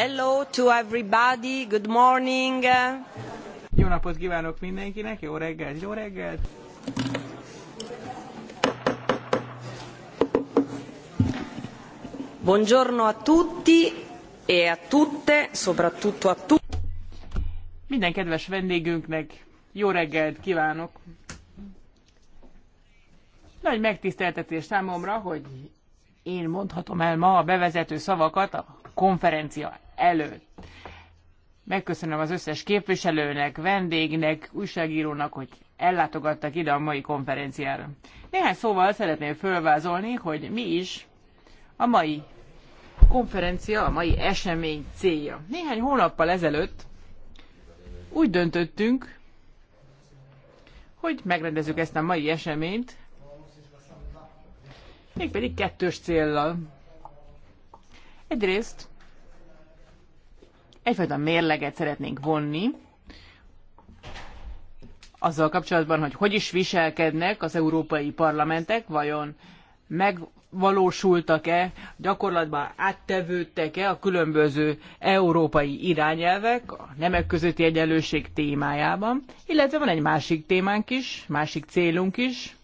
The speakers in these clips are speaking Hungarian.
Hello to everybody, good morning. Jó napot kívánok mindenkinek, jó reggelt, jó reggelt. Buongiorno a tutti e a tutte, soprattutto a tutti. Minden kedves vendégünknek jó reggelt kívánok. Nagy megtiszteltetés számomra, hogy én mondhatom el ma a bevezető szavakat a konferencián előtt. Megköszönöm az összes képviselőnek, vendégnek, újságírónak, hogy ellátogattak ide a mai konferenciára. Néhány szóval szeretném fölvázolni, hogy mi is a mai konferencia, a mai esemény célja. Néhány hónappal ezelőtt úgy döntöttünk, hogy megrendezzük ezt a mai eseményt, mégpedig kettős céllal. Egyrészt Egyfajta mérleget szeretnénk vonni, azzal kapcsolatban, hogy hogy is viselkednek az európai parlamentek, vajon megvalósultak-e, gyakorlatban áttevődtek-e a különböző európai irányelvek a nemek közötti egyenlőség témájában, illetve van egy másik témánk is, másik célunk is,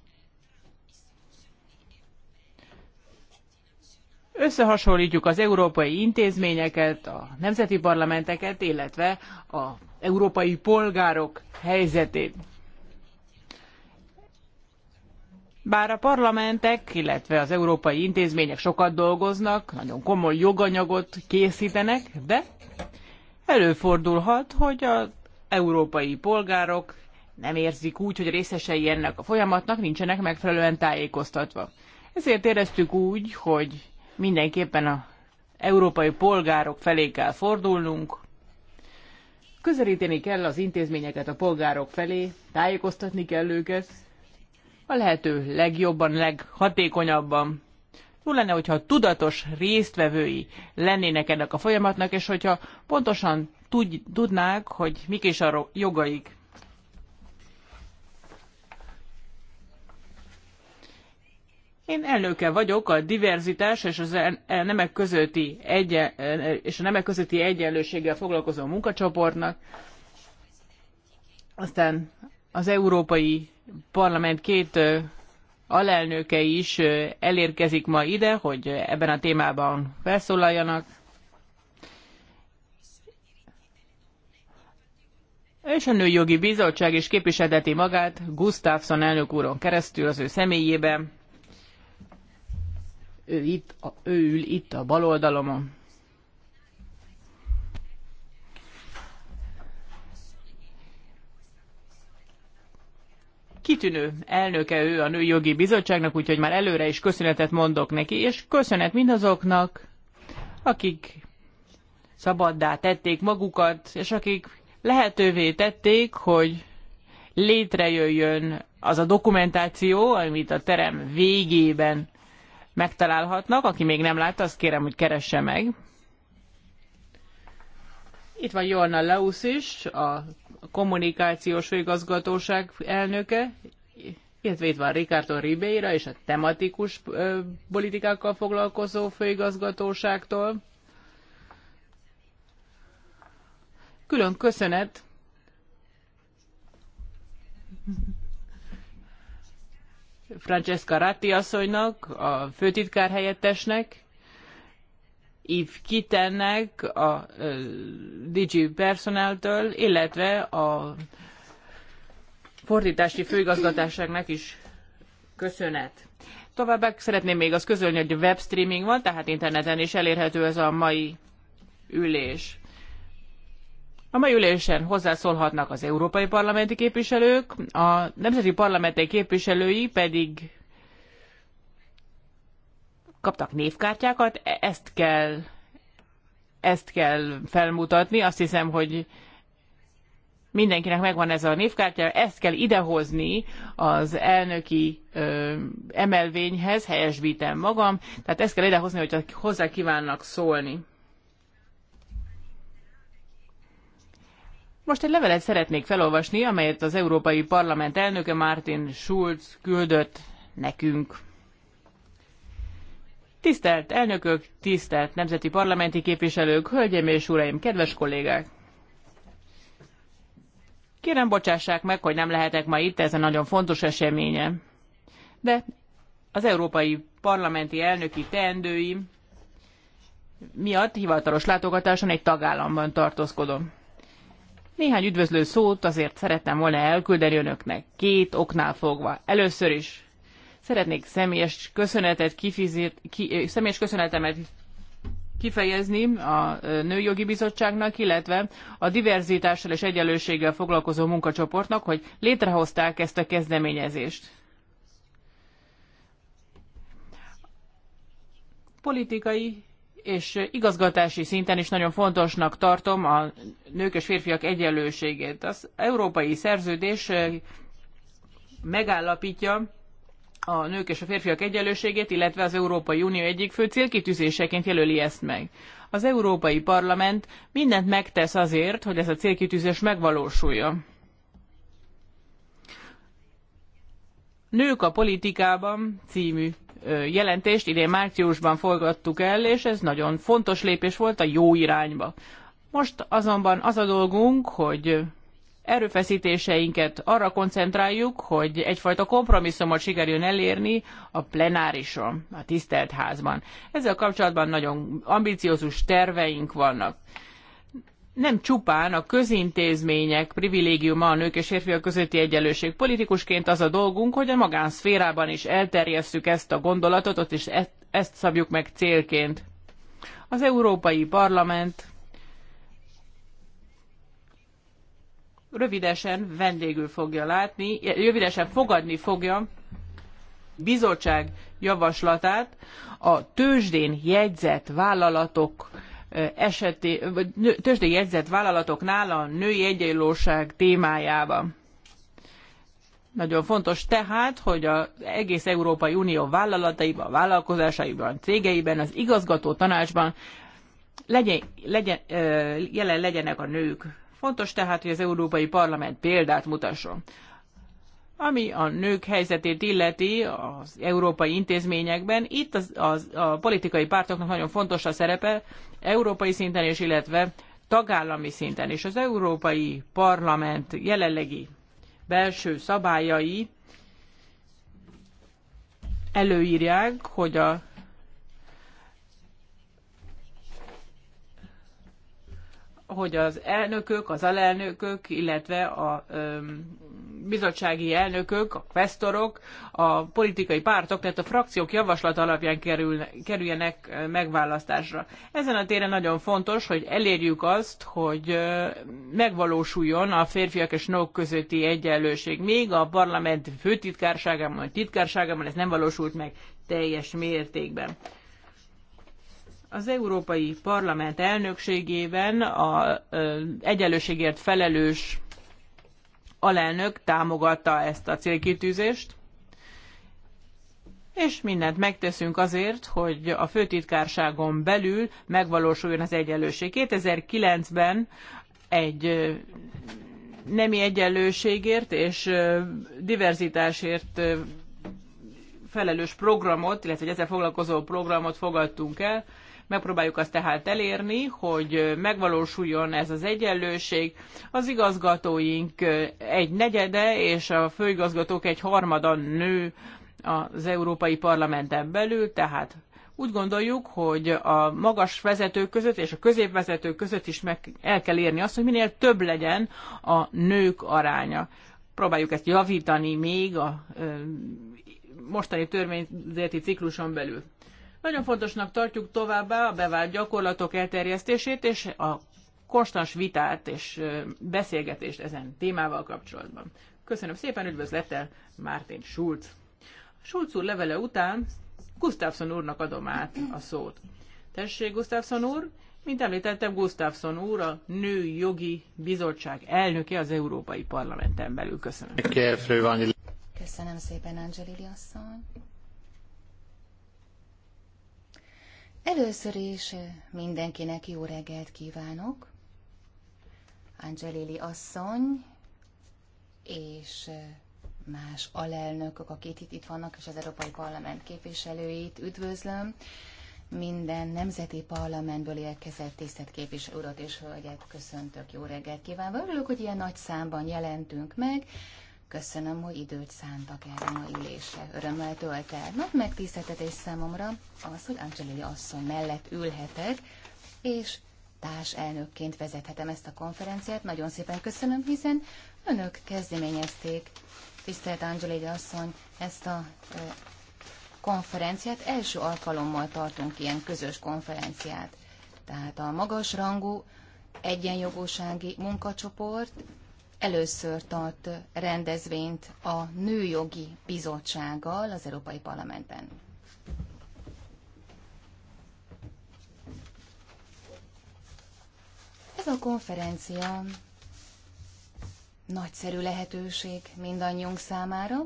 összehasonlítjuk az európai intézményeket, a nemzeti parlamenteket, illetve az európai polgárok helyzetét. Bár a parlamentek, illetve az európai intézmények sokat dolgoznak, nagyon komoly joganyagot készítenek, de előfordulhat, hogy az európai polgárok nem érzik úgy, hogy részesei ennek a folyamatnak, nincsenek megfelelően tájékoztatva. Ezért éreztük úgy, hogy mindenképpen a európai polgárok felé kell fordulnunk, közelíteni kell az intézményeket a polgárok felé, tájékoztatni kell őket, a lehető legjobban, leghatékonyabban. Jó lenne, hogyha tudatos résztvevői lennének ennek a folyamatnak, és hogyha pontosan tudnák, hogy mik is a jogaik. Én elnöke vagyok a diverzitás és, az e- nemek közötti egyen, e- és a nemek közötti egyenlőséggel foglalkozó munkacsoportnak. Aztán az Európai Parlament két alelnöke is elérkezik ma ide, hogy ebben a témában felszólaljanak. És a Nőjogi Bizottság is képviselteti magát Gustafsson elnök úron keresztül az ő személyében ő, itt, a, ő ül itt a bal oldalomon. kitűnő elnöke ő a Női Jogi Bizottságnak, úgyhogy már előre is köszönetet mondok neki, és köszönet mindazoknak, akik szabaddá tették magukat, és akik lehetővé tették, hogy létrejöjjön az a dokumentáció, amit a terem végében megtalálhatnak. Aki még nem látta, azt kérem, hogy keresse meg. Itt van Jolna Leusz is, a kommunikációs főigazgatóság elnöke, illetve itt van Ricardo Ribeira és a tematikus politikákkal foglalkozó főigazgatóságtól. Külön köszönet Francesca Ratti asszonynak, a főtitkár helyettesnek, Yves Kittennek, a DG Personaltől, illetve a fordítási főigazgatásoknak is köszönet. Továbbá szeretném még azt közölni, hogy webstreaming van, tehát interneten is elérhető ez a mai ülés. A mai ülésen hozzászólhatnak az európai parlamenti képviselők, a nemzeti parlamenti képviselői pedig kaptak névkártyákat, e- ezt kell, ezt kell felmutatni. Azt hiszem, hogy mindenkinek megvan ez a névkártya, ezt kell idehozni az elnöki ö, emelvényhez, helyesbítem magam, tehát ezt kell idehozni, hogyha hozzá kívánnak szólni. Most egy levelet szeretnék felolvasni, amelyet az Európai Parlament elnöke Martin Schulz küldött nekünk. Tisztelt elnökök, tisztelt nemzeti parlamenti képviselők, hölgyeim és uraim, kedves kollégák! Kérem, bocsássák meg, hogy nem lehetek ma itt ezen nagyon fontos eseményen. De az európai parlamenti elnöki teendőim miatt hivatalos látogatáson egy tagállamban tartózkodom. Néhány üdvözlő szót azért szeretném volna elküldeni önöknek két oknál fogva. Először is szeretnék személyes köszönetet kifizet, ki, eh, személyes köszönetemet kifejezni a eh, Nőjogi Bizottságnak, illetve a diverzitással és egyenlőséggel foglalkozó munkacsoportnak, hogy létrehozták ezt a kezdeményezést. Politikai és igazgatási szinten is nagyon fontosnak tartom a nők és férfiak egyenlőségét. Az európai szerződés megállapítja a nők és a férfiak egyenlőségét, illetve az Európai Unió egyik fő célkitűzéseként jelöli ezt meg. Az Európai Parlament mindent megtesz azért, hogy ez a célkitűzés megvalósuljon. Nők a politikában című jelentést idén márciusban forgattuk el, és ez nagyon fontos lépés volt a jó irányba. Most azonban az a dolgunk, hogy erőfeszítéseinket arra koncentráljuk, hogy egyfajta kompromisszumot sikerüljön elérni a plenárison, a tisztelt házban. Ezzel kapcsolatban nagyon ambiciózus terveink vannak nem csupán a közintézmények privilégiuma a nők és férfiak közötti egyenlőség. Politikusként az a dolgunk, hogy a magánszférában is elterjesszük ezt a gondolatot, ott is e- ezt, szabjuk meg célként. Az Európai Parlament rövidesen vendégül fogja látni, rövidesen fogadni fogja bizottság javaslatát a tőzsdén jegyzett vállalatok eseti, vagy tőzsdei jegyzett vállalatoknál a női egyenlóság témájában. Nagyon fontos tehát, hogy az egész Európai Unió vállalataiban, vállalkozásaiban, cégeiben, az igazgató tanácsban legyen, legyen, jelen legyenek a nők. Fontos tehát, hogy az Európai Parlament példát mutasson. Ami a nők helyzetét illeti az európai intézményekben, itt az, az, a politikai pártoknak nagyon fontos a szerepe, európai szinten és illetve tagállami szinten. És az Európai Parlament jelenlegi belső szabályai előírják, hogy a hogy az elnökök, az alelnökök, illetve a, bizottsági elnökök, a kvesztorok, a politikai pártok, tehát a frakciók javaslat alapján kerül, kerüljenek megválasztásra. Ezen a téren nagyon fontos, hogy elérjük azt, hogy megvalósuljon a férfiak és nők közötti egyenlőség. Még a parlament főtitkárságában, vagy titkárságában ez nem valósult meg teljes mértékben az Európai Parlament elnökségében a egyenlőségért felelős alelnök támogatta ezt a célkitűzést, és mindent megteszünk azért, hogy a főtitkárságon belül megvalósuljon az egyenlőség. 2009-ben egy nemi egyenlőségért és diverzitásért felelős programot, illetve egy ezzel foglalkozó programot fogadtunk el, Megpróbáljuk azt tehát elérni, hogy megvalósuljon ez az egyenlőség. Az igazgatóink egy negyede és a főigazgatók egy harmada nő az Európai Parlamenten belül, tehát úgy gondoljuk, hogy a magas vezetők között és a középvezetők között is meg el kell érni azt, hogy minél több legyen a nők aránya. Próbáljuk ezt javítani még a mostani törvényzeti cikluson belül. Nagyon fontosnak tartjuk továbbá a bevált gyakorlatok elterjesztését és a konstans vitát és beszélgetést ezen témával kapcsolatban. Köszönöm szépen, üdvözlettel Mártin Schulz. Schulz úr levele után Gustafsson úrnak adom át a szót. Tessék, Gustafsson úr, mint említettem, Gustafsson úr a Női Jogi Bizottság elnöke az Európai Parlamenten belül. Köszönöm. Köszönöm szépen, Angelili asszony. Először is mindenkinek jó reggelt kívánok. Angelili asszony és más alelnökök, akik itt, itt vannak, és az Európai Parlament képviselőit üdvözlöm. Minden nemzeti parlamentből érkezett tisztelt képviselő urat és hölgyet köszöntök, jó reggelt kívánok. Örülök, hogy ilyen nagy számban jelentünk meg, Köszönöm, hogy időt szántak erre a mai ülésre. Örömmel tölt el. Nagy megtiszteltetés számomra az, hogy Angelili asszony mellett ülhetek, és társ elnökként vezethetem ezt a konferenciát. Nagyon szépen köszönöm, hiszen önök kezdeményezték, tisztelt Angelili asszony, ezt a konferenciát. Első alkalommal tartunk ilyen közös konferenciát. Tehát a magas rangú egyenjogósági munkacsoport először tart rendezvényt a Nőjogi Bizottsággal az Európai Parlamentben. Ez a konferencia nagyszerű lehetőség mindannyiunk számára.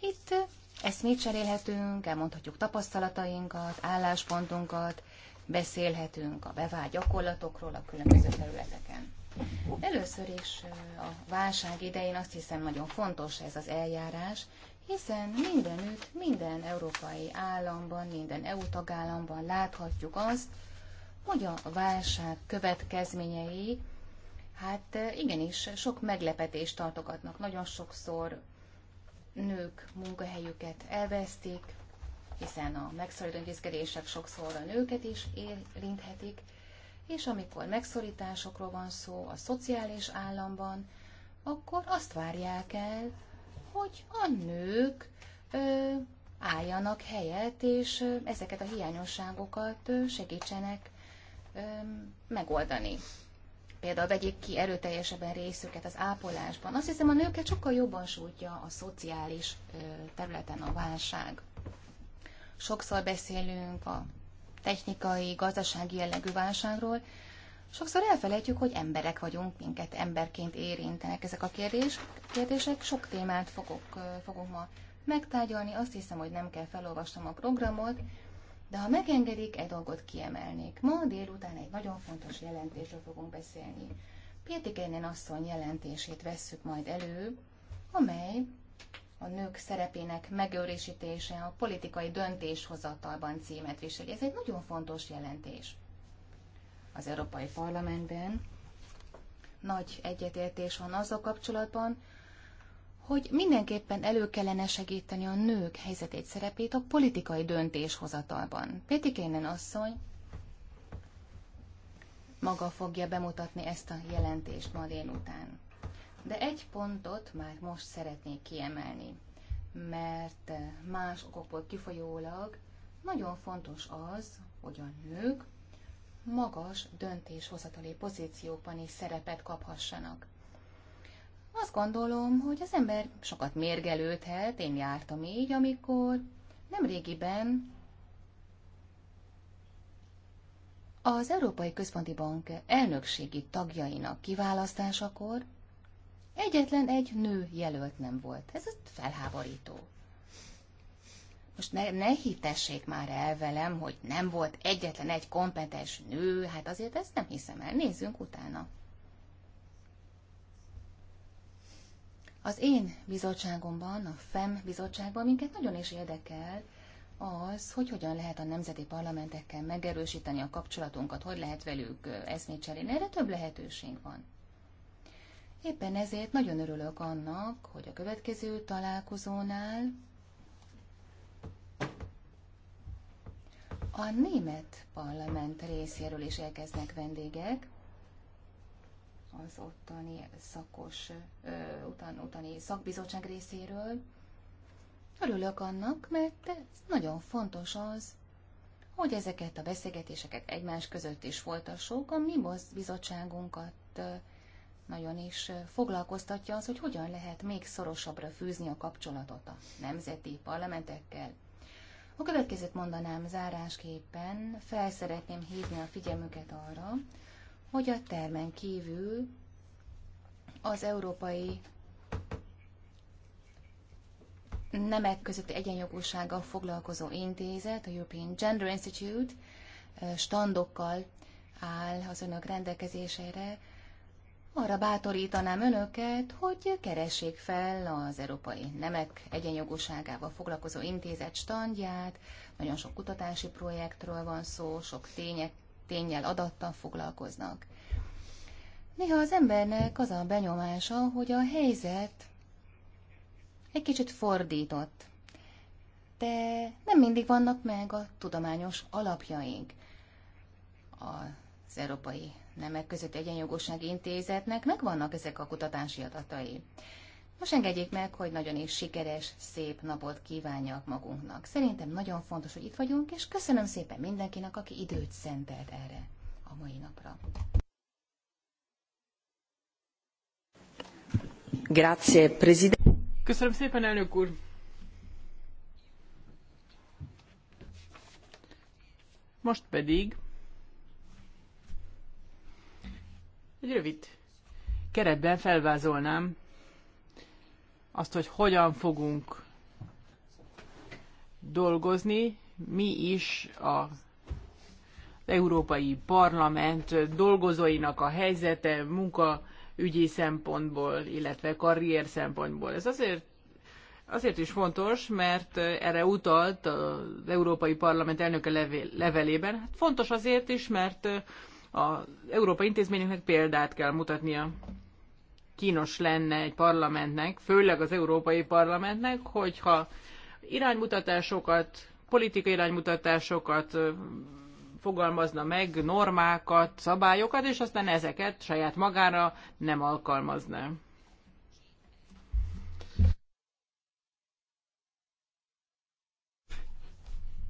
Itt eszmét cserélhetünk, elmondhatjuk tapasztalatainkat, álláspontunkat, beszélhetünk a bevált gyakorlatokról a különböző területeken. Először is a válság idején azt hiszem nagyon fontos ez az eljárás, hiszen mindenütt, minden európai államban, minden EU tagállamban láthatjuk azt, hogy a válság következményei, hát igenis sok meglepetést tartogatnak. Nagyon sokszor nők munkahelyüket elvesztik, hiszen a megszorító intézkedések sokszor a nőket is érinthetik, és amikor megszorításokról van szó a szociális államban, akkor azt várják el, hogy a nők ö, álljanak helyet, és ö, ezeket a hiányosságokat ö, segítsenek ö, megoldani. Például vegyék ki erőteljesebben részüket az ápolásban. Azt hiszem, a nőket sokkal jobban sújtja a szociális ö, területen a válság. Sokszor beszélünk a technikai, gazdasági jellegű válságról, sokszor elfelejtjük, hogy emberek vagyunk, minket emberként érintenek ezek a kérdés, kérdések. Sok témát fogok, fogok ma megtárgyalni, azt hiszem, hogy nem kell felolvasnom a programot, de ha megengedik, egy dolgot kiemelnék. Ma délután egy nagyon fontos jelentésről fogunk beszélni. Pétikénén asszony jelentését vesszük majd elő, amely a nők szerepének megőrisítése a politikai döntéshozatalban címet viseli. Ez egy nagyon fontos jelentés. Az Európai Parlamentben nagy egyetértés van azzal kapcsolatban, hogy mindenképpen elő kellene segíteni a nők helyzetét, szerepét a politikai döntéshozatalban. Kénen asszony maga fogja bemutatni ezt a jelentést ma délután. De egy pontot már most szeretnék kiemelni, mert más okokból kifolyólag nagyon fontos az, hogy a nők magas döntéshozatali pozíciókban is szerepet kaphassanak. Azt gondolom, hogy az ember sokat mérgelődhet, én jártam így, amikor nem régiben az Európai Központi Bank elnökségi tagjainak kiválasztásakor Egyetlen egy nő jelölt nem volt. Ez felháborító. Most ne, ne hitessék már el velem, hogy nem volt egyetlen egy kompetens nő, hát azért ezt nem hiszem el. Nézzünk utána. Az én bizottságomban, a FEM bizottságban minket nagyon is érdekel az, hogy hogyan lehet a nemzeti parlamentekkel megerősíteni a kapcsolatunkat, hogy lehet velük eszmét cserélni. Erre több lehetőség van. Éppen ezért nagyon örülök annak, hogy a következő találkozónál a német parlament részéről is elkezdnek vendégek, az ottani szakos, ö, utáni szakbizottság részéről. Örülök annak, mert nagyon fontos az, hogy ezeket a beszélgetéseket egymás között is folytassuk, a mi bizottságunkat nagyon is foglalkoztatja az, hogy hogyan lehet még szorosabbra fűzni a kapcsolatot a nemzeti parlamentekkel. A következőt mondanám zárásképpen, felszeretném hívni a figyelmüket arra, hogy a termen kívül az európai nemek közötti egyenjogúsággal foglalkozó intézet, a European Gender Institute standokkal áll az önök rendelkezésére, arra bátorítanám önöket, hogy keressék fel az Európai Nemek Egyenjogúságával foglalkozó intézet standját. Nagyon sok kutatási projektről van szó, sok tények, tényel, adattal foglalkoznak. Néha az embernek az a benyomása, hogy a helyzet egy kicsit fordított, de nem mindig vannak meg a tudományos alapjaink. Az Európai nemek között egyenjogossági intézetnek megvannak ezek a kutatási adatai. Most engedjék meg, hogy nagyon is sikeres, szép napot kívánjak magunknak. Szerintem nagyon fontos, hogy itt vagyunk, és köszönöm szépen mindenkinek, aki időt szentelt erre a mai napra. Grazie, President. Köszönöm szépen, elnök úr! Most pedig Egy rövid keretben felvázolnám azt, hogy hogyan fogunk dolgozni, mi is a az Európai Parlament dolgozóinak a helyzete munkaügyi szempontból, illetve karrier szempontból. Ez azért, azért is fontos, mert erre utalt az Európai Parlament elnöke levelében. Hát fontos azért is, mert az európai intézményeknek példát kell mutatnia. Kínos lenne egy parlamentnek, főleg az európai parlamentnek, hogyha iránymutatásokat, politikai iránymutatásokat fogalmazna meg, normákat, szabályokat, és aztán ezeket saját magára nem alkalmazná.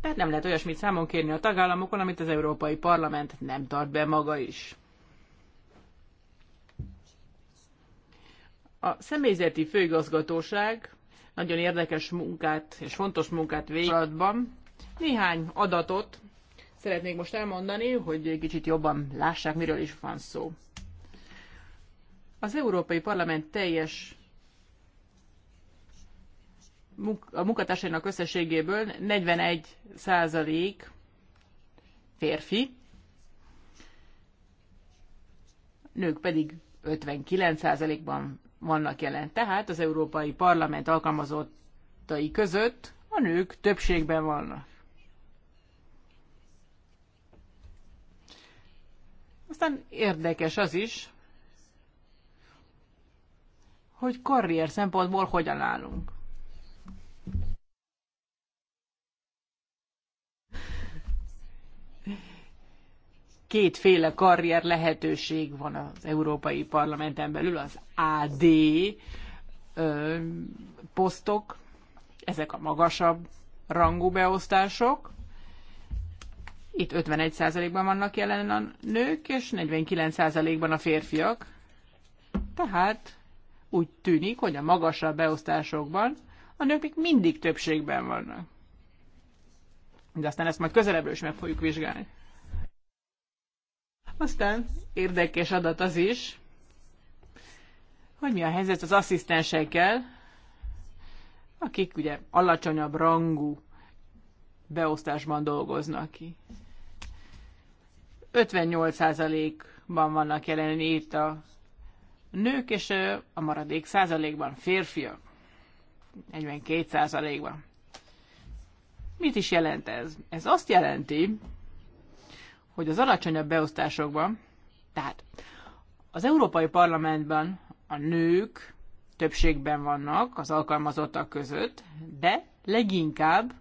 Tehát nem lehet olyasmit számon kérni a tagállamokon, amit az Európai Parlament nem tart be maga is. A személyzeti főigazgatóság nagyon érdekes munkát és fontos munkát végzatban. Néhány adatot szeretnék most elmondani, hogy kicsit jobban lássák, miről is van szó. Az Európai Parlament teljes a munkatársainak összességéből 41 százalék férfi, nők pedig 59 százalékban vannak jelen. Tehát az Európai Parlament alkalmazottai között a nők többségben vannak. Aztán érdekes az is, hogy karrier szempontból hogyan állunk. kétféle karrier lehetőség van az Európai Parlamenten belül, az AD ö, posztok, ezek a magasabb rangú beosztások. Itt 51%-ban vannak jelen a nők, és 49%-ban a férfiak. Tehát úgy tűnik, hogy a magasabb beosztásokban a nők még mindig többségben vannak. De aztán ezt majd közelebbről is meg fogjuk vizsgálni. Aztán érdekes adat az is, hogy mi a helyzet az asszisztensekkel, akik ugye alacsonyabb rangú beosztásban dolgoznak ki. 58%-ban vannak jelen itt a nők, és a maradék százalékban férfiak. 42 százalékban. Mit is jelent ez? Ez azt jelenti, hogy az alacsonyabb beosztásokban, tehát az Európai Parlamentben a nők többségben vannak az alkalmazottak között, de leginkább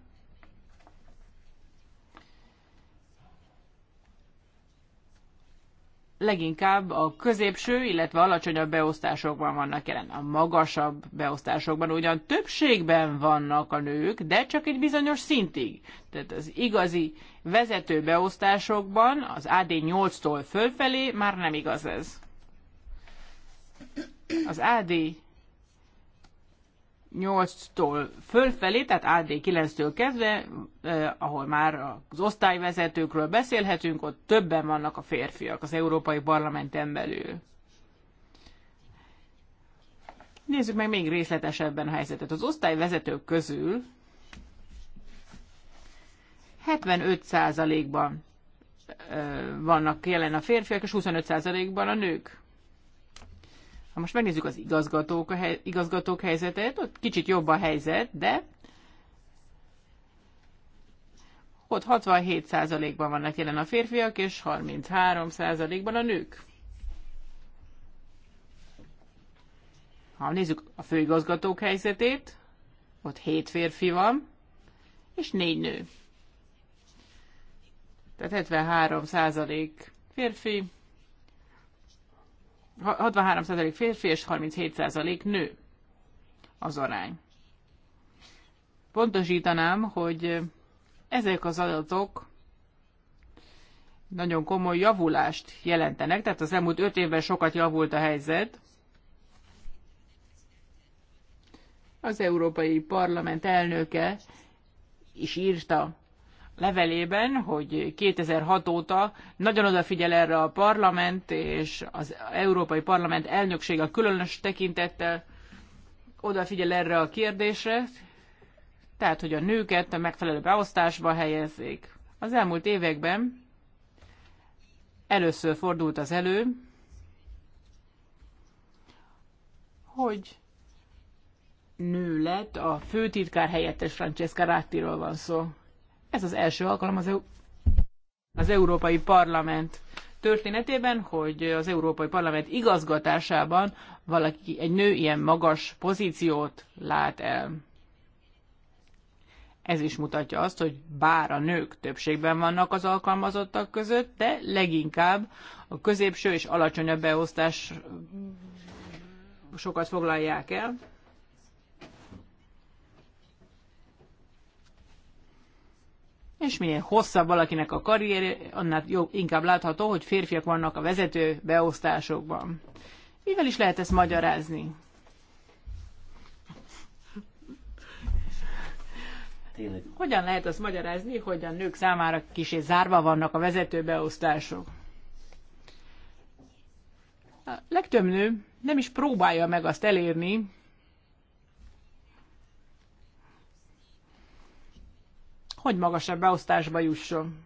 leginkább a középső, illetve alacsonyabb beosztásokban vannak jelen. A magasabb beosztásokban ugyan többségben vannak a nők, de csak egy bizonyos szintig. Tehát az igazi vezető beosztásokban az AD 8-tól fölfelé már nem igaz ez. Az AD 8-tól fölfelé, tehát AD9-től kezdve, eh, ahol már az osztályvezetőkről beszélhetünk, ott többen vannak a férfiak az Európai Parlamenten belül. Nézzük meg még részletesebben a helyzetet. Az osztályvezetők közül 75%-ban vannak jelen a férfiak, és 25%-ban a nők. Ha most megnézzük az igazgatók, a hely, igazgatók helyzetet, ott kicsit jobb a helyzet, de ott 67%-ban vannak jelen a férfiak, és 33%-ban a nők. Ha nézzük a főigazgatók helyzetét, ott 7 férfi van, és 4 nő. Tehát 73% férfi, 63% férfi és 37% nő az arány. Pontosítanám, hogy ezek az adatok nagyon komoly javulást jelentenek, tehát az elmúlt öt évben sokat javult a helyzet. Az Európai Parlament elnöke is írta levelében, hogy 2006 óta nagyon odafigyel erre a parlament, és az Európai Parlament elnöksége különös tekintettel odafigyel erre a kérdésre, tehát, hogy a nőket a megfelelő beosztásba helyezzék. Az elmúlt években először fordult az elő, hogy nő lett, a főtitkár helyettes Francesca Rattiról van szó. Ez az első alkalom az, EU, az Európai Parlament történetében, hogy az Európai Parlament igazgatásában valaki, egy nő ilyen magas pozíciót lát el. Ez is mutatja azt, hogy bár a nők többségben vannak az alkalmazottak között, de leginkább a középső és alacsonyabb beosztás sokat foglalják el. és minél hosszabb valakinek a karrierje, annál jobb, inkább látható, hogy férfiak vannak a vezető beosztásokban. Mivel is lehet ezt magyarázni? Tényleg. Hogyan lehet azt magyarázni, hogy a nők számára kisé zárva vannak a vezető beosztások? A legtöbb nő nem is próbálja meg azt elérni, hogy magasabb beosztásba jusson.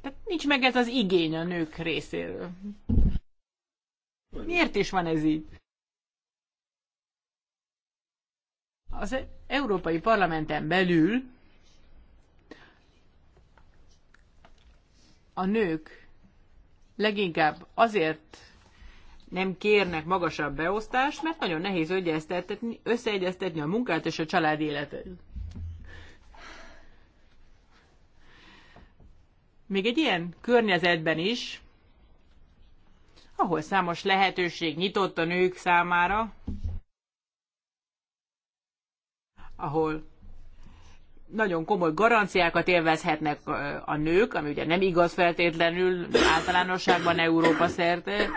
Tehát nincs meg ez az igény a nők részéről. Miért is van ez így? Az Európai Parlamenten belül a nők leginkább azért nem kérnek magasabb beosztást, mert nagyon nehéz összeegyeztetni, összeegyeztetni a munkát és a család életet. Még egy ilyen környezetben is, ahol számos lehetőség nyitott a nők számára, ahol nagyon komoly garanciákat élvezhetnek a nők, ami ugye nem igaz feltétlenül általánosságban Európa szerte,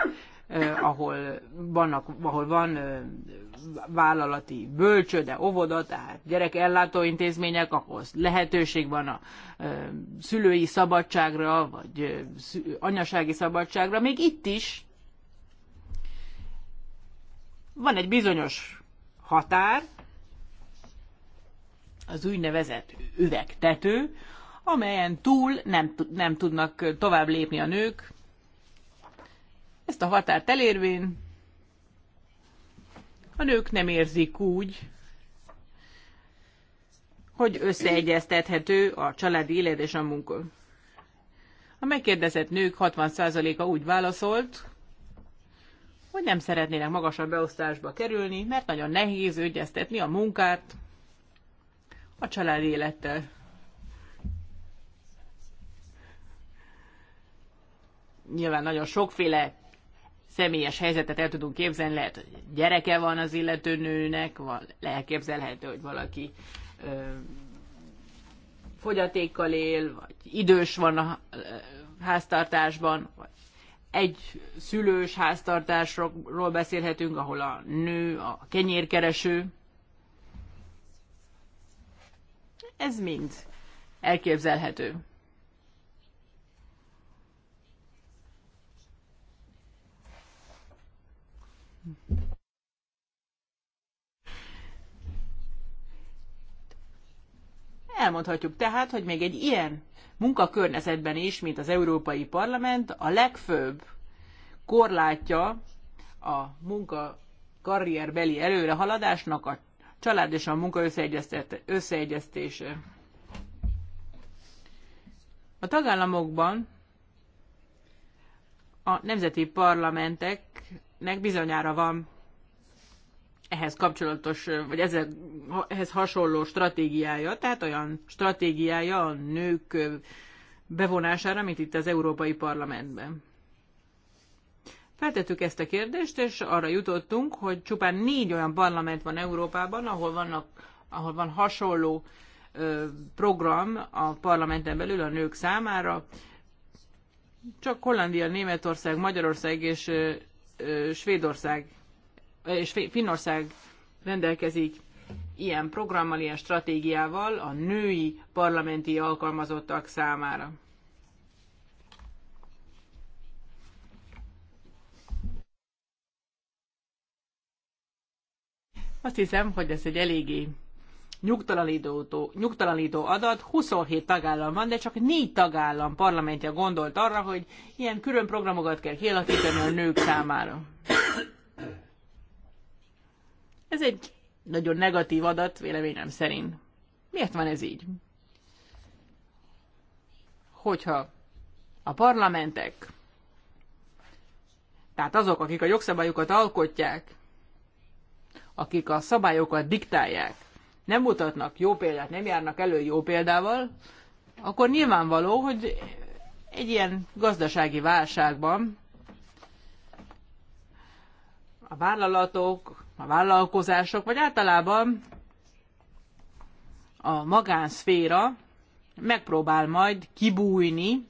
ahol, vannak, ahol van vállalati bölcső, de óvoda, tehát gyerekellátó intézmények, ahhoz lehetőség van a szülői szabadságra, vagy anyasági szabadságra, még itt is van egy bizonyos határ, az úgynevezett üvegtető, amelyen túl nem, nem tudnak tovább lépni a nők, ezt a határt elérvén a nők nem érzik úgy, hogy összeegyeztethető a családi élet és a munka. A megkérdezett nők 60%-a úgy válaszolt, hogy nem szeretnének magasabb beosztásba kerülni, mert nagyon nehéz ügyeztetni a munkát a családi élettel. Nyilván nagyon sokféle személyes helyzetet el tudunk képzelni, lehet, hogy gyereke van az illető nőnek, van, elképzelhető, hogy valaki ö, fogyatékkal él, vagy idős van a ö, háztartásban, vagy egy szülős háztartásról beszélhetünk, ahol a nő, a kenyérkereső. Ez mind elképzelhető. Elmondhatjuk tehát, hogy még egy ilyen munkakörnyezetben is, mint az Európai Parlament, a legfőbb korlátja a munka karrierbeli előrehaladásnak a család és a munka összeegyeztése. A tagállamokban a nemzeti parlamenteknek bizonyára van ehhez kapcsolatos, vagy ezzel, ehhez hasonló stratégiája, tehát olyan stratégiája a nők bevonására, mint itt az Európai Parlamentben. Feltettük ezt a kérdést, és arra jutottunk, hogy csupán négy olyan parlament van Európában, ahol, vannak, ahol van hasonló ö, program a parlamenten belül a nők számára. Csak Hollandia, Németország, Magyarország és ö, ö, Svédország és Finnország rendelkezik ilyen programmal, ilyen stratégiával a női parlamenti alkalmazottak számára. Azt hiszem, hogy ez egy eléggé nyugtalanító, nyugtalanító adat. 27 tagállam van, de csak 4 tagállam parlamentje gondolt arra, hogy ilyen külön programokat kell kialakítani a nők számára. Ez egy nagyon negatív adat véleményem szerint. Miért van ez így? Hogyha a parlamentek, tehát azok, akik a jogszabályokat alkotják, akik a szabályokat diktálják, nem mutatnak jó példát, nem járnak elő jó példával, akkor nyilvánvaló, hogy egy ilyen gazdasági válságban a vállalatok, a vállalkozások, vagy általában a magánszféra megpróbál majd kibújni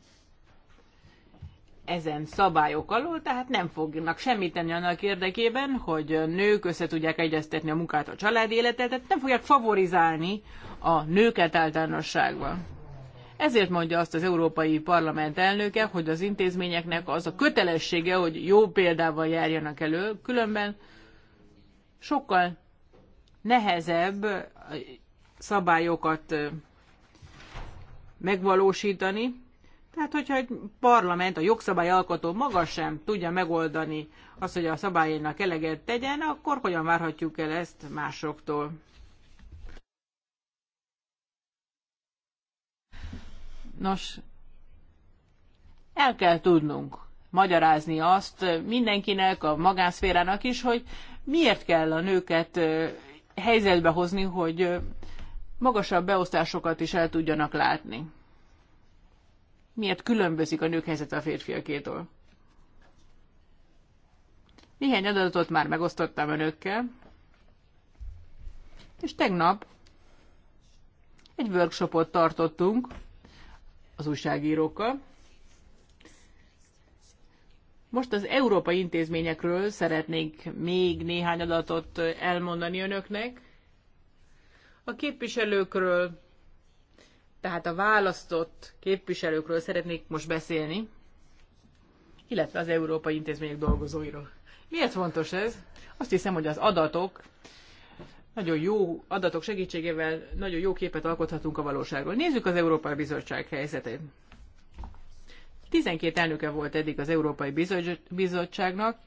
ezen szabályok alól, tehát nem fognak semmit tenni annak érdekében, hogy nők össze tudják egyeztetni a munkát a család életet, tehát nem fogják favorizálni a nőket általánosságban. Ezért mondja azt az Európai Parlament elnöke, hogy az intézményeknek az a kötelessége, hogy jó példával járjanak elő, különben sokkal nehezebb szabályokat megvalósítani. Tehát, hogyha egy parlament, a jogszabályalkotó maga sem tudja megoldani azt, hogy a szabályainak eleget tegyen, akkor hogyan várhatjuk el ezt másoktól? Nos, el kell tudnunk magyarázni azt mindenkinek, a magánszférának is, hogy Miért kell a nőket helyzetbe hozni, hogy magasabb beosztásokat is el tudjanak látni? Miért különbözik a nők helyzet a férfiakétól? Néhány adatot már megosztottam önökkel, és tegnap egy workshopot tartottunk az újságírókkal, most az európai intézményekről szeretnék még néhány adatot elmondani önöknek. A képviselőkről, tehát a választott képviselőkről szeretnék most beszélni, illetve az európai intézmények dolgozóiról. Miért fontos ez? Azt hiszem, hogy az adatok nagyon jó adatok segítségével nagyon jó képet alkothatunk a valóságról. Nézzük az Európai Bizottság helyzetét. 12 elnöke volt eddig az Európai Bizottságnak,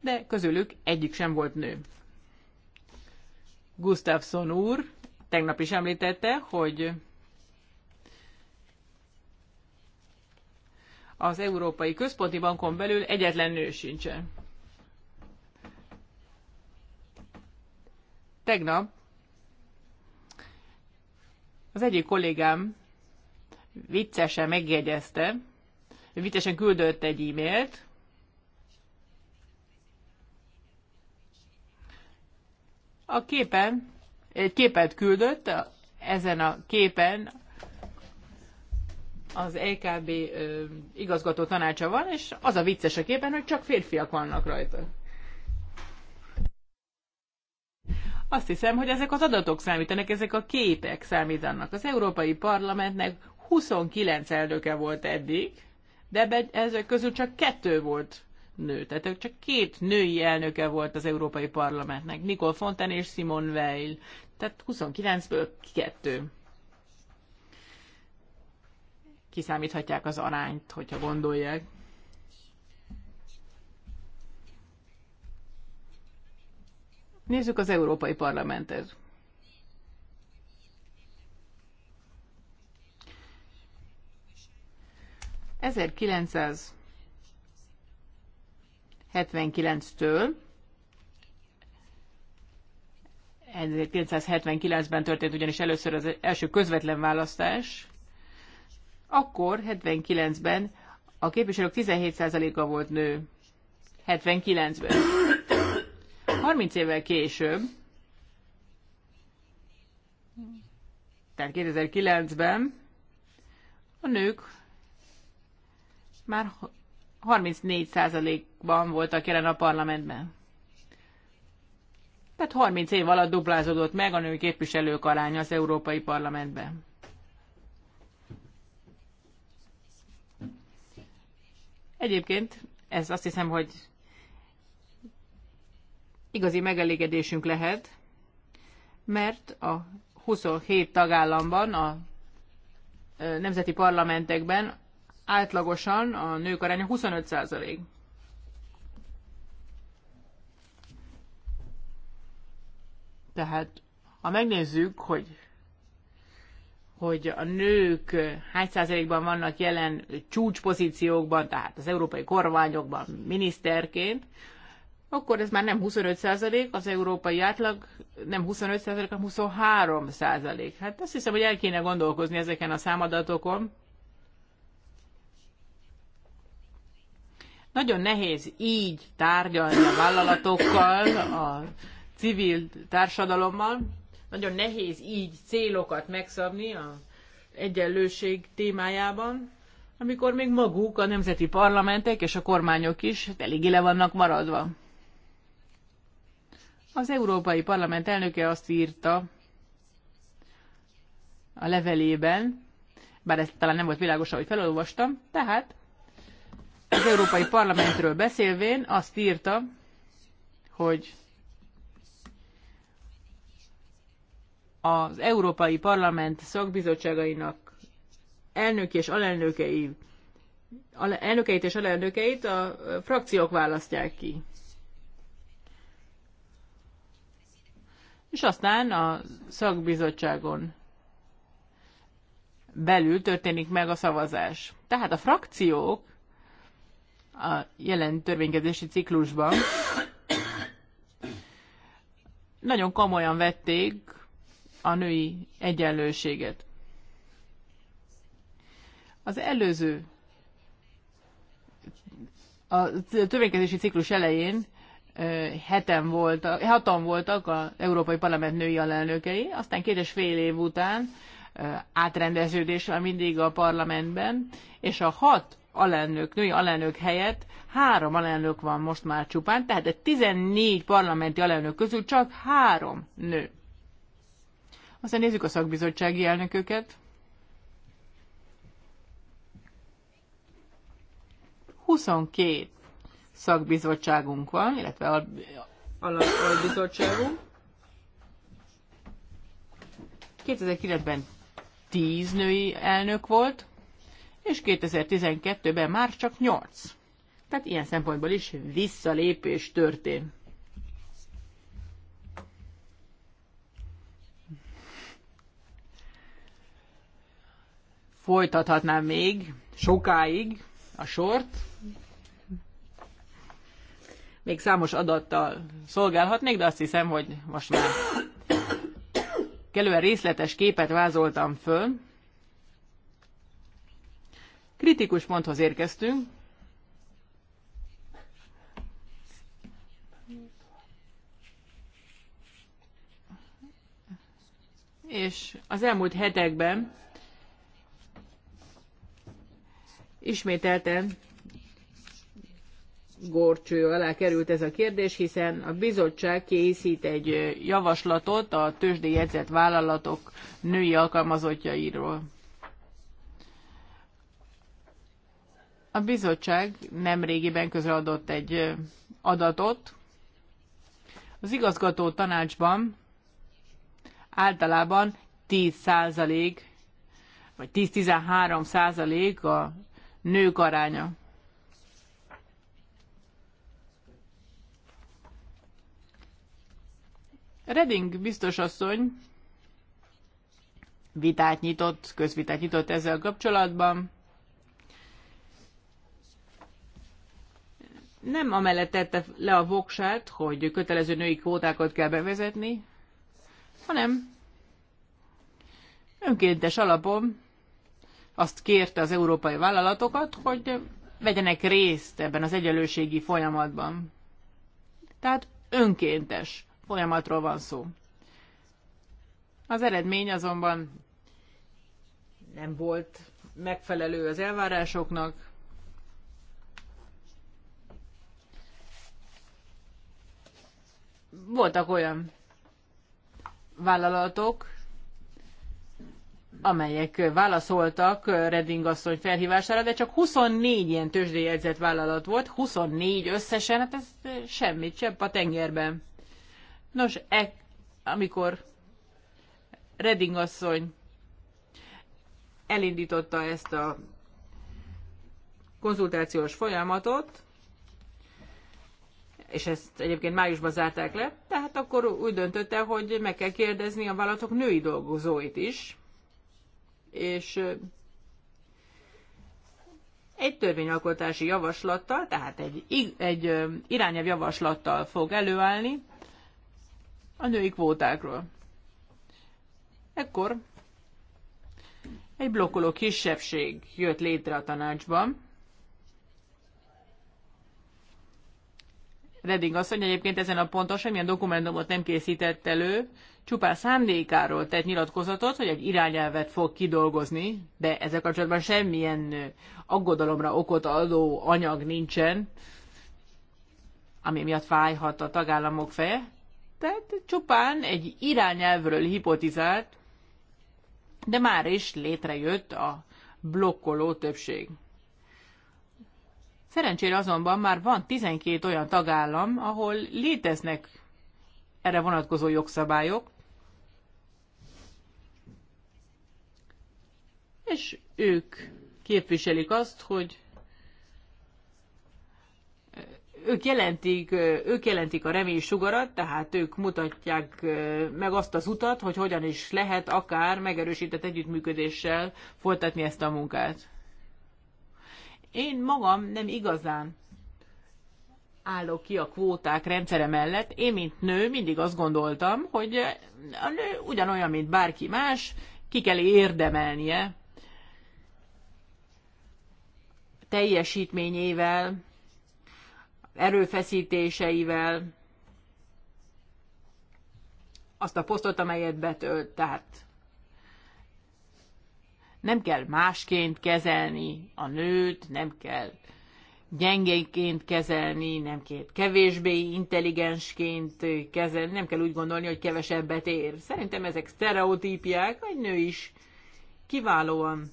de közülük egyik sem volt nő. Gustafsson úr tegnap is említette, hogy az Európai Központi Bankon belül egyetlen nő sincsen. Tegnap az egyik kollégám viccesen megjegyezte, vitesen küldött egy e-mailt, a képen, egy képet küldött, ezen a képen az EKB igazgató tanácsa van, és az a vicces a képen, hogy csak férfiak vannak rajta. Azt hiszem, hogy ezek az adatok számítanak, ezek a képek számítanak. Az Európai Parlamentnek 29 elnöke volt eddig, de ezek közül csak kettő volt nő. Tehát csak két női elnöke volt az Európai Parlamentnek, Nikol Fonten és Simon Weil. Tehát 29-ből kettő. Kiszámíthatják az arányt, hogyha gondolják. Nézzük az Európai Parlamentet. 1979-től 1979-ben történt ugyanis először az első közvetlen választás, akkor 79-ben a képviselők 17%-a volt nő. 79-ben. 30 évvel később, tehát 2009-ben a nők már 34%-ban voltak jelen a parlamentben. Tehát 30 év alatt duplázódott meg a női képviselők aránya az Európai Parlamentben. Egyébként ez azt hiszem, hogy igazi megelégedésünk lehet, mert a 27 tagállamban, a nemzeti parlamentekben átlagosan a nők aránya 25 százalék. Tehát, ha megnézzük, hogy hogy a nők hány százalékban vannak jelen csúcspozíciókban, tehát az európai kormányokban miniszterként, akkor ez már nem 25 százalék, az európai átlag nem 25 százalék, hanem 23 százalék. Hát azt hiszem, hogy el kéne gondolkozni ezeken a számadatokon, Nagyon nehéz így tárgyalni a vállalatokkal, a civil társadalommal, nagyon nehéz így célokat megszabni a egyenlőség témájában, amikor még maguk, a nemzeti parlamentek és a kormányok is eléggé le vannak maradva. Az Európai Parlament elnöke azt írta a levelében, bár ez talán nem volt világos, ahogy felolvastam, tehát az Európai Parlamentről beszélvén azt írta, hogy az Európai Parlament szakbizottságainak elnöki és alelnökei, elnökeit és alelnökeit a frakciók választják ki. És aztán a szakbizottságon belül történik meg a szavazás. Tehát a frakciók a jelen törvénykezési ciklusban. Nagyon komolyan vették a női egyenlőséget. Az előző a törvénykezési ciklus elején heten voltak, hatan voltak az Európai Parlament női alelnökei, aztán két és fél év után átrendeződés van mindig a parlamentben, és a hat alelnök, női alelnök helyett három alelnök van most már csupán, tehát a 14 parlamenti alelnök közül csak három nő. Aztán nézzük a szakbizottsági elnököket. 22 szakbizottságunk van, illetve alapbizottságunk. 2009-ben 10 női elnök volt, és 2012-ben már csak 8. Tehát ilyen szempontból is visszalépés történt. Folytathatnám még sokáig a sort. Még számos adattal szolgálhatnék, de azt hiszem, hogy most már kellően részletes képet vázoltam föl kritikus ponthoz érkeztünk. És az elmúlt hetekben ismételten gorcső alá került ez a kérdés, hiszen a bizottság készít egy javaslatot a tőzsdéjegyzett vállalatok női alkalmazottjairól. A bizottság nem régiben közreadott egy adatot. Az igazgató tanácsban általában 10 százalék, vagy 10-13 százalék a nők aránya. Reding biztos asszony vitát nyitott, közvitát nyitott ezzel kapcsolatban. nem amellett tette le a voksát, hogy kötelező női kvótákat kell bevezetni, hanem önkéntes alapon azt kérte az európai vállalatokat, hogy vegyenek részt ebben az egyenlőségi folyamatban. Tehát önkéntes folyamatról van szó. Az eredmény azonban nem volt megfelelő az elvárásoknak, voltak olyan vállalatok, amelyek válaszoltak Redding asszony felhívására, de csak 24 ilyen tőzsdéjegyzett vállalat volt, 24 összesen, hát ez semmit, csepp a tengerben. Nos, e, amikor Redding asszony elindította ezt a konzultációs folyamatot, és ezt egyébként májusban zárták le, tehát akkor úgy döntötte, hogy meg kell kérdezni a vállalatok női dolgozóit is, és egy törvényalkotási javaslattal, tehát egy, egy irányelv javaslattal fog előállni a női kvótákról. Ekkor egy blokkoló kisebbség jött létre a tanácsban, Redding azt mondja, egyébként ezen a ponton semmilyen dokumentumot nem készített elő, csupán szándékáról tett nyilatkozatot, hogy egy irányelvet fog kidolgozni, de ezzel kapcsolatban semmilyen aggodalomra okot adó anyag nincsen, ami miatt fájhat a tagállamok feje. Tehát csupán egy irányelvről hipotizált, de már is létrejött a blokkoló többség. Szerencsére azonban már van 12 olyan tagállam, ahol léteznek erre vonatkozó jogszabályok, és ők képviselik azt, hogy eh, ők jelentik, eh, ők jelentik a remény sugarat, tehát ők mutatják eh, meg azt az utat, hogy hogyan is lehet akár megerősített együttműködéssel folytatni ezt a munkát. Én magam nem igazán állok ki a kvóták rendszere mellett. Én, mint nő, mindig azt gondoltam, hogy a nő ugyanolyan, mint bárki más, ki kell érdemelnie teljesítményével, erőfeszítéseivel azt a posztot, amelyet betölt. Tehát nem kell másként kezelni a nőt, nem kell gyengéként kezelni, nem kell kevésbé intelligensként kezelni, nem kell úgy gondolni, hogy kevesebbet ér. Szerintem ezek sztereotípiák, egy nő is kiválóan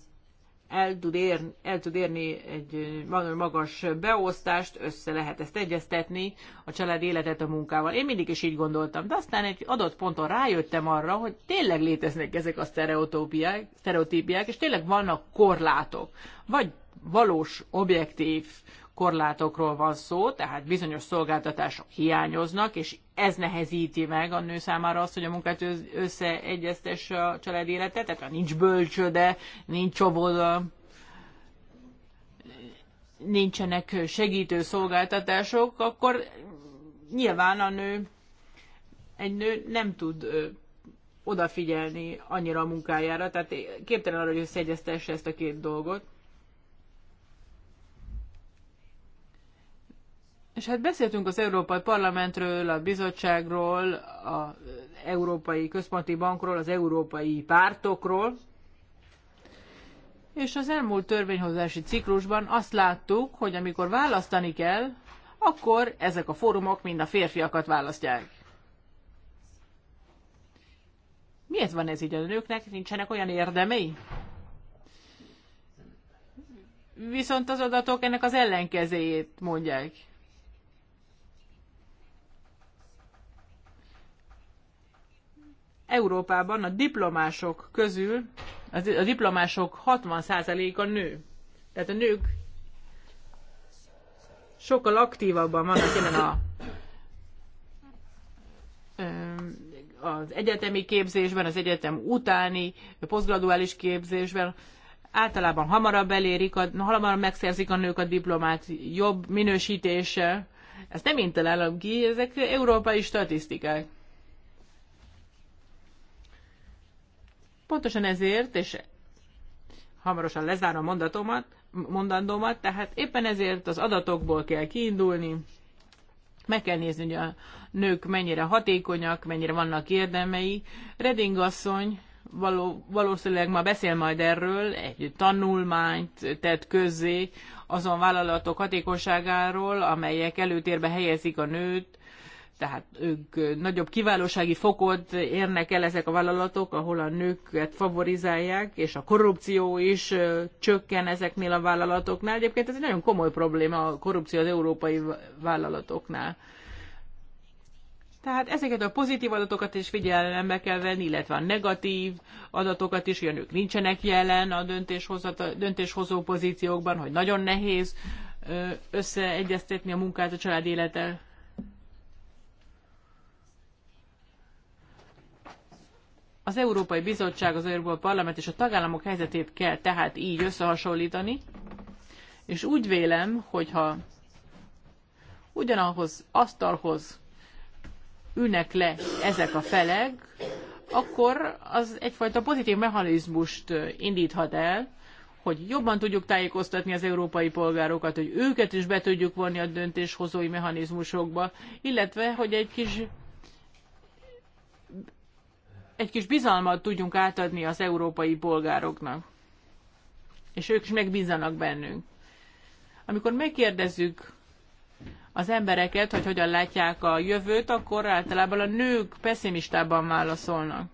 el tud, érni, el tud érni egy magas beosztást, össze lehet ezt egyeztetni, a család életet a munkával. Én mindig is így gondoltam, de aztán egy adott ponton rájöttem arra, hogy tényleg léteznek ezek a sztereotípiák, és tényleg vannak korlátok, vagy valós, objektív uh, korlátokról van szó, tehát bizonyos szolgáltatások hiányoznak, és ez nehezíti meg a nő számára azt, hogy a munkát összeegyeztes a család életet, tehát nincs bölcsöde, nincs csoboda, nincsenek segítő szolgáltatások, akkor nyilván a nő, egy nő nem tud odafigyelni annyira a munkájára, tehát képtelen arra, hogy összeegyeztesse ezt a két dolgot. És hát beszéltünk az Európai Parlamentről, a bizottságról, az Európai Központi Bankról, az európai pártokról, és az elmúlt törvényhozási ciklusban azt láttuk, hogy amikor választani kell, akkor ezek a fórumok mind a férfiakat választják. Miért van ez így a nőknek? Nincsenek olyan érdemei? Viszont az adatok ennek az ellenkezéjét mondják. Európában a diplomások közül, a diplomások 60%-a nő. Tehát a nők sokkal aktívabban vannak jelen a az egyetemi képzésben, az egyetem utáni posztgraduális képzésben általában hamarabb elérik, a, hamarabb megszerzik a nők a diplomát, jobb minősítése. Ez nem én találom ki, ezek európai statisztikák. Pontosan ezért, és hamarosan lezárom mondatomat, mondandómat, tehát éppen ezért az adatokból kell kiindulni, meg kell nézni, hogy a nők mennyire hatékonyak, mennyire vannak érdemei. Reding asszony való, valószínűleg ma beszél majd erről, egy tanulmányt tett közzé azon vállalatok hatékonyságáról, amelyek előtérbe helyezik a nőt, tehát ők nagyobb kiválósági fokot érnek el ezek a vállalatok, ahol a nőket favorizálják, és a korrupció is csökken ezeknél a vállalatoknál. Egyébként ez egy nagyon komoly probléma a korrupció az európai vállalatoknál. Tehát ezeket a pozitív adatokat is figyelembe kell venni, illetve a negatív adatokat is, hogy a nők nincsenek jelen a döntéshozó pozíciókban, hogy nagyon nehéz összeegyeztetni a munkát a család élettel Az Európai Bizottság, az Európai Parlament és a tagállamok helyzetét kell tehát így összehasonlítani, és úgy vélem, hogyha ugyanahhoz asztalhoz ülnek le ezek a felek, akkor az egyfajta pozitív mechanizmust indíthat el, hogy jobban tudjuk tájékoztatni az európai polgárokat, hogy őket is be tudjuk vonni a döntéshozói mechanizmusokba, illetve hogy egy kis egy kis bizalmat tudjunk átadni az európai polgároknak. És ők is megbízanak bennünk. Amikor megkérdezzük az embereket, hogy hogyan látják a jövőt, akkor általában a nők pessimistában válaszolnak.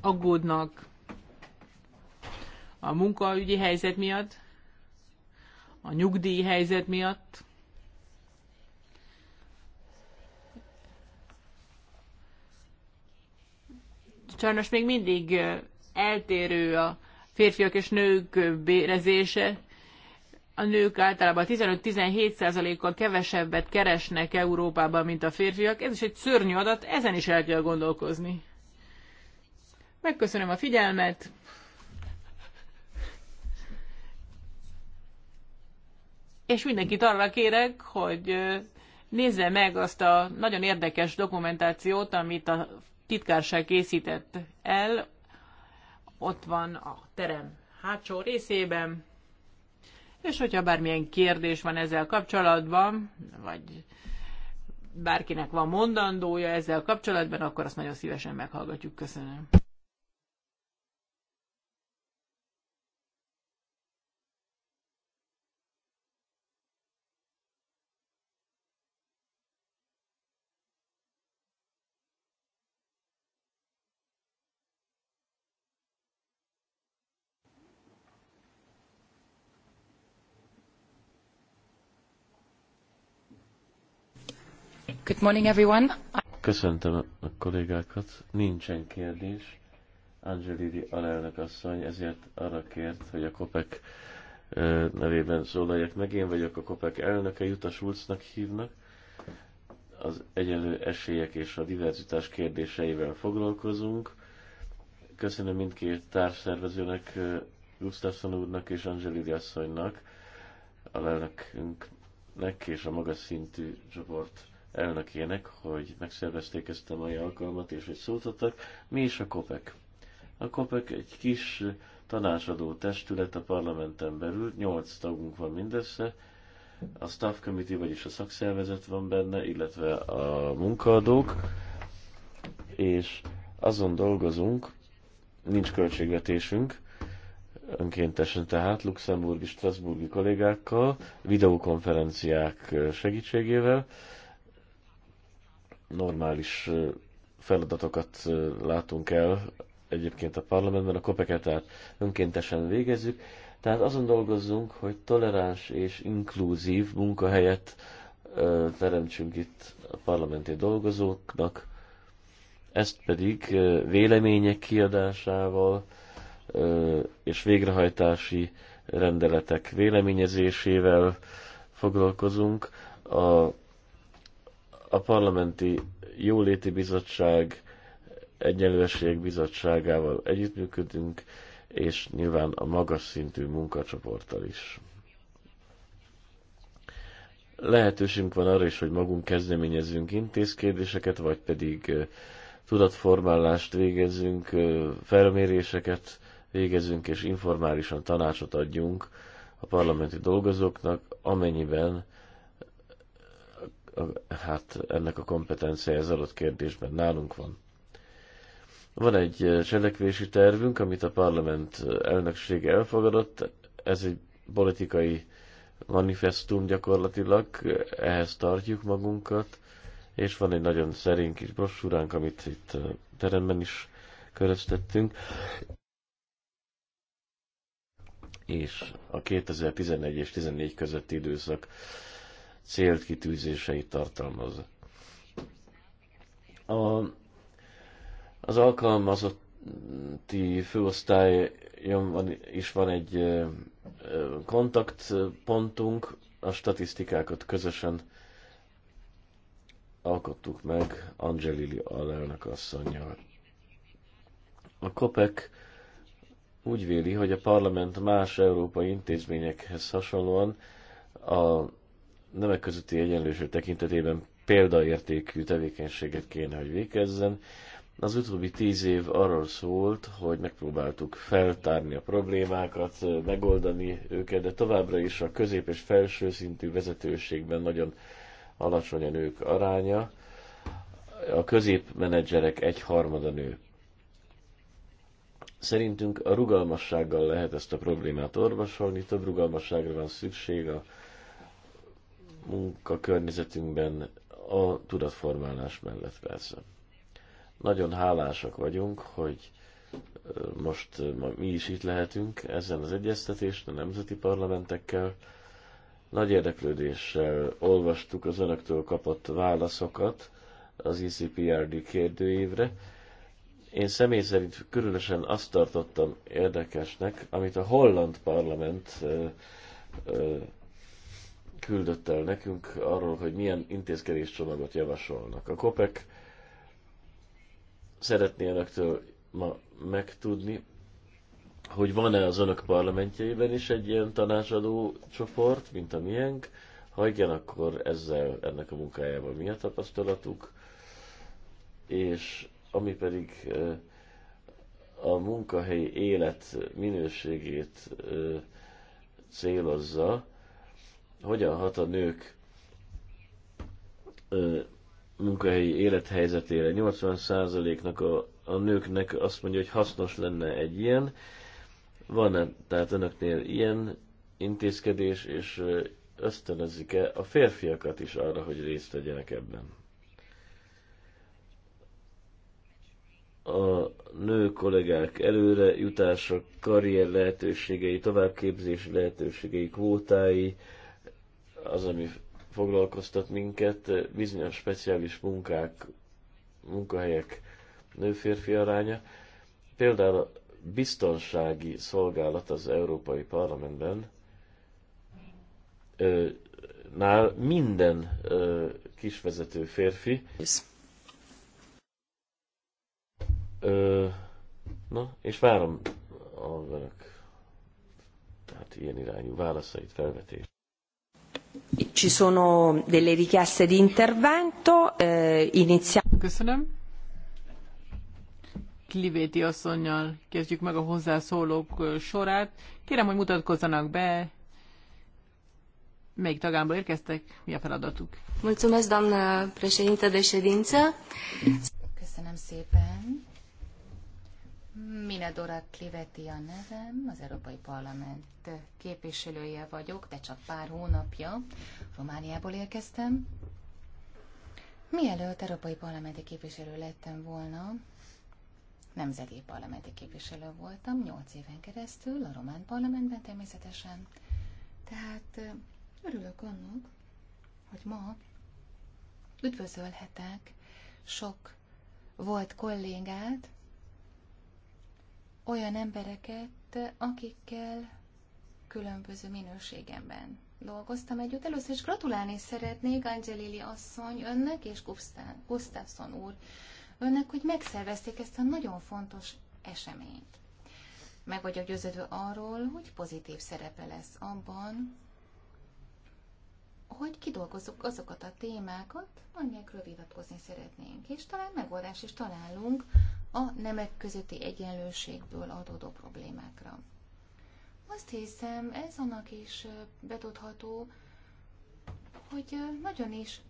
Aggódnak a munkaügyi helyzet miatt, a nyugdíj helyzet miatt, Sajnos még mindig eltérő a férfiak és nők bérezése. A nők általában 15-17%-kal kevesebbet keresnek Európában, mint a férfiak. Ez is egy szörnyű adat, ezen is el kell gondolkozni. Megköszönöm a figyelmet. És mindenkit arra kérek, hogy nézze meg azt a nagyon érdekes dokumentációt, amit a titkárság készített el, ott van a terem hátsó részében, és hogyha bármilyen kérdés van ezzel kapcsolatban, vagy bárkinek van mondandója ezzel kapcsolatban, akkor azt nagyon szívesen meghallgatjuk. Köszönöm. Good morning, everyone. Köszöntöm a kollégákat. Nincsen kérdés. Angelidi alelnök asszony ezért arra kért, hogy a Kopek nevében szólaljak meg. Én vagyok a Kopek elnöke, Jutta Schulznak hívnak. Az egyenlő esélyek és a diverzitás kérdéseivel foglalkozunk. Köszönöm mindkét társszervezőnek, Gustafsson úrnak és Angelidi asszonynak, alelnökünknek és a magas szintű csoport elnökének, hogy megszervezték ezt a mai alkalmat, és hogy szót adtak. Mi is a COPEC? A COPEC egy kis tanácsadó testület a parlamenten belül, Nyolc tagunk van mindössze, a staff committee, vagyis a szakszervezet van benne, illetve a munkaadók, és azon dolgozunk, nincs költségvetésünk, önkéntesen tehát luxemburgi, strasburgi kollégákkal, videokonferenciák segítségével, normális feladatokat látunk el egyébként a parlamentben, a kopeket önkéntesen végezzük, tehát azon dolgozzunk, hogy toleráns és inkluzív munkahelyet teremtsünk itt a parlamenti dolgozóknak, ezt pedig vélemények kiadásával és végrehajtási rendeletek véleményezésével foglalkozunk. A a parlamenti jóléti bizottság, egyenlőség bizottságával együttműködünk, és nyilván a magas szintű munkacsoporttal is. Lehetőségünk van arra is, hogy magunk kezdeményezünk intézkedéseket, vagy pedig tudatformálást végezzünk, felméréseket végezzünk, és informálisan tanácsot adjunk a parlamenti dolgozóknak, amennyiben hát ennek a kompetencia ez adott kérdésben nálunk van. Van egy eh, cselekvési tervünk, amit a parlament eh, elnöksége elfogadott. Ez egy politikai manifestum gyakorlatilag, ehhez tartjuk magunkat, és van egy nagyon szerény kis brossúránk, amit itt eh, teremben is köröztettünk. És a 2011 és 14 közötti időszak célt kitűzéseit tartalmaz. A, az alkalmazotti főosztályon van, is van egy kontaktpontunk, a statisztikákat közösen alkottuk meg Angelili alelnök asszonynal. A COPEC úgy véli, hogy a parlament más európai intézményekhez hasonlóan a nemek közötti egyenlőség tekintetében példaértékű tevékenységet kéne, hogy végezzen. Az utóbbi tíz év arról szólt, hogy megpróbáltuk feltárni a problémákat, megoldani őket, de továbbra is a közép és felső szintű vezetőségben nagyon alacsony a nők aránya. A középmenedzserek egyharmada nő. Szerintünk a rugalmassággal lehet ezt a problémát orvosolni, több rugalmasságra van szükség a munkakörnyezetünkben a tudatformálás mellett persze. Nagyon hálásak vagyunk, hogy most mi is itt lehetünk ezen az egyeztetésen a nemzeti parlamentekkel. Nagy érdeklődéssel olvastuk az önöktől kapott válaszokat az ICPRD e kérdőívre. Én személy szerint különösen azt tartottam érdekesnek, amit a holland parlament küldött el nekünk arról, hogy milyen intézkedés csomagot javasolnak. A Kopek szeretné önöktől ma megtudni, hogy van-e az önök parlamentjeiben is egy ilyen tanácsadó csoport, mint a miénk, ha igen, akkor ezzel, ennek a munkájával mi a tapasztalatuk, és ami pedig a munkahelyi élet minőségét célozza, hogyan hat a nők ö, munkahelyi élethelyzetére. 80%-nak a, a nőknek azt mondja, hogy hasznos lenne egy ilyen. Van -e, tehát önöknél ilyen intézkedés, és ösztönözik-e a férfiakat is arra, hogy részt vegyenek ebben? A nő kollégák előre jutása, karrier lehetőségei, továbbképzés lehetőségei, kvótái, az, ami foglalkoztat minket, bizonyos speciális munkák, munkahelyek nő-férfi aránya. Például a biztonsági szolgálat az Európai Parlamentben nál minden kisvezető férfi. Ö, na, és várom a önök tehát ilyen irányú válaszait, felvetést. Ci sono delle richieste di intervento. Eh, Iniziamo. Köszönöm. Klivéti asszonynal kezdjük meg a hozzászólók sorát. Kérem, hogy mutatkozzanak be, melyik tagámból érkeztek, mi a feladatuk. Mulțumesc, doamna președintă de ședință. Köszönöm szépen. Minedora Kliveti a nevem, az Európai Parlament képviselője vagyok, de csak pár hónapja Romániából érkeztem. Mielőtt Európai Parlamenti képviselő lettem volna, nemzeti parlamenti képviselő voltam 8 éven keresztül, a román parlamentben természetesen. Tehát örülök annak, hogy ma üdvözölhetek sok volt kollégát, olyan embereket, akikkel különböző minőségemben dolgoztam együtt. Először is gratulálni szeretnék Angelili asszony önnek és Gustafsson úr önnek, hogy megszervezték ezt a nagyon fontos eseményt. Meg vagyok győződve arról, hogy pozitív szerepe lesz abban, hogy kidolgozzuk azokat a témákat, amelyekről vitatkozni szeretnénk, és talán megoldást is találunk a nemek közötti egyenlőségből adódó problémákra. Azt hiszem, ez annak is betudható, hogy nagyon is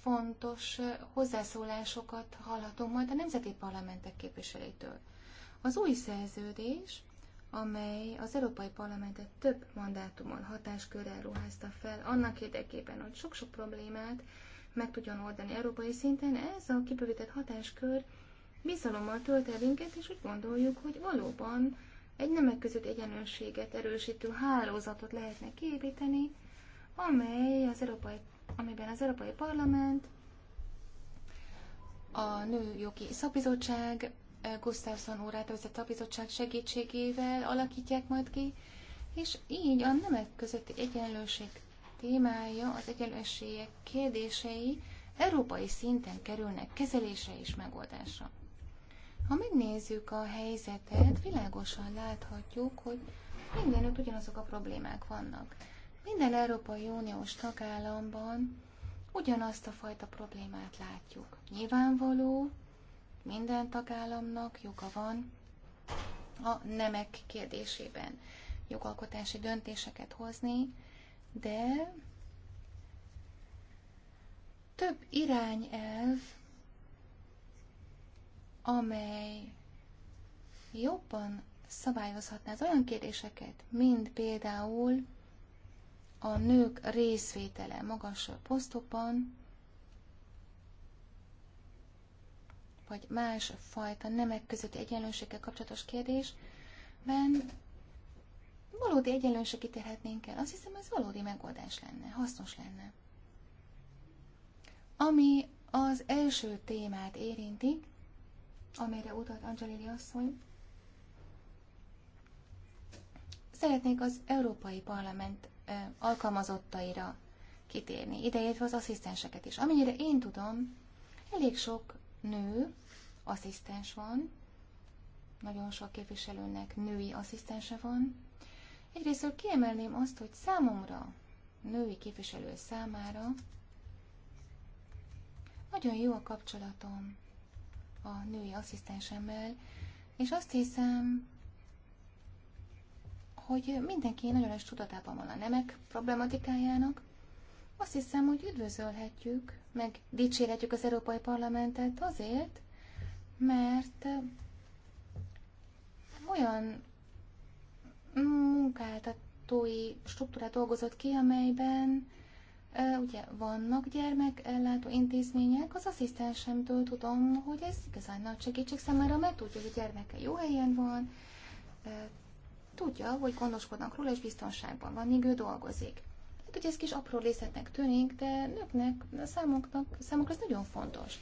fontos hozzászólásokat hallhatunk majd a nemzeti parlamentek képviselőtől. Az új szerződés, amely az Európai Parlamentet több mandátumon hatáskörrel ruházta fel, annak érdekében, hogy sok-sok problémát meg tudjon oldani európai szinten, ez a kibővített hatáskör bizalommal tölt el minket, és úgy gondoljuk, hogy valóban egy nemek között egyenlőséget erősítő hálózatot lehetne kiépíteni, amely az Európai, amiben az Európai Parlament, a Nőjogi Szabizottság, eh, Gustafsson úr átvezett szabizottság segítségével alakítják majd ki, és így a nemek közötti egyenlőség témája, az egyenlőségek kérdései európai szinten kerülnek kezelése és megoldásra. Ha megnézzük a helyzetet, világosan láthatjuk, hogy mindenütt ugyanazok a problémák vannak. Minden Európai Uniós tagállamban ugyanazt a fajta problémát látjuk. Nyilvánvaló, minden tagállamnak joga van a nemek kérdésében jogalkotási döntéseket hozni, de több irányelv amely jobban szabályozhatná az olyan kérdéseket, mint például a nők részvétele magasabb posztokban, vagy más fajta nemek közötti egyenlőséggel kapcsolatos kérdésben valódi egyenlőségi érhetnénk el. Azt hiszem, ez valódi megoldás lenne, hasznos lenne. Ami az első témát érinti, amelyre utalt Angelili asszony. Szeretnék az Európai Parlament alkalmazottaira kitérni, ideértve az asszisztenseket is. Amennyire én tudom, elég sok nő asszisztens van, nagyon sok képviselőnek női asszisztense van. Egyrészt kiemelném azt, hogy számomra, női képviselő számára nagyon jó a kapcsolatom a női asszisztensemmel, és azt hiszem, hogy mindenki nagyon is tudatában van a nemek problematikájának. Azt hiszem, hogy üdvözölhetjük, meg dicsérhetjük az Európai Parlamentet azért, mert olyan munkáltatói struktúrát dolgozott ki, amelyben Ugye vannak gyermekellátó intézmények, az asszisztensemtől tudom, hogy ez igazán nagy segítség számára, mert tudja, hogy a gyermeke jó helyen van, tudja, hogy gondoskodnak róla, és biztonságban van, míg ő dolgozik. Hát ugye ez kis apró részletnek tűnik, de nőknek, a számoknak, számokra ez nagyon fontos.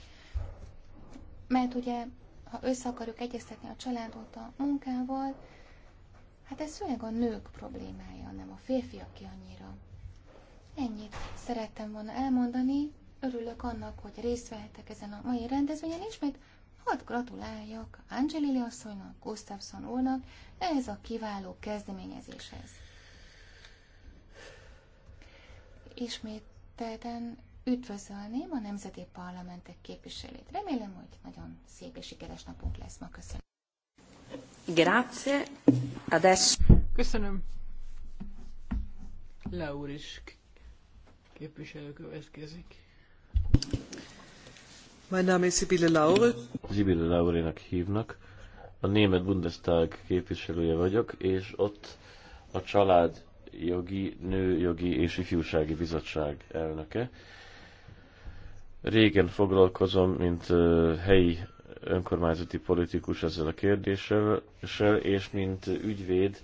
Mert ugye, ha össze akarjuk egyeztetni a családot a munkával, hát ez főleg a nők problémája, nem a férfiak ki annyira. Ennyit szerettem volna elmondani. Örülök annak, hogy részt vehetek ezen a mai rendezvényen, és majd hadd gratuláljak Angelili asszonynak, Gustafsson úrnak ehhez a kiváló kezdeményezéshez. Ismételten üdvözölném a Nemzeti Parlamentek képviselét. Remélem, hogy nagyon szép és sikeres napunk lesz ma. Köszönöm. Grazie. Adesso. Köszönöm. Laur is képviselő következik. Mein Name ist Sibylle Laure. Sibylle Laurénak hívnak. A német Bundestag képviselője vagyok, és ott a család jogi, nőjogi és ifjúsági bizottság elnöke. Régen foglalkozom, mint helyi önkormányzati politikus ezzel a kérdéssel, és mint ügyvéd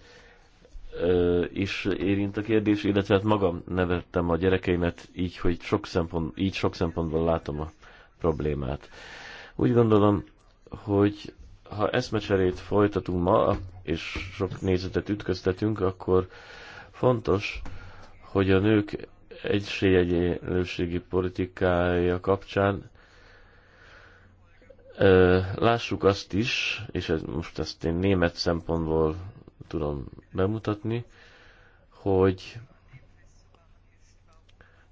is érint a kérdés, illetve hát magam nevettem a gyerekeimet így, hogy sok szempont, így sok szempontból látom a problémát. Úgy gondolom, hogy ha eszmecserét folytatunk ma, és sok nézetet ütköztetünk, akkor fontos, hogy a nők egységegyenlőségi politikája kapcsán lássuk azt is, és ez, most ezt én német szempontból tudom bemutatni, hogy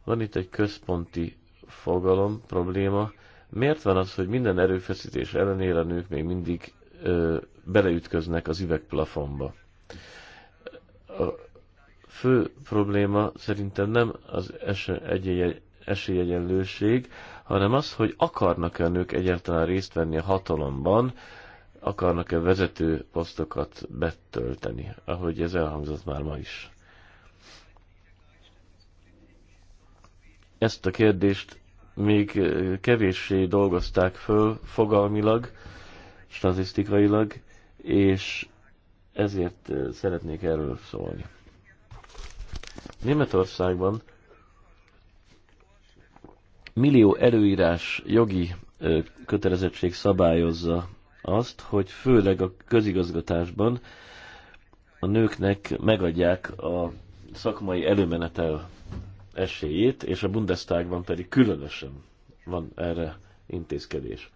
van itt egy központi fogalom, probléma. Miért van az, hogy minden erőfeszítés ellenére a nők még mindig ö, beleütköznek az üvegplafonba? A fő probléma szerintem nem az esélyegyenlőség, hanem az, hogy akarnak-e a nők egyáltalán részt venni a hatalomban, akarnak-e vezető posztokat betölteni, ahogy ez elhangzott már ma is. Ezt a kérdést még eh, kevéssé dolgozták föl fogalmilag, statisztikailag, és ezért eh, szeretnék erről szólni. Németországban millió előírás jogi eh, kötelezettség szabályozza azt, hogy főleg a közigazgatásban a nőknek megadják a szakmai előmenetel esélyét, és a Bundestagban pedig különösen van erre intézkedés.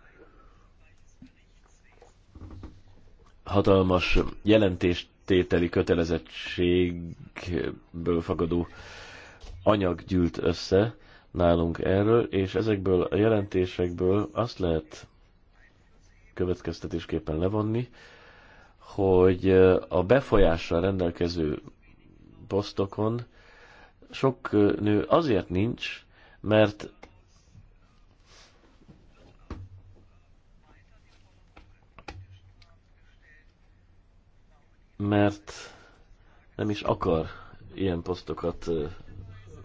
Hatalmas jelentéstételi kötelezettségből fakadó anyag gyűlt össze nálunk erről, és ezekből a jelentésekből azt lehet következtetésképpen levonni, hogy a befolyással rendelkező posztokon sok nő azért nincs, mert mert nem is akar ilyen posztokat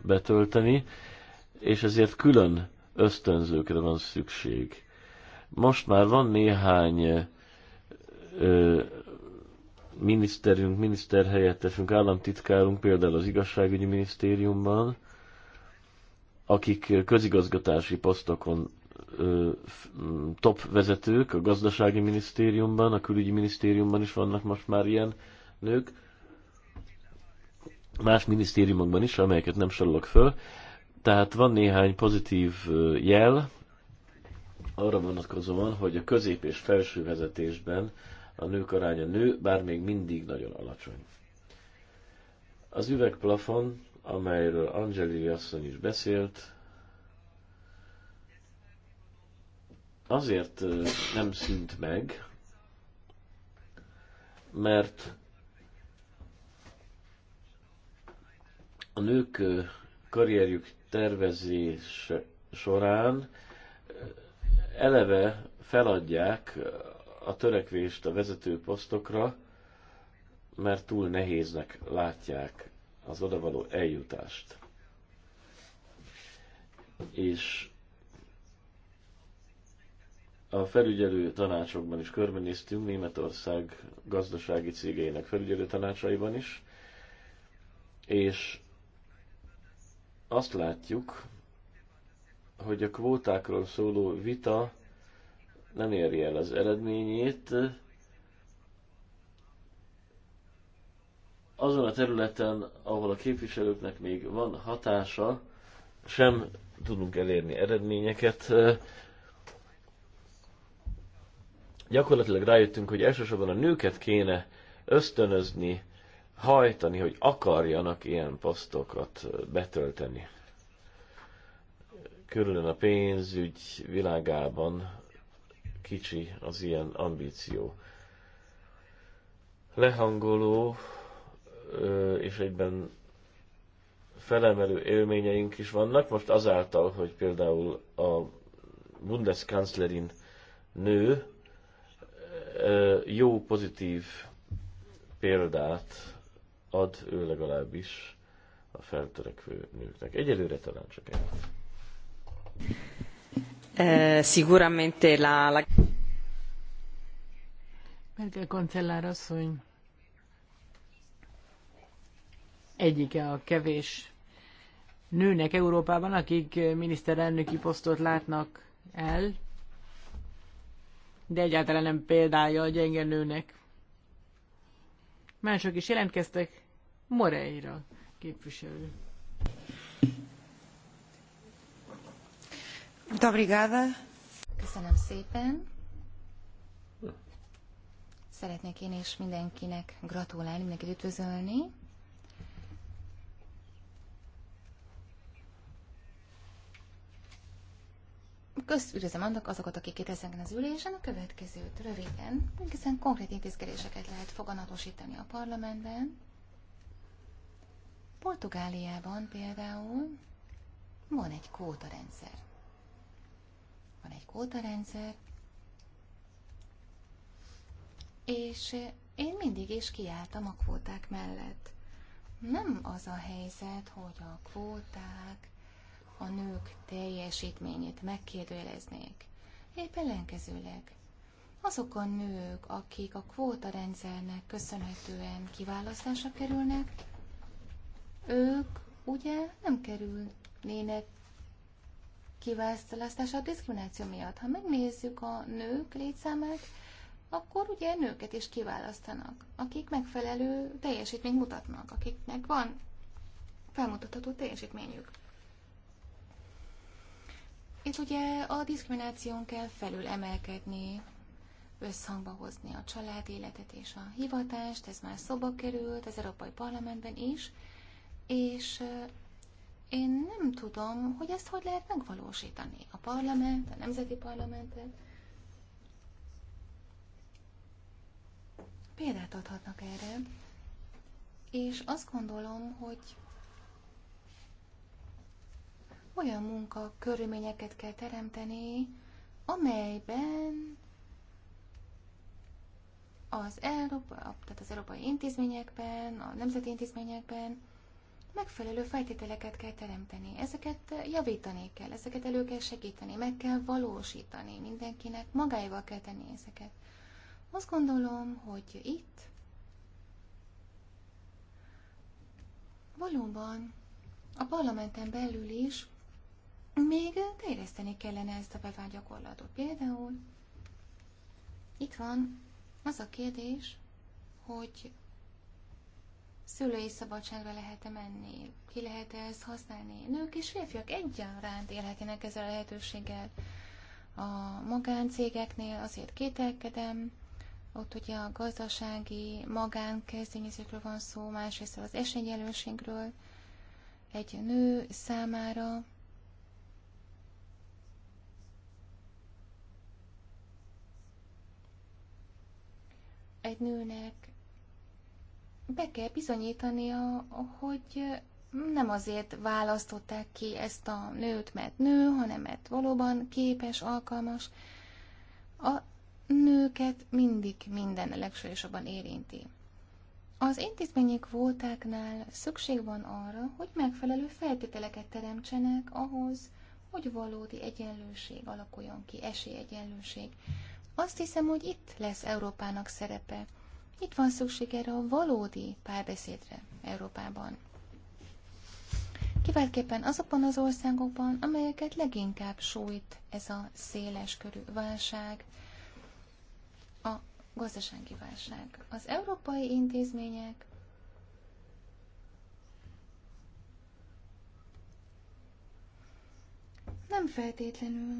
betölteni, és ezért külön ösztönzőkre van szükség. Most már van néhány ö, miniszterünk, miniszterhelyettesünk, államtitkárunk, például az igazságügyi minisztériumban, akik közigazgatási posztokon ö, top vezetők, a gazdasági minisztériumban, a külügyi minisztériumban is vannak most már ilyen nők, más minisztériumokban is, amelyeket nem sorolok föl. Tehát van néhány pozitív jel, arra vonatkozóan, hogy a közép és felső vezetésben a nők aránya nő, bár még mindig nagyon alacsony. Az üvegplafon, amelyről Angeli asszony is beszélt, azért nem szűnt meg, mert a nők karrierjük tervezése során eleve feladják a törekvést a vezető posztokra, mert túl nehéznek látják az odavaló eljutást. És a felügyelő tanácsokban is körbenéztünk, Németország gazdasági cégeinek felügyelő tanácsaiban is, és azt látjuk, hogy a kvótákról szóló vita nem éri el az eredményét. Azon a területen, ahol a képviselőknek még van hatása, sem tudunk elérni eredményeket. Gyakorlatilag rájöttünk, hogy elsősorban a nőket kéne ösztönözni, hajtani, hogy akarjanak ilyen posztokat betölteni külön a pénzügy világában kicsi az ilyen ambíció. Lehangoló és egyben felemelő élményeink is vannak. Most azáltal, hogy például a Bundeskanzlerin nő jó, pozitív példát ad ő legalábbis a feltörekvő nőknek. Egyelőre talán csak ennyit. Eh, la, la... Merkel asszony egyike a kevés nőnek Európában, akik miniszterelnöki posztot látnak el, de egyáltalán nem példája a gyenge nőnek. Mások is jelentkeztek, Moreira képviselő. Köszönöm szépen. Szeretnék én is mindenkinek gratulálni, mindenkit üdvözölni. Közt üdvözlöm annak azokat, akik itt ezen az ülésen, a következőt röviden, hiszen konkrét intézkedéseket lehet foganatosítani a parlamentben. Portugáliában például van egy kóta rendszer van egy kótarendszer, és én mindig is kiálltam a kvóták mellett. Nem az a helyzet, hogy a kvóták a nők teljesítményét megkérdőjeleznék. Épp ellenkezőleg. Azok a nők, akik a kvóta rendszernek köszönhetően kiválasztásra kerülnek, ők ugye nem kerülnének kiválasztás a diszkrimináció miatt. Ha megnézzük a nők létszámát, akkor ugye nőket is kiválasztanak, akik megfelelő teljesítményt mutatnak, akiknek van felmutatható teljesítményük. Itt ugye a diszkrimináción kell felül emelkedni, összhangba hozni a család életet és a hivatást, ez már szoba került az Európai Parlamentben is, és én nem tudom, hogy ezt hogy lehet megvalósítani. A parlament, a nemzeti parlamentet. Példát adhatnak erre. És azt gondolom, hogy olyan munka körülményeket kell teremteni, amelyben az, Európa, tehát az európai intézményekben, a nemzeti intézményekben megfelelő feltételeket kell teremteni, ezeket javítani kell, ezeket elő kell segíteni, meg kell valósítani, mindenkinek magáival kell tenni ezeket. Azt gondolom, hogy itt valóban a parlamenten belül is még terjeszteni kellene ezt a bevált gyakorlatot. Például itt van az a kérdés, hogy szülői szabadságra lehet-e menni, ki lehet -e ezt használni. Nők és férfiak egyaránt élhetnek ezzel a lehetőséggel. A magáncégeknél azért kételkedem, ott ugye a gazdasági magánkezdényezőkről van szó, másrészt az esélyegyenlőségről. Egy nő számára egy nőnek be kell bizonyítania, hogy nem azért választották ki ezt a nőt, mert nő, hanem mert valóban képes, alkalmas. A nőket mindig minden legsúlyosabban érinti. Az intézményi kvótáknál szükség van arra, hogy megfelelő feltételeket teremtsenek ahhoz, hogy valódi egyenlőség alakuljon ki, esélyegyenlőség. Azt hiszem, hogy itt lesz Európának szerepe itt van szükség erre a valódi párbeszédre Európában. Kiváltképpen azokban az országokban, amelyeket leginkább sújt ez a széles körű válság, a gazdasági válság. Az európai intézmények nem feltétlenül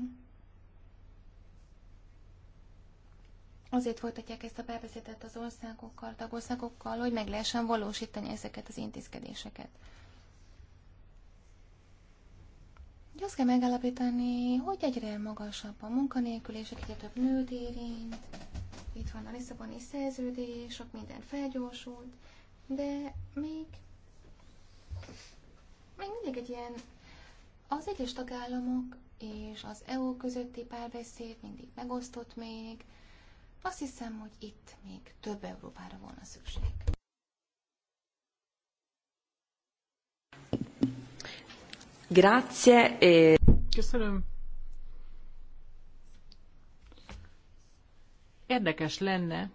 Azért folytatják ezt a párbeszédet az országokkal, tagországokkal, hogy meg lehessen valósítani ezeket az intézkedéseket. Úgy azt kell megállapítani, hogy egyre magasabb a munkanélkülések, egyre több nőt érint, itt van a Lisszaboni szerződés, sok minden felgyorsult, de még, még mindig egy ilyen, az egyes tagállamok és az EU közötti párbeszéd mindig megosztott még, azt hiszem, hogy itt még több Európára volna szükség. Grazie. E- Köszönöm. Érdekes lenne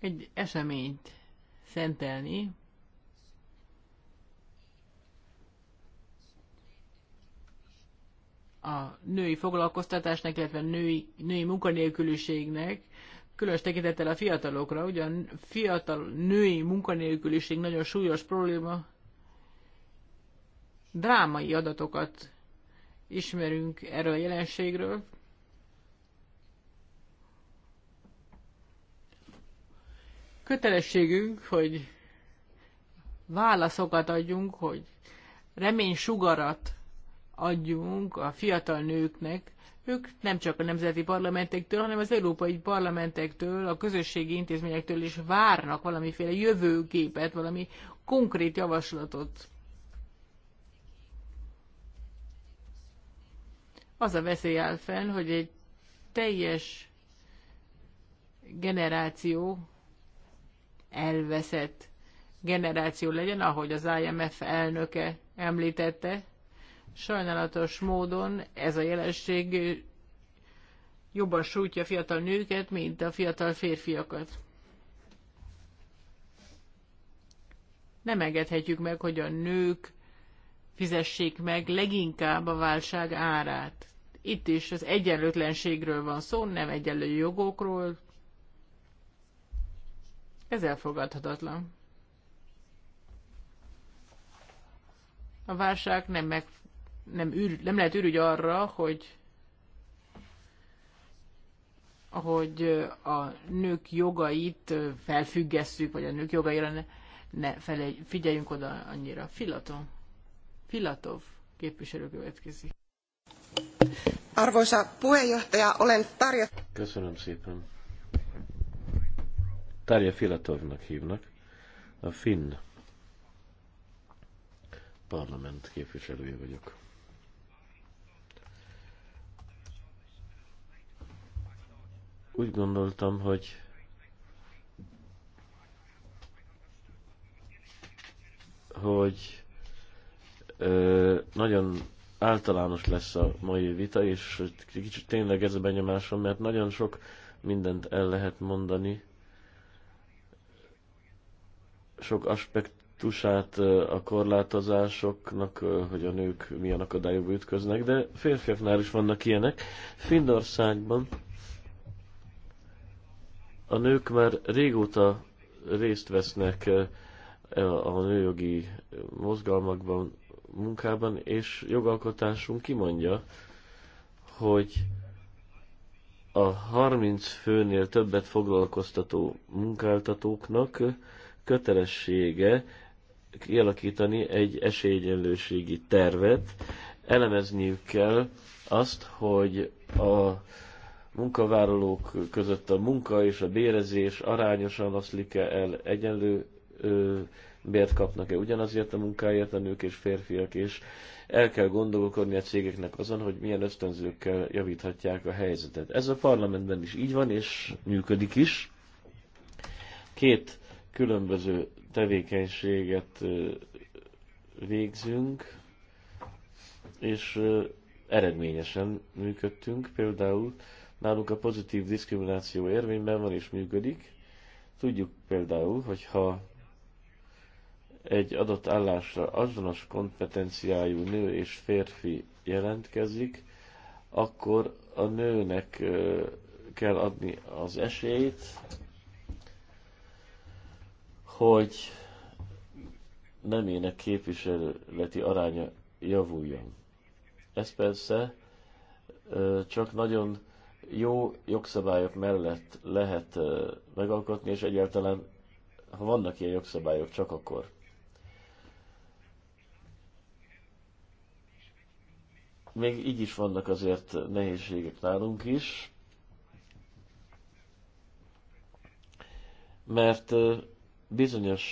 egy eseményt szentelni a női foglalkoztatásnak, illetve női, női munkanélküliségnek, különös tekintettel a fiatalokra, ugyan fiatal női munkanélküliség nagyon súlyos probléma, drámai adatokat ismerünk erről a jelenségről. Kötelességünk, hogy válaszokat adjunk, hogy remény sugarat adjunk a fiatal nőknek, ők nem csak a nemzeti parlamentektől, hanem az európai parlamentektől, a közösségi intézményektől is várnak valamiféle jövőképet, valami konkrét javaslatot. Az a veszély áll fenn, hogy egy teljes generáció elveszett generáció legyen, ahogy az IMF elnöke említette, Sajnálatos módon ez a jelenség jobban sújtja a fiatal nőket, mint a fiatal férfiakat. Nem engedhetjük meg, hogy a nők fizessék meg leginkább a válság árát. Itt is az egyenlőtlenségről van szó, nem egyenlő jogokról. Ez elfogadhatatlan. A válság nem, meg, nem, ür, nem lehet ürügy arra, hogy hogy a nők jogait felfüggesszük, vagy a nők jogaira ne, ne fele, figyeljünk oda annyira. Filatov. Filatov képviselő következik. Arvoisa puheenjohtaja, olen Tarja... Köszönöm szépen. Tarja Filatovnak hívnak. A Finn parlament képviselője vagyok. Úgy gondoltam, hogy hogy ö, nagyon általános lesz a mai vita, és kicsit tényleg ez a benyomásom, mert nagyon sok mindent el lehet mondani, sok aspektusát a korlátozásoknak, hogy a nők milyen akadályokba ütköznek, de férfiaknál is vannak ilyenek. Finnországban a nők már régóta részt vesznek eh, e a nőjogi mozgalmakban, munkában, és jogalkotásunk kimondja, hogy a 30 főnél többet foglalkoztató munkáltatóknak kötelessége kialakítani egy esélyegyenlőségi tervet, elemezniük kell azt, hogy a munkavállalók között a munka és a bérezés arányosan oszlik-e el, egyenlő ö, bért kapnak-e ugyanazért a munkáért a nők és férfiak, és el kell gondolkodni a cégeknek azon, hogy milyen ösztönzőkkel javíthatják a helyzetet. Ez a parlamentben is így van, és működik is. Két különböző tevékenységet végzünk, és eredményesen működtünk például Nálunk a pozitív diszkrimináció érvényben van és működik. Tudjuk például, hogyha egy adott állásra azonos kompetenciájú nő és férfi jelentkezik, akkor a nőnek kell adni az esélyt, hogy nemének képviseleti aránya javuljon. Ez persze csak nagyon jó jogszabályok mellett lehet megalkotni, és egyáltalán, ha vannak ilyen jogszabályok, csak akkor. Még így is vannak azért nehézségek nálunk is, mert bizonyos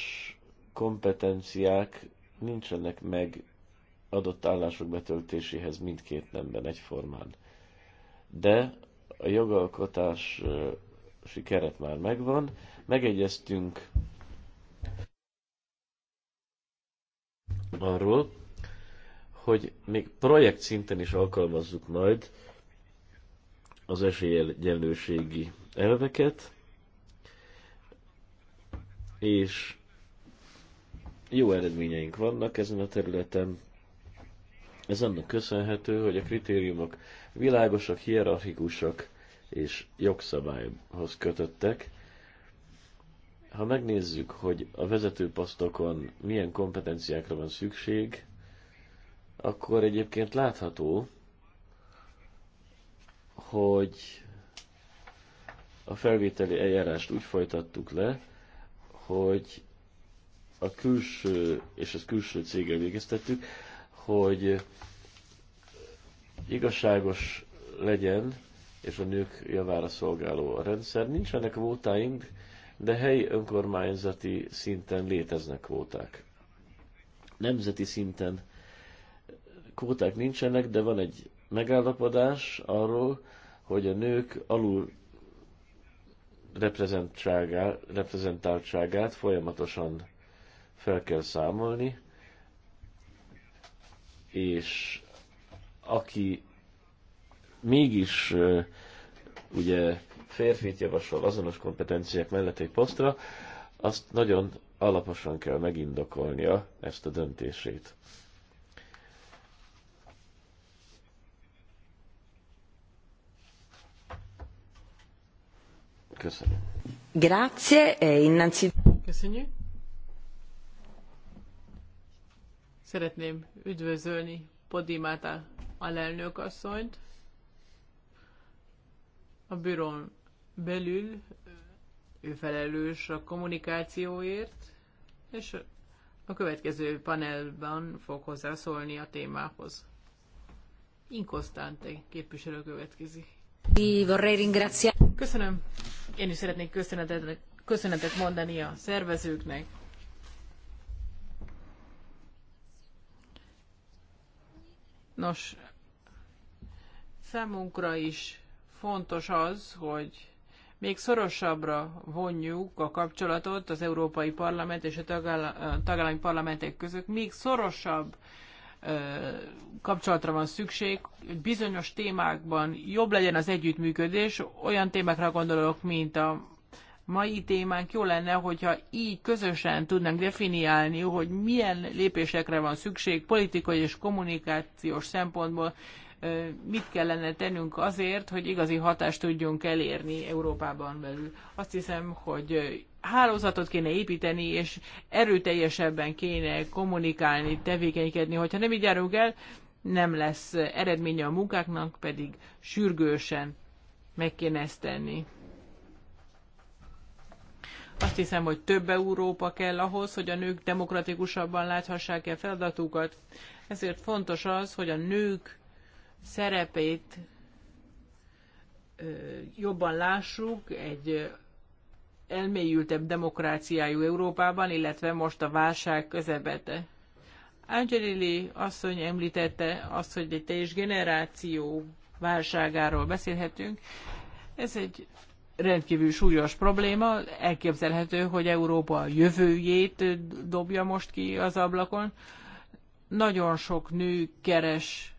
kompetenciák nincsenek meg adott állások betöltéséhez mindkét nemben egyformán. De a jogalkotási keret már megvan, megegyeztünk arról, hogy még projekt szinten is alkalmazzuk majd az esélyegyenlőségi elveket, és jó eredményeink vannak ezen a területen. Ez annak köszönhető, hogy a kritériumok világosak, hierarchikusak és jogszabályhoz kötöttek. Ha megnézzük, hogy a vezetőpasztokon milyen kompetenciákra van szükség, akkor egyébként látható, hogy a felvételi eljárást úgy folytattuk le, hogy a külső, és az külső cége végeztettük, hogy igazságos legyen, és a nők javára szolgáló a rendszer. Nincsenek kvótáink, de helyi önkormányzati szinten léteznek kvóták. Nemzeti szinten kvóták nincsenek, de van egy megállapodás arról, hogy a nők alul reprezentáltságát folyamatosan fel kell számolni, és aki mégis ugye férfit javasol azonos kompetenciák mellett egy posztra, azt nagyon alaposan kell megindokolnia ezt a döntését. Köszönöm. Grazie, e innanzitutto. Köszönjük. Szeretném üdvözölni Podimáta alelnök asszonyt. A bürón belül ő felelős a kommunikációért, és a következő panelban fog hozzászólni a témához. Inkosztánte képviselő következik. Köszönöm. Én is szeretnék köszönetet, köszönetet mondani a szervezőknek. Nos, Számunkra is fontos az, hogy még szorosabbra vonjuk a kapcsolatot az Európai Parlament és a tagállami parlamentek között, még szorosabb kapcsolatra van szükség, hogy bizonyos témákban jobb legyen az együttműködés, olyan témákra gondolok, mint a mai témánk, jó lenne, hogyha így közösen tudnánk definiálni, hogy milyen lépésekre van szükség politikai és kommunikációs szempontból, mit kellene tennünk azért, hogy igazi hatást tudjunk elérni Európában belül. Azt hiszem, hogy hálózatot kéne építeni, és erőteljesebben kéne kommunikálni, tevékenykedni. Hogyha nem így járunk el, nem lesz eredménye a munkáknak, pedig sürgősen meg kéne ezt tenni. Azt hiszem, hogy több Európa kell ahhoz, hogy a nők demokratikusabban láthassák el feladatukat, ezért fontos az, hogy a nők szerepét jobban lássuk egy elmélyültebb demokráciájú Európában, illetve most a válság közepete. Angelili asszony említette azt, hogy egy teljes generáció válságáról beszélhetünk. Ez egy rendkívül súlyos probléma, elképzelhető, hogy Európa a jövőjét dobja most ki az ablakon. Nagyon sok nő keres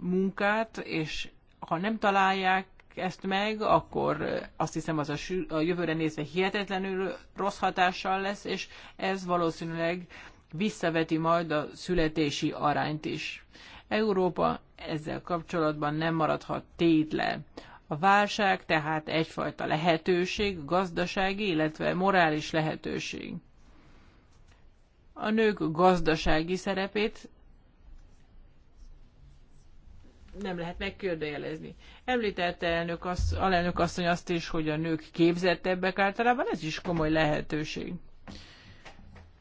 munkát, és ha nem találják ezt meg, akkor azt hiszem az a, a jövőre nézve hihetetlenül rossz hatással lesz, és ez valószínűleg visszaveti majd a születési arányt is. Európa ezzel kapcsolatban nem maradhat tétlen. A válság tehát egyfajta lehetőség, gazdasági, illetve morális lehetőség. A nők gazdasági szerepét nem lehet megkérdőjelezni. Említette elnök azt, alelnök asszony azt is, hogy a nők képzettebbek általában, ez is komoly lehetőség.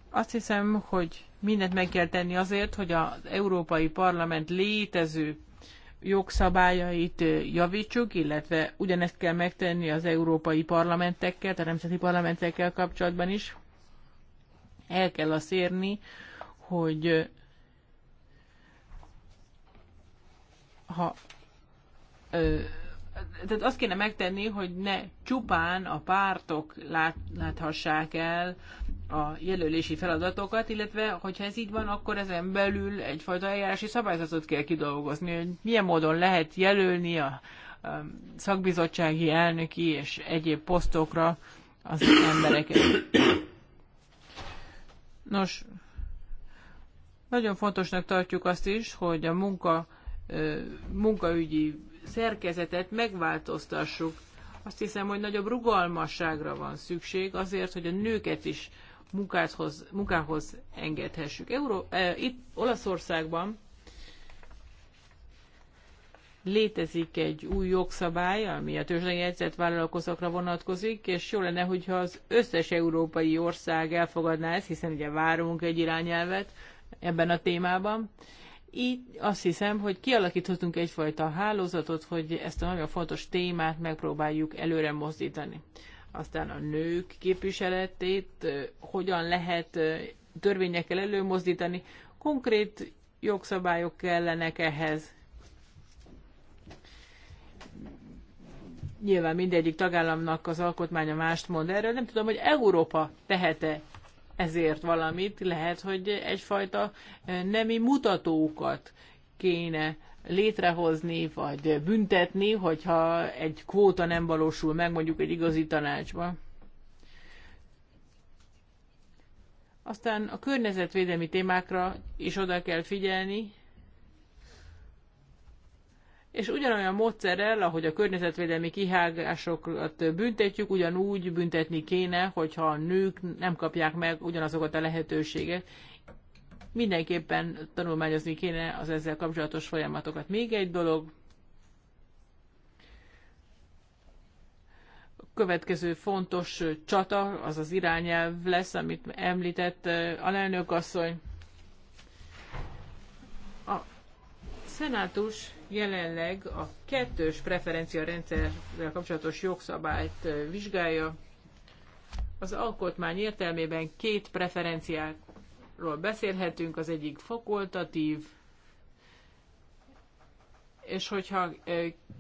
Azt hiszem, hogy mindent meg kell tenni azért, hogy az Európai Parlament létező jogszabályait javítsuk, illetve ugyanezt kell megtenni az európai parlamentekkel, a nemzeti parlamentekkel kapcsolatban is. El kell azt érni, hogy ha ö, tehát azt kéne megtenni, hogy ne csupán a pártok lát, láthassák el a jelölési feladatokat, illetve hogyha ez így van, akkor ezen belül egyfajta eljárási szabályzatot kell kidolgozni, hogy milyen módon lehet jelölni a, a szakbizottsági elnöki és egyéb posztokra az embereket. Nos, nagyon fontosnak tartjuk azt is, hogy a munka munkaügyi szerkezetet megváltoztassuk. Azt hiszem, hogy nagyobb rugalmasságra van szükség azért, hogy a nőket is munkához, munkához engedhessük. Euró, eh, itt Olaszországban létezik egy új jogszabály, ami a tőzsdejegyzett vállalkozókra vonatkozik, és jó lenne, hogyha az összes európai ország elfogadná ezt, hiszen ugye várunk egy irányelvet ebben a témában. Így azt hiszem, hogy kialakíthatunk egyfajta hálózatot, hogy ezt a nagyon fontos témát megpróbáljuk előre mozdítani. Aztán a nők képviseletét hogyan lehet törvényekkel előmozdítani, konkrét jogszabályok kellenek ehhez. Nyilván mindegyik tagállamnak az alkotmánya mást mond erről. Nem tudom, hogy Európa tehet-e ezért valamit, lehet, hogy egyfajta nemi mutatókat kéne létrehozni, vagy büntetni, hogyha egy kvóta nem valósul meg mondjuk egy igazi tanácsban. Aztán a környezetvédelmi témákra is oda kell figyelni, és ugyanolyan módszerrel, ahogy a környezetvédelmi kihágásokat büntetjük, ugyanúgy büntetni kéne, hogyha a nők nem kapják meg ugyanazokat a lehetőséget. Mindenképpen tanulmányozni kéne az ezzel kapcsolatos folyamatokat. Még egy dolog, következő fontos csata, az az irányelv lesz, amit említett eh, alelnök asszony. A szenátus jelenleg a kettős preferencia rendszerrel kapcsolatos jogszabályt vizsgálja. Az alkotmány értelmében két preferenciáról beszélhetünk, az egyik fakultatív, és hogyha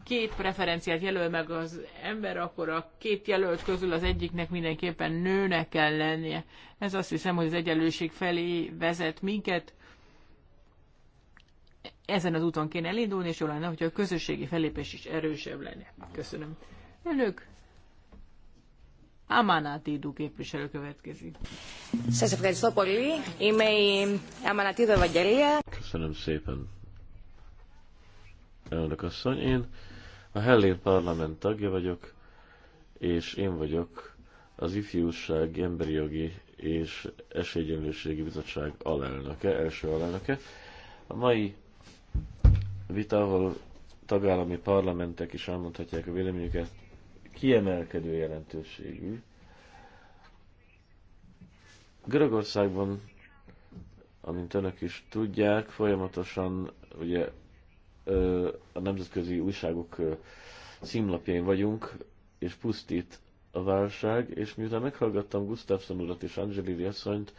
két preferenciát jelöl meg az ember, akkor a két jelölt közül az egyiknek mindenképpen nőnek kell lennie. Ez azt hiszem, hogy az egyenlőség felé vezet minket ezen az úton kéne elindulni, és jól lenne, hogyha a közösségi felépés is erősebb lenne. Köszönöm. Önök Amanatidu képviselő következik. Köszönöm szépen, elnök asszony. Én a Hellén parlament tagja vagyok, és én vagyok az Ifjúság Emberi Jogi és Esélyegyenlőségi Bizottság alelnöke, első alelnöke. A mai vita, ahol tagállami parlamentek is elmondhatják a véleményüket, kiemelkedő jelentőségű. Görögországban, amint önök is tudják, folyamatosan ugye a nemzetközi újságok címlapjain vagyunk, és pusztít a válság, és miután meghallgattam Gustafsson urat és Angelili asszonyt,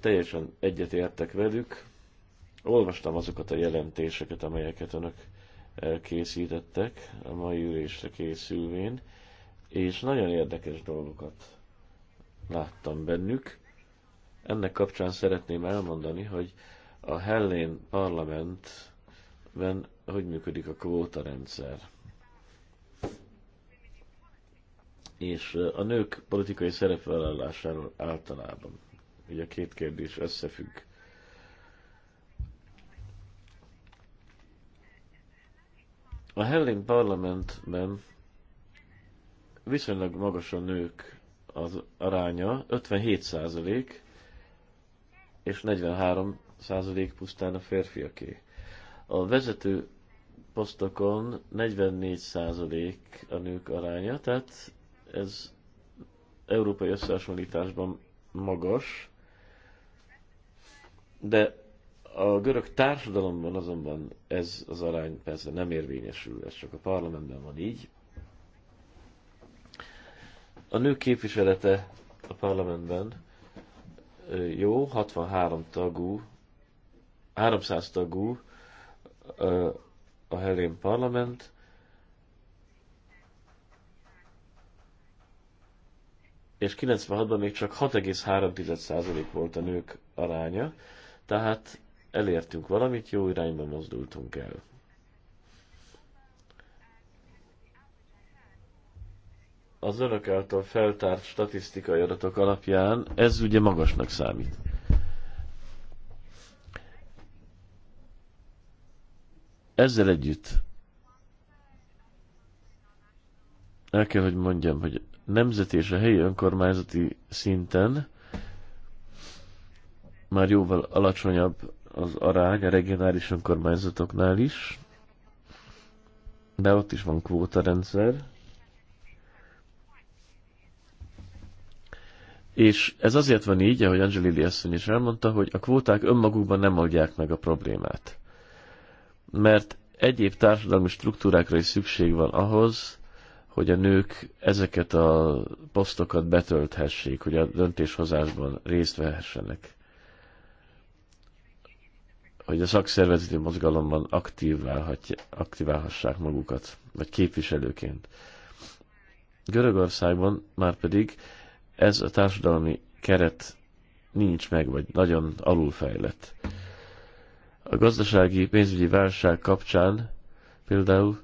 teljesen egyetértek velük, Olvastam azokat a jelentéseket, amelyeket önök készítettek a mai ülésre készülvén, és nagyon érdekes dolgokat láttam bennük. Ennek kapcsán szeretném elmondani, hogy a Hellén parlamentben hogy működik a kvótarendszer. És a nők politikai szerepvállalásáról általában. Ugye a két kérdés összefügg. A Helling parlamentben viszonylag magas a nők az aránya, 57 százalék, és 43 százalék pusztán a férfiaké. A vezető posztokon 44 százalék a nők aránya, tehát ez európai összehasonlításban magas, de a görög társadalomban azonban ez az arány persze nem érvényesül, ez csak a parlamentben van így. A nők képviselete a parlamentben jó, 63 tagú, 300 tagú a Helén parlament, és 96-ban még csak 6,3% volt a nők aránya, tehát elértünk valamit, jó irányba mozdultunk el. Az önök által feltárt statisztikai adatok alapján ez ugye magasnak számít. Ezzel együtt el kell, hogy mondjam, hogy nemzeti és a helyi önkormányzati szinten már jóval alacsonyabb az arány a regionális önkormányzatoknál is, de ott is van kvótarendszer. És ez azért van így, ahogy Angelili asszony is elmondta, hogy a kvóták önmagukban nem oldják meg a problémát. Mert egyéb társadalmi struktúrákra is szükség van ahhoz, hogy a nők ezeket a posztokat betölthessék, hogy a döntéshozásban részt vehessenek hogy a szakszervezeti mozgalomban aktiválhassák magukat, vagy képviselőként. Görögországban már pedig ez a társadalmi keret nincs meg, vagy nagyon alulfejlett. A gazdasági pénzügyi válság kapcsán például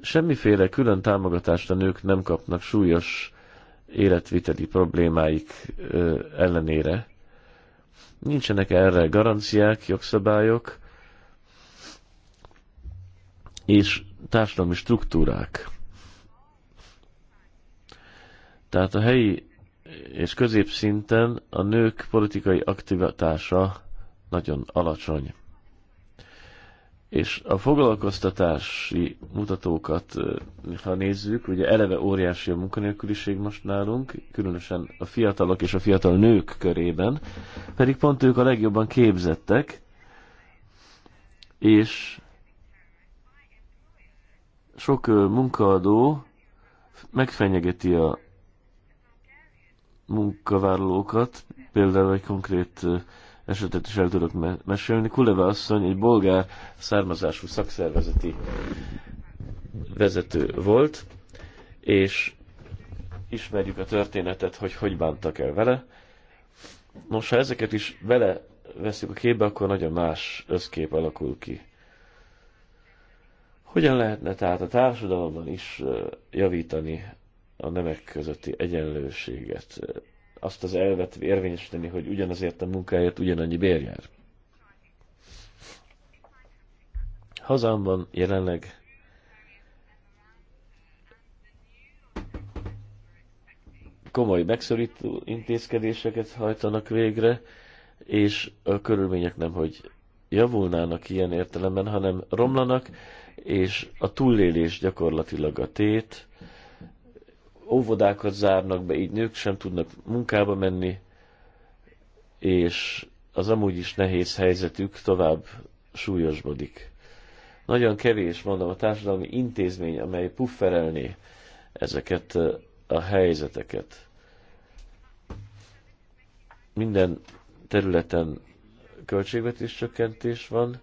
semmiféle külön támogatást a nők nem kapnak súlyos életviteli problémáik ellenére, Nincsenek erre garanciák, jogszabályok és társadalmi struktúrák. Tehát a helyi és középszinten a nők politikai aktivitása nagyon alacsony és a foglalkoztatási mutatókat, ha nézzük, ugye eleve óriási a munkanélküliség most nálunk, különösen a fiatalok és a fiatal nők körében, pedig pont ők a legjobban képzettek, és sok munkaadó megfenyegeti a munkavállalókat, például egy konkrét esetet is el tudok me mesélni. Kuleva asszony egy bolgár származású szakszervezeti vezető volt, és ismerjük a történetet, hogy hogy bántak el vele. Nos, ha ezeket is vele veszük a képbe, akkor nagyon más összkép alakul ki. Hogyan lehetne tehát a társadalomban is javítani a nemek közötti egyenlőséget? azt az elvet érvényesíteni, hogy ugyanazért a munkáért ugyanannyi bér jár. Hazámban jelenleg komoly megszorító intézkedéseket hajtanak végre, és a körülmények nem, hogy javulnának ilyen értelemben, hanem romlanak, és a túlélés gyakorlatilag a tét, óvodákat zárnak be, így nők sem tudnak munkába menni, és az amúgy is nehéz helyzetük tovább súlyosbodik. Nagyon kevés, mondom, a társadalmi intézmény, amely pufferelné ezeket a helyzeteket. Minden területen költségvetés csökkentés van,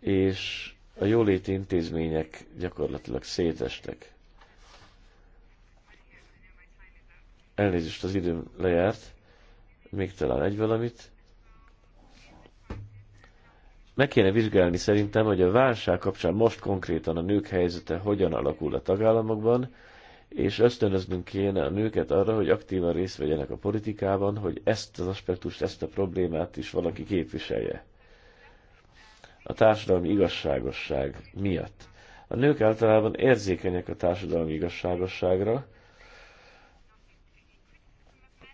és a jóléti intézmények gyakorlatilag szétestek. Elnézést, az időm lejárt. Még talán egy valamit. Meg kéne vizsgálni szerintem, hogy a válság kapcsán most konkrétan a nők helyzete hogyan alakul a tagállamokban, és ösztönöznünk kéne a nőket arra, hogy aktívan részt vegyenek a politikában, hogy ezt az aspektust, ezt a problémát is valaki képviselje. A társadalmi igazságosság miatt. A nők általában érzékenyek a társadalmi igazságosságra,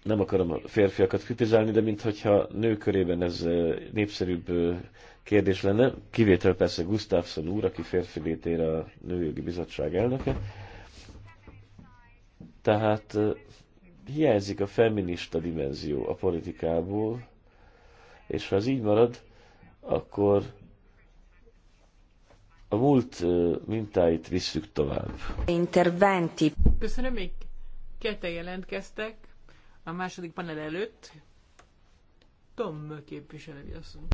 nem akarom a férfiakat kritizálni, de mintha nők körében ez népszerűbb kérdés lenne, kivétel persze Gustafsson úr, aki férfi létére a Nőjogi Bizottság elnöke. Tehát hiányzik a feminista dimenzió a politikából, és ha ez így marad, akkor a múlt mintáit visszük tovább. Interventi. Köszönöm, még kete jelentkeztek a második panel előtt Tom képviselő asszony.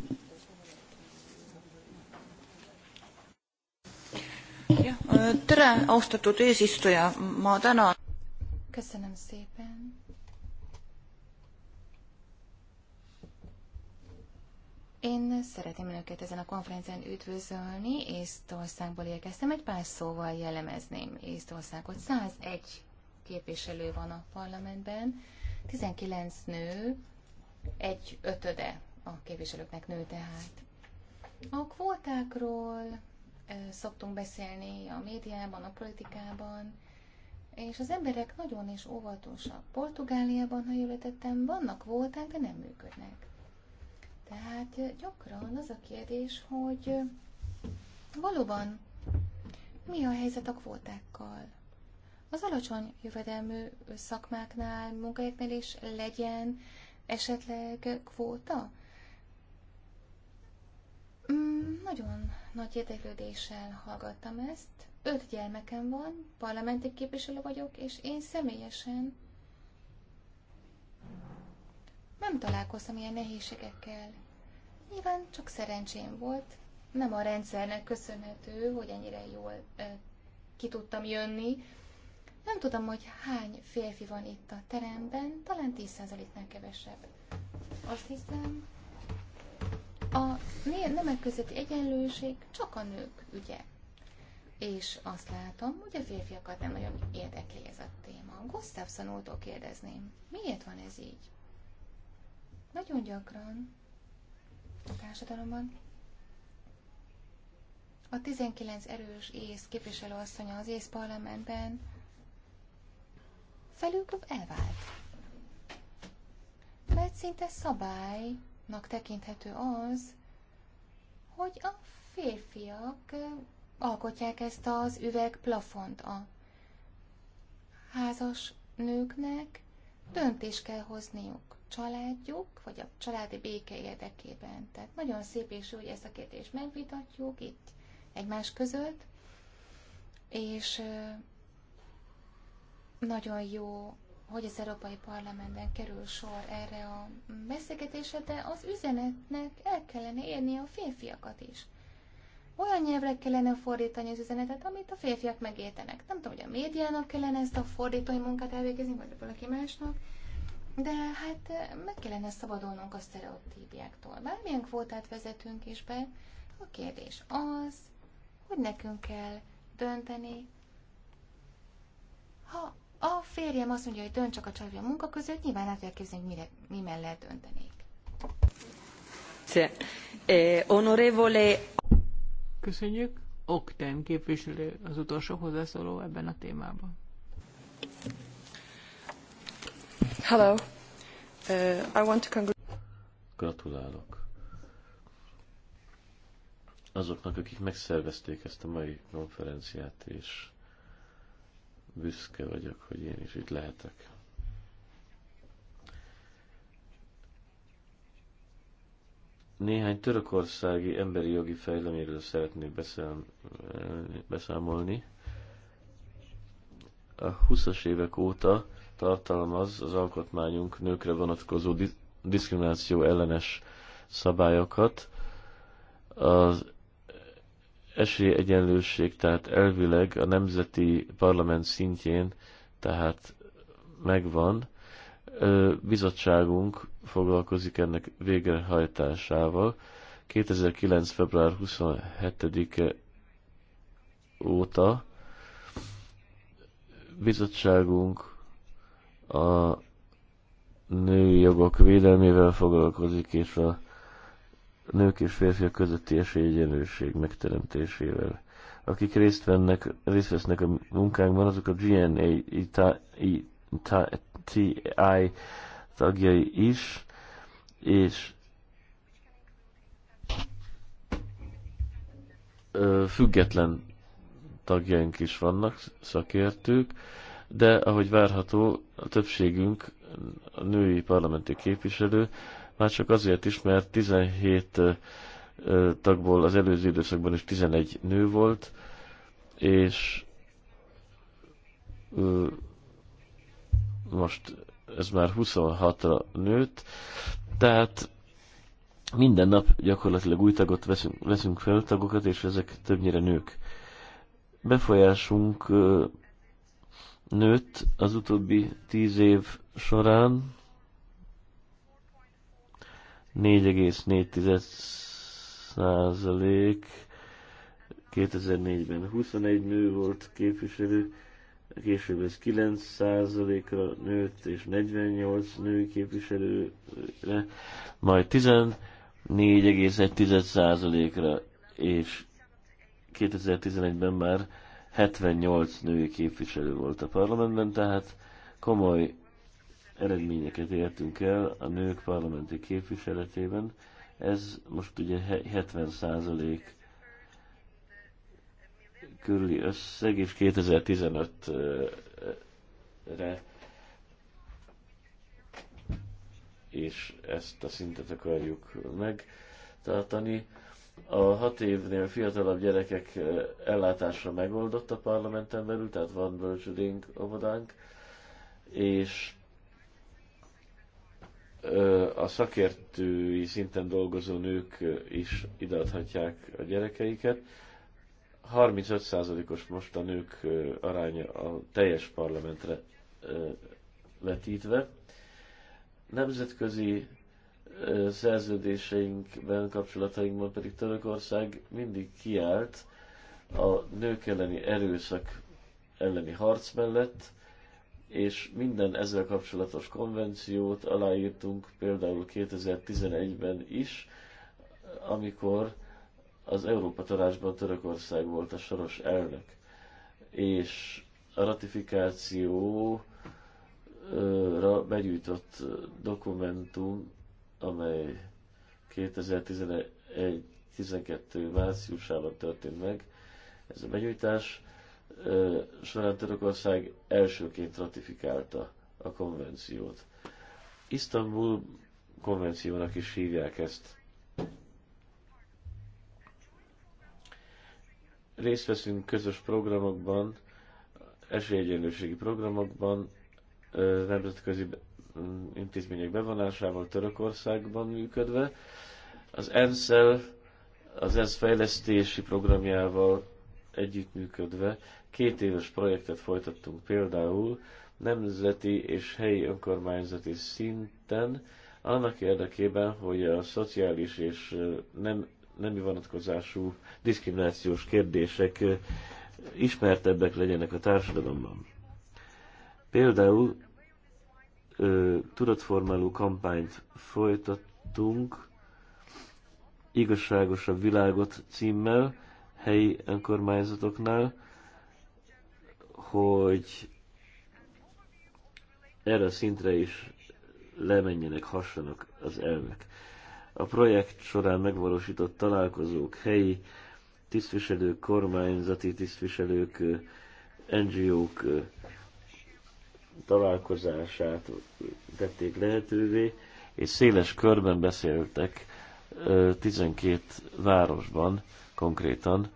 Tere, austatud eesistuja, ma tänan. Köszönöm szépen. Én szeretném Önöket ezen a konferencián üdvözölni, Észtországból érkeztem, egy pár szóval jellemezném Észtországot. 101 képviselő van a parlamentben, 19 nő, egy ötöde a képviselőknek nő tehát. A kvótákról szoktunk beszélni a médiában, a politikában, és az emberek nagyon is óvatosak. Portugáliában, ha jól értettem, vannak kvóták, de nem működnek. Tehát gyakran az a kérdés, hogy valóban mi a helyzet a kvótákkal? az alacsony jövedelmű szakmáknál, munkahelyeknél is legyen esetleg kvóta? Mm, nagyon nagy érdeklődéssel hallgattam ezt. Öt gyermekem van, parlamenti képviselő vagyok, és én személyesen nem találkoztam ilyen nehézségekkel. Nyilván csak szerencsém volt. Nem a rendszernek köszönhető, hogy ennyire jól eh, ki tudtam jönni, nem tudom, hogy hány férfi van itt a teremben, talán 10%-nál kevesebb. Azt hiszem, a nemek közötti egyenlőség csak a nők ügye. És azt látom, hogy a férfiakat nem nagyon érdekli ez a téma. Gustav Szanótól kérdezném, miért van ez így? Nagyon gyakran a társadalomban a 19 erős ész képviselőasszonya az ész parlamentben felülköbb elvált. Mert szinte szabálynak tekinthető az, hogy a férfiak alkotják ezt az üveg plafont a házas nőknek, Döntés kell hozniuk családjuk, vagy a családi béke érdekében. Tehát nagyon szép és jó, hogy ezt a kérdést megvitatjuk itt egymás között, és nagyon jó, hogy az Európai Parlamentben kerül sor erre a beszélgetésre, de az üzenetnek el kellene érni a férfiakat is. Olyan nyelvre kellene fordítani az üzenetet, amit a férfiak megértenek. Nem tudom, hogy a médiának kellene ezt a fordítói munkát elvégezni, vagy valaki másnak, de hát eh, meg kellene szabadulnunk a sztereotípiáktól. Bármilyen kvótát vezetünk is be, a kérdés az, hogy nekünk kell dönteni, ha a férjem azt mondja, hogy dönt csak a családi a munka között, nyilván át kell képzelni, hogy mire, mi mellett döntenék. Eh, Köszönjük. Okten képviselő az utolsó hozzászóló ebben a témában. Hello. Uh, I want to congr- Gratulálok azoknak, akik megszervezték ezt a mai konferenciát, és büszke vagyok, hogy én is itt lehetek. Néhány törökországi emberi jogi fejleményről szeretnék beszámolni. A 20-as évek óta tartalmaz az alkotmányunk nőkre vonatkozó diszkrimináció ellenes szabályokat. Az esélyegyenlőség, tehát elvileg a nemzeti parlament szintjén, tehát megvan. Bizottságunk foglalkozik ennek végrehajtásával. 2009. február 27-e óta bizottságunk a női jogok védelmével foglalkozik, és a nők és férfiak közötti esélyegyenlőség megteremtésével. Akik részt, vennek, részt vesznek a munkánkban, azok a GNA-TI tagjai is, és független tagjaink is vannak, szakértők, de ahogy várható, a többségünk a női parlamenti képviselő, már csak azért is, mert 17 tagból az előző időszakban is 11 nő volt, és most ez már 26-ra nőtt, tehát minden nap gyakorlatilag új tagot veszünk, veszünk fel, tagokat, és ezek többnyire nők. Befolyásunk nőtt az utóbbi tíz év során, 4,4 százalék 2004-ben 21 nő volt képviselő, később ez 9 ra nőtt, és 48 női képviselőre, majd 14,1 ra és 2011-ben már 78 női képviselő volt a parlamentben, tehát komoly eredményeket értünk el a nők parlamenti képviseletében. Ez most ugye 70 százalék körüli összeg, és 2015-re és ezt a szintet akarjuk megtartani. A hat évnél fiatalabb gyerekek eh, ellátásra megoldott a parlamenten belül, tehát van bölcsödénk, óvodánk, és a szakértői szinten dolgozó nők is ideadhatják a gyerekeiket. 35%-os most a nők aránya a teljes parlamentre vetítve. Nemzetközi szerződéseinkben, kapcsolatainkban pedig Törökország mindig kiállt a nők elleni erőszak elleni harc mellett, és minden ezzel kapcsolatos konvenciót aláírtunk például 2011-ben is, amikor az Európa Tanácsban Törökország volt a soros elnök, és a ratifikációra begyűjtött dokumentum, amely 2011-12 márciusában történt meg, ez a begyűjtés, során Törökország elsőként ratifikálta a konvenciót. Isztambul konvenciónak is hívják ezt. Részt veszünk közös programokban, esélyegyenlőségi programokban, nemzetközi intézmények bevonásával Törökországban működve. Az ensz az ENSZ fejlesztési programjával együttműködve Két éves projektet folytattunk például nemzeti és helyi önkormányzati szinten, annak érdekében, hogy a szociális és nem, nemi vonatkozású diszkriminációs kérdések ismertebbek legyenek a társadalomban. Például ö, tudatformáló kampányt folytattunk igazságosabb világot címmel helyi önkormányzatoknál, hogy erre a szintre is lemenjenek, hassanak az elmek. A projekt során megvalósított találkozók, helyi tisztviselők, kormányzati tisztviselők, NGO-k találkozását tették lehetővé, és széles körben beszéltek 12 városban konkrétan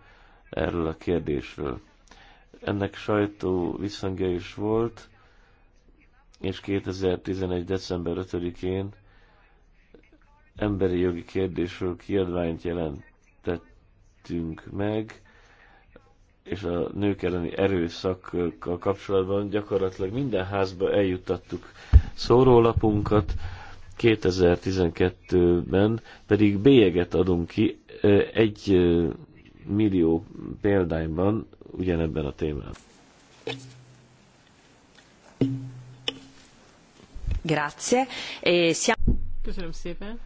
erről a kérdésről. Ennek sajtó visszhangja is volt, és 2011. december 5-én emberi jogi kérdésről kiadványt jelentettünk meg, és a nők elleni erőszakkal kapcsolatban gyakorlatilag minden házba eljuttattuk szórólapunkat, 2012-ben pedig bélyeget adunk ki egy millió példányban ugyanebben a témában. Grazie. E, Köszönöm szépen.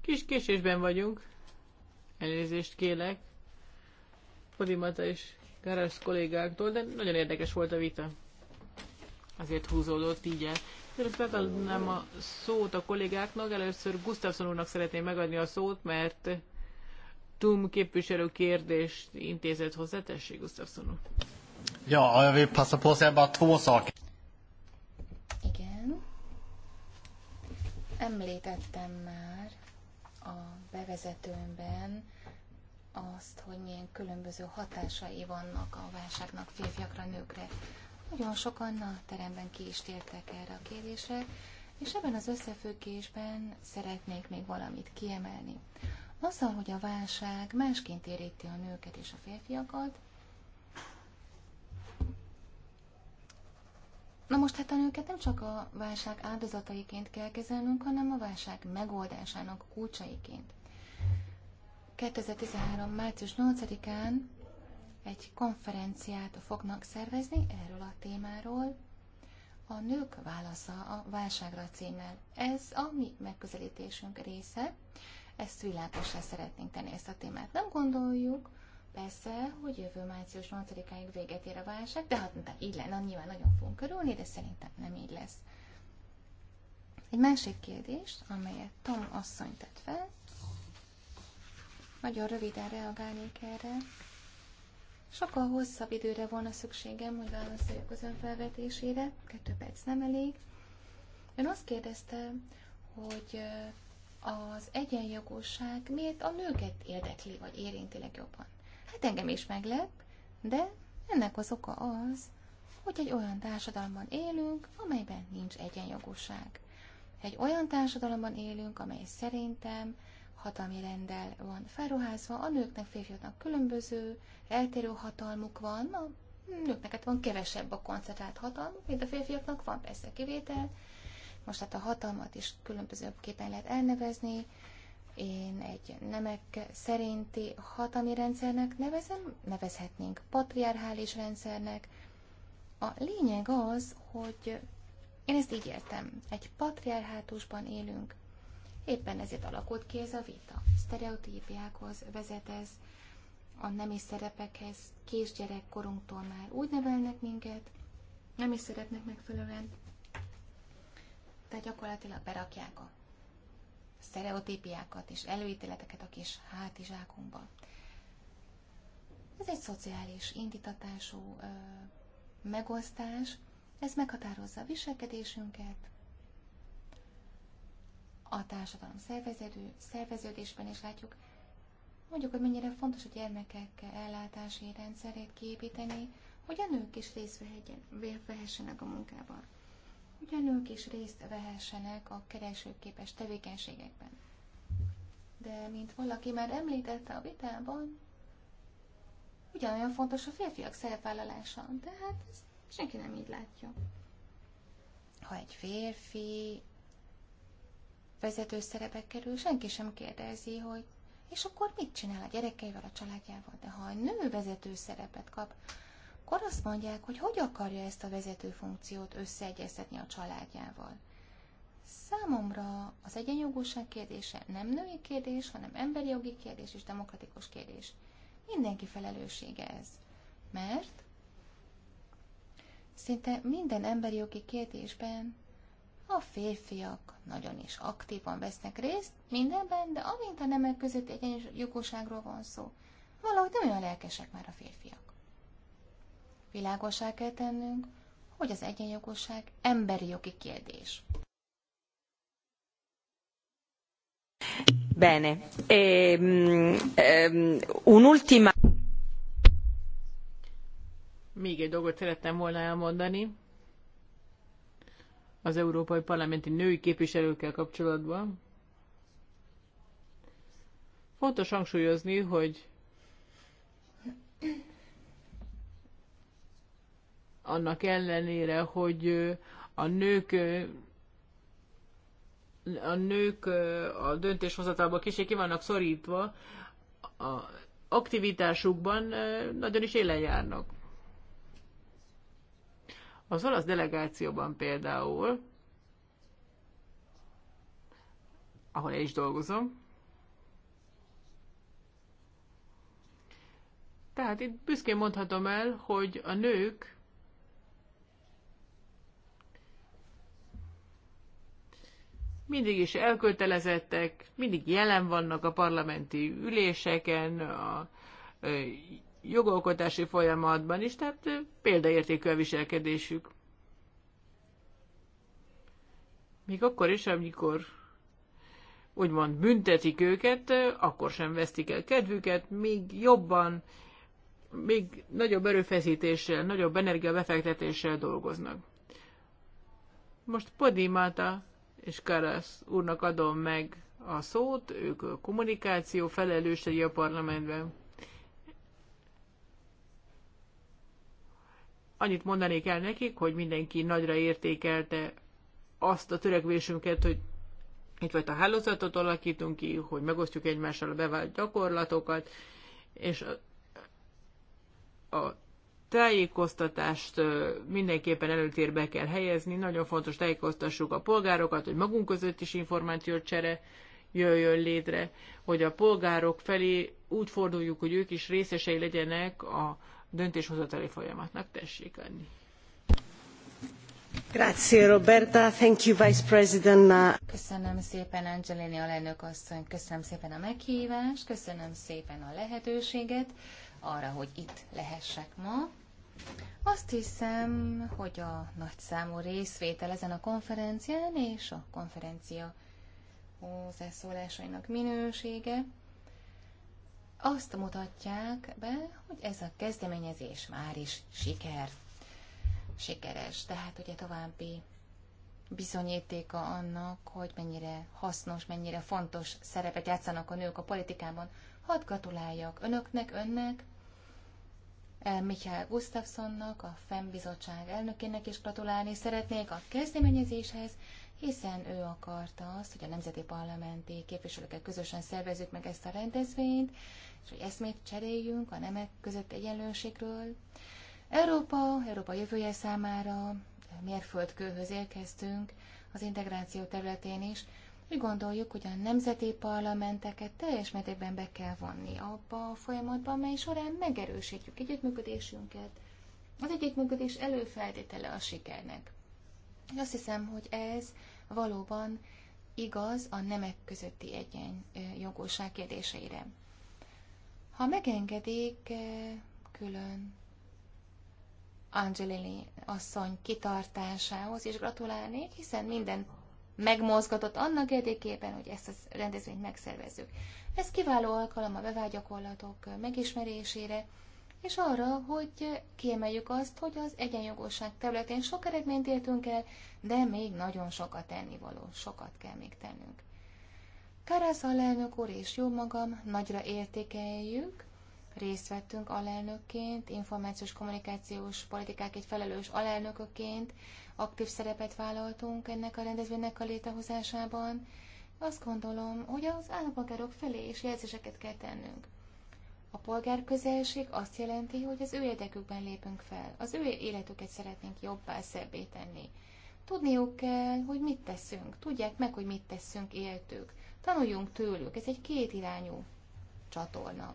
Kis késésben vagyunk. Elnézést kélek. Podimata és Garas kollégáktól, de nagyon érdekes volt a vita. Azért húzódott így el. Először megadnám a szót a kollégáknak, először Gustafsson úrnak szeretném megadni a szót, mert Tum képviselő kérdést intézett hozzá, tessék Gustafsson. Ja, a jövő passa på att bara två saker. Igen. Említettem már a bevezetőmben azt, hogy milyen különböző hatásai vannak a válságnak férfiakra, nőkre. Nagyon sokan a teremben ki is tértek erre a kérdésre, és ebben az összefüggésben szeretnék még valamit kiemelni. Azzal, hogy a válság másként érinti a nőket és a férfiakat, Na most hát a nőket nem csak a válság áldozataiként kell kezelnünk, hanem a válság megoldásának kulcsaiként. 2013. március 8-án egy konferenciát fognak szervezni erről a témáról, a nők válasza a válságra címmel. Ez a mi megközelítésünk része. Ezt világosra szeretnénk tenni ezt a témát. Nem gondoljuk, persze, hogy jövő március 8-áig véget ér a válság, de ha hát, így lenne, nyilván nagyon fogunk körülni, de szerintem nem így lesz. Egy másik kérdés, amelyet Tom asszony tett fel, nagyon röviden reagálnék erre. Sokkal hosszabb időre volna szükségem, hogy válaszoljak az önfelvetésére, kettő perc nem elég. Ön azt kérdezte, hogy az egyenjogúság miért a nőket érdekli, vagy érinti legjobban? Hát engem is meglep, de ennek az oka az, hogy egy olyan társadalomban élünk, amelyben nincs egyenjogúság. Egy olyan társadalomban élünk, amely szerintem hatalmi rendel van felruházva, a nőknek, férfiaknak különböző, eltérő hatalmuk van, a nőknek hát van kevesebb a koncentrált hatalmuk, mint a férfiaknak van persze kivétel, most hát a hatalmat is különbözőképpen lehet elnevezni. Én egy nemek szerinti hatalmi rendszernek nevezem, nevezhetnénk patriarchális rendszernek. A lényeg az, hogy én ezt így értem. Egy patriarchátusban élünk. Éppen ezért alakult ki ez a vita. Sztereotípiákhoz vezet ez, a nemi szerepekhez, kisgyerekkorunktól már úgy nevelnek minket, nem is szeretnek megfelelően tehát gyakorlatilag berakják a sztereotípiákat és előítéleteket a kis hátizsákunkba. Ez egy szociális indítatású ö, megosztás, ez meghatározza a viselkedésünket, a társadalom szerveződő, szerveződésben is látjuk, mondjuk, hogy mennyire fontos a gyermekek ellátási rendszerét kiépíteni, hogy a nők is részt vehessenek a munkában hogy a nők is részt vehessenek a keresőképes tevékenységekben. De, mint valaki már említette a vitában, ugyanolyan fontos a férfiak szerepvállalása, tehát ezt senki nem így látja. Ha egy férfi vezető szerepe kerül, senki sem kérdezi, hogy és akkor mit csinál a gyerekeivel, a családjával. De ha a nő vezető szerepet kap, akkor azt mondják, hogy hogy akarja ezt a vezető funkciót összeegyeztetni a családjával. Számomra az egyenjogúság kérdése nem női kérdés, hanem emberi jogi kérdés és demokratikus kérdés. Mindenki felelőssége ez. Mert szinte minden emberi jogi kérdésben a férfiak nagyon is aktívan vesznek részt mindenben, de amint a nemek között egyenjogúságról van szó, valahogy nem olyan lelkesek már a férfiak. Világosá kell tennünk, hogy az egyenjogosság emberi jogi kérdés. Bene. Ehm, ehm, un'ultima... Még egy dolgot szerettem volna elmondani az Európai Parlamenti női képviselőkkel kapcsolatban. Fontos hangsúlyozni, hogy annak ellenére, hogy a nők a nők a döntéshozatalban kicsit ki vannak szorítva, a aktivitásukban nagyon is élen járnak. Az olasz delegációban például, ahol én is dolgozom, tehát itt büszkén mondhatom el, hogy a nők mindig is elkötelezettek, mindig jelen vannak a parlamenti üléseken, a jogalkotási folyamatban is, tehát példaértékű a viselkedésük. Még akkor is, amikor úgymond büntetik őket, akkor sem vesztik el kedvüket, még jobban, még nagyobb erőfeszítéssel, nagyobb energiabefektetéssel dolgoznak. Most Podimata és Karasz úrnak adom meg a szót, ők a kommunikáció felelősei a parlamentben. Annyit mondanék el nekik, hogy mindenki nagyra értékelte azt a törekvésünket, hogy itt a hálózatot alakítunk ki, hogy megosztjuk egymással a bevált gyakorlatokat, és a, a tájékoztatást mindenképpen előtérbe kell helyezni. Nagyon fontos tájékoztassuk a polgárokat, hogy magunk között is információt csere jöjjön létre, hogy a polgárok felé úgy forduljuk, hogy ők is részesei legyenek a döntéshozatali folyamatnak. Tessék adni. Grazie Roberta, thank you Vice President. Köszönöm szépen Angelini alelnök asszony, köszönöm szépen a meghívást, köszönöm szépen a lehetőséget arra, hogy itt lehessek ma. Azt hiszem, hogy a nagyszámú részvétel ezen a konferencián és a konferencia hozzászólásainak minősége azt mutatják be, hogy ez a kezdeményezés már is siker. Sikeres, tehát ugye további bizonyítéka annak, hogy mennyire hasznos, mennyire fontos szerepet játszanak a nők a politikában. Hadd gratuláljak önöknek, önnek, Eh, Michael Gustafsonnak, a FEM bizottság elnökének is gratulálni szeretnék a kezdeményezéshez, hiszen ő akarta azt, hogy a nemzeti parlamenti képviselőkkel közösen szervezzük meg ezt a rendezvényt, és hogy eszmét cseréljünk a nemek között egyenlőségről. Európa, Európa jövője számára mérföldkőhöz érkeztünk az integráció területén is, úgy gondoljuk, hogy a nemzeti parlamenteket teljes mértékben be kell vonni abba a folyamatba, mely során megerősítjük együttműködésünket. Az együttműködés előfeltétele a sikernek. Én azt hiszem, hogy ez valóban igaz a nemek közötti egyen jogóság kérdéseire. Ha megengedik, külön Angelini asszony kitartásához is gratulálnék, hiszen minden megmozgatott annak érdekében, hogy ezt a rendezvényt megszervezzük. Ez kiváló alkalom a bevágyakorlatok megismerésére, és arra, hogy kiemeljük azt, hogy az egyenjogosság területén sok eredményt értünk el, de még nagyon sokat tennivaló, sokat kell még tennünk. Karász alelnök úr és jó magam, nagyra értékeljük részt vettünk alelnökként, információs kommunikációs egy felelős alelnököként, aktív szerepet vállaltunk ennek a rendezvénynek a létrehozásában. Azt gondolom, hogy az állampolgárok felé is jelzéseket kell tennünk. A polgárközelség azt jelenti, hogy az ő érdekükben lépünk fel, az ő életüket szeretnénk jobbá, szebbé tenni. Tudniuk kell, hogy mit teszünk, tudják meg, hogy mit teszünk, éltük. Tanuljunk tőlük, ez egy kétirányú csatorna.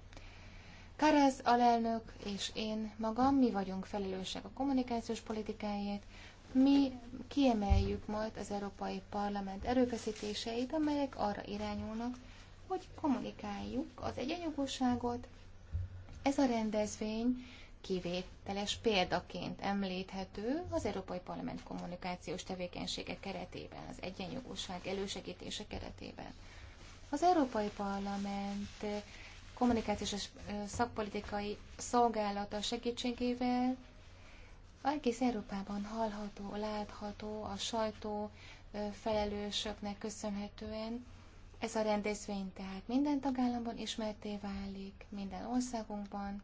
Karez alelnök és én magam, mi vagyunk felelősek a kommunikációs politikáért, mi kiemeljük majd az Európai Parlament erőfeszítéseit, amelyek arra irányulnak, hogy kommunikáljuk az egyenjogúságot. Ez a rendezvény kivételes példaként említhető az Európai Parlament kommunikációs tevékenysége keretében, az egyenjogúság elősegítése keretében. Az Európai Parlament kommunikációs és szakpolitikai szolgálata segítségével egész Európában hallható, látható, a sajtó felelősöknek köszönhetően ez a rendezvény tehát minden tagállamban ismerté válik, minden országunkban,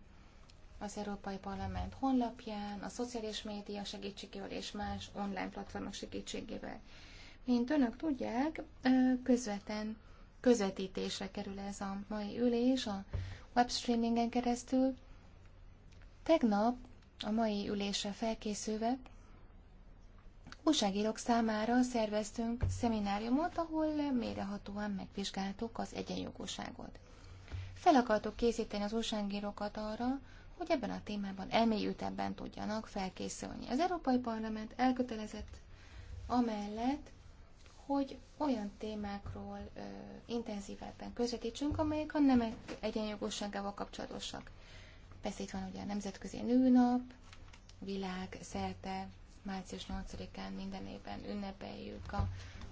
az Európai Parlament honlapján, a szociális média segítségével és más online platformok segítségével. Mint önök tudják, közvetlen közvetítésre kerül ez a mai ülés a webstreamingen keresztül. Tegnap a mai ülésre felkészülve újságírók számára szerveztünk szemináriumot, ahol mérehatóan megvizsgáltuk az egyenjogúságot. Fel akartuk készíteni az újságírókat arra, hogy ebben a témában elmélyültebben tudjanak felkészülni. Az Európai Parlament elkötelezett amellett, hogy olyan témákról ö, intenzívebben közvetítsünk, amelyek a nemek egyenjogosságával kapcsolatosak. Persze itt van ugye a Nemzetközi Nőnap, világ szerte március 8-án minden évben ünnepeljük a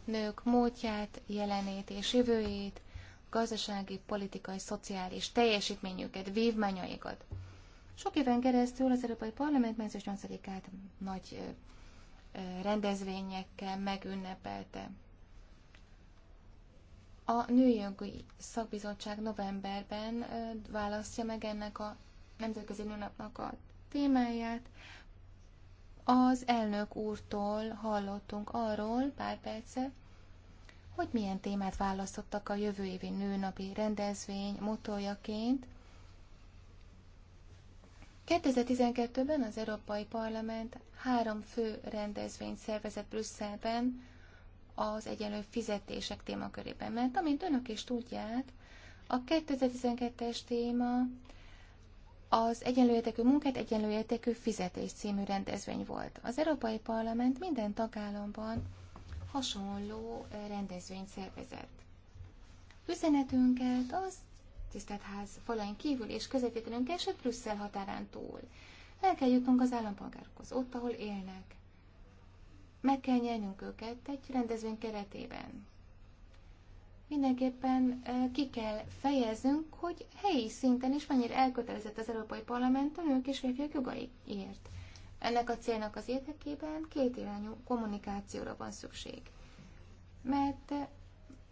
nők módját, jelenét és jövőjét, gazdasági, politikai, szociális teljesítményüket, vívmányaikat. Sok éven keresztül az Európai Parlament március 8-át nagy rendezvényekkel megünnepelte. A női jogi Szakbizottság novemberben választja meg ennek a Nemzetközi Nőnapnak a témáját. Az elnök úrtól hallottunk arról pár perce, hogy milyen témát választottak a jövő évi nőnapi rendezvény motójaként. 2012-ben az Európai Parlament három fő rendezvényt szervezett Brüsszelben, az egyenlő fizetések témakörében. Mert amint önök is tudják, a 2012-es téma az egyenlő értékű munkát egyenlő értékű fizetés című rendezvény volt. Az Európai Parlament minden tagállamban hasonló eh, rendezvényt szervezett. Üzenetünket az tisztelt ház falain kívül és közvetítenünk kell, Brüsszel határán túl. El kell jutnunk az állampolgárokhoz, ott, ahol élnek meg kell nyernünk őket egy rendezvény keretében. Mindenképpen ki kell fejeznünk, hogy helyi szinten is mennyire elkötelezett az Európai Parlament a nők és férfiak jogaiért. Ennek a célnak az érdekében két irányú kommunikációra van szükség. Mert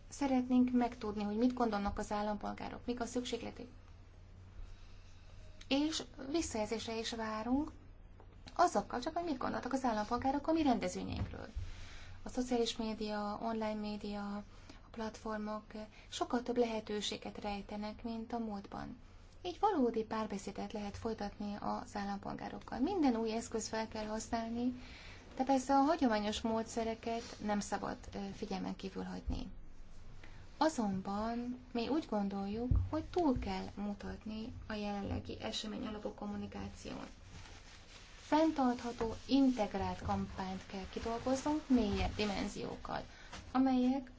szeretnénk megtudni, hogy mit gondolnak az állampolgárok, mik a szükségletek. És visszajelzésre is várunk, azokkal csak, hogy mit gondoltak az állampolgárok a mi rendezvényeinkről. A szociális média, online média, a platformok sokkal több lehetőséget rejtenek, mint a múltban. Így valódi párbeszédet lehet folytatni az állampolgárokkal. Minden új eszköz fel kell használni, de persze a hagyományos módszereket nem szabad figyelmen kívül hagyni. Azonban mi úgy gondoljuk, hogy túl kell mutatni a jelenlegi esemény alapú kommunikációt fenntartható, integrált kampányt kell kidolgoznunk mélyebb dimenziókkal, amelyek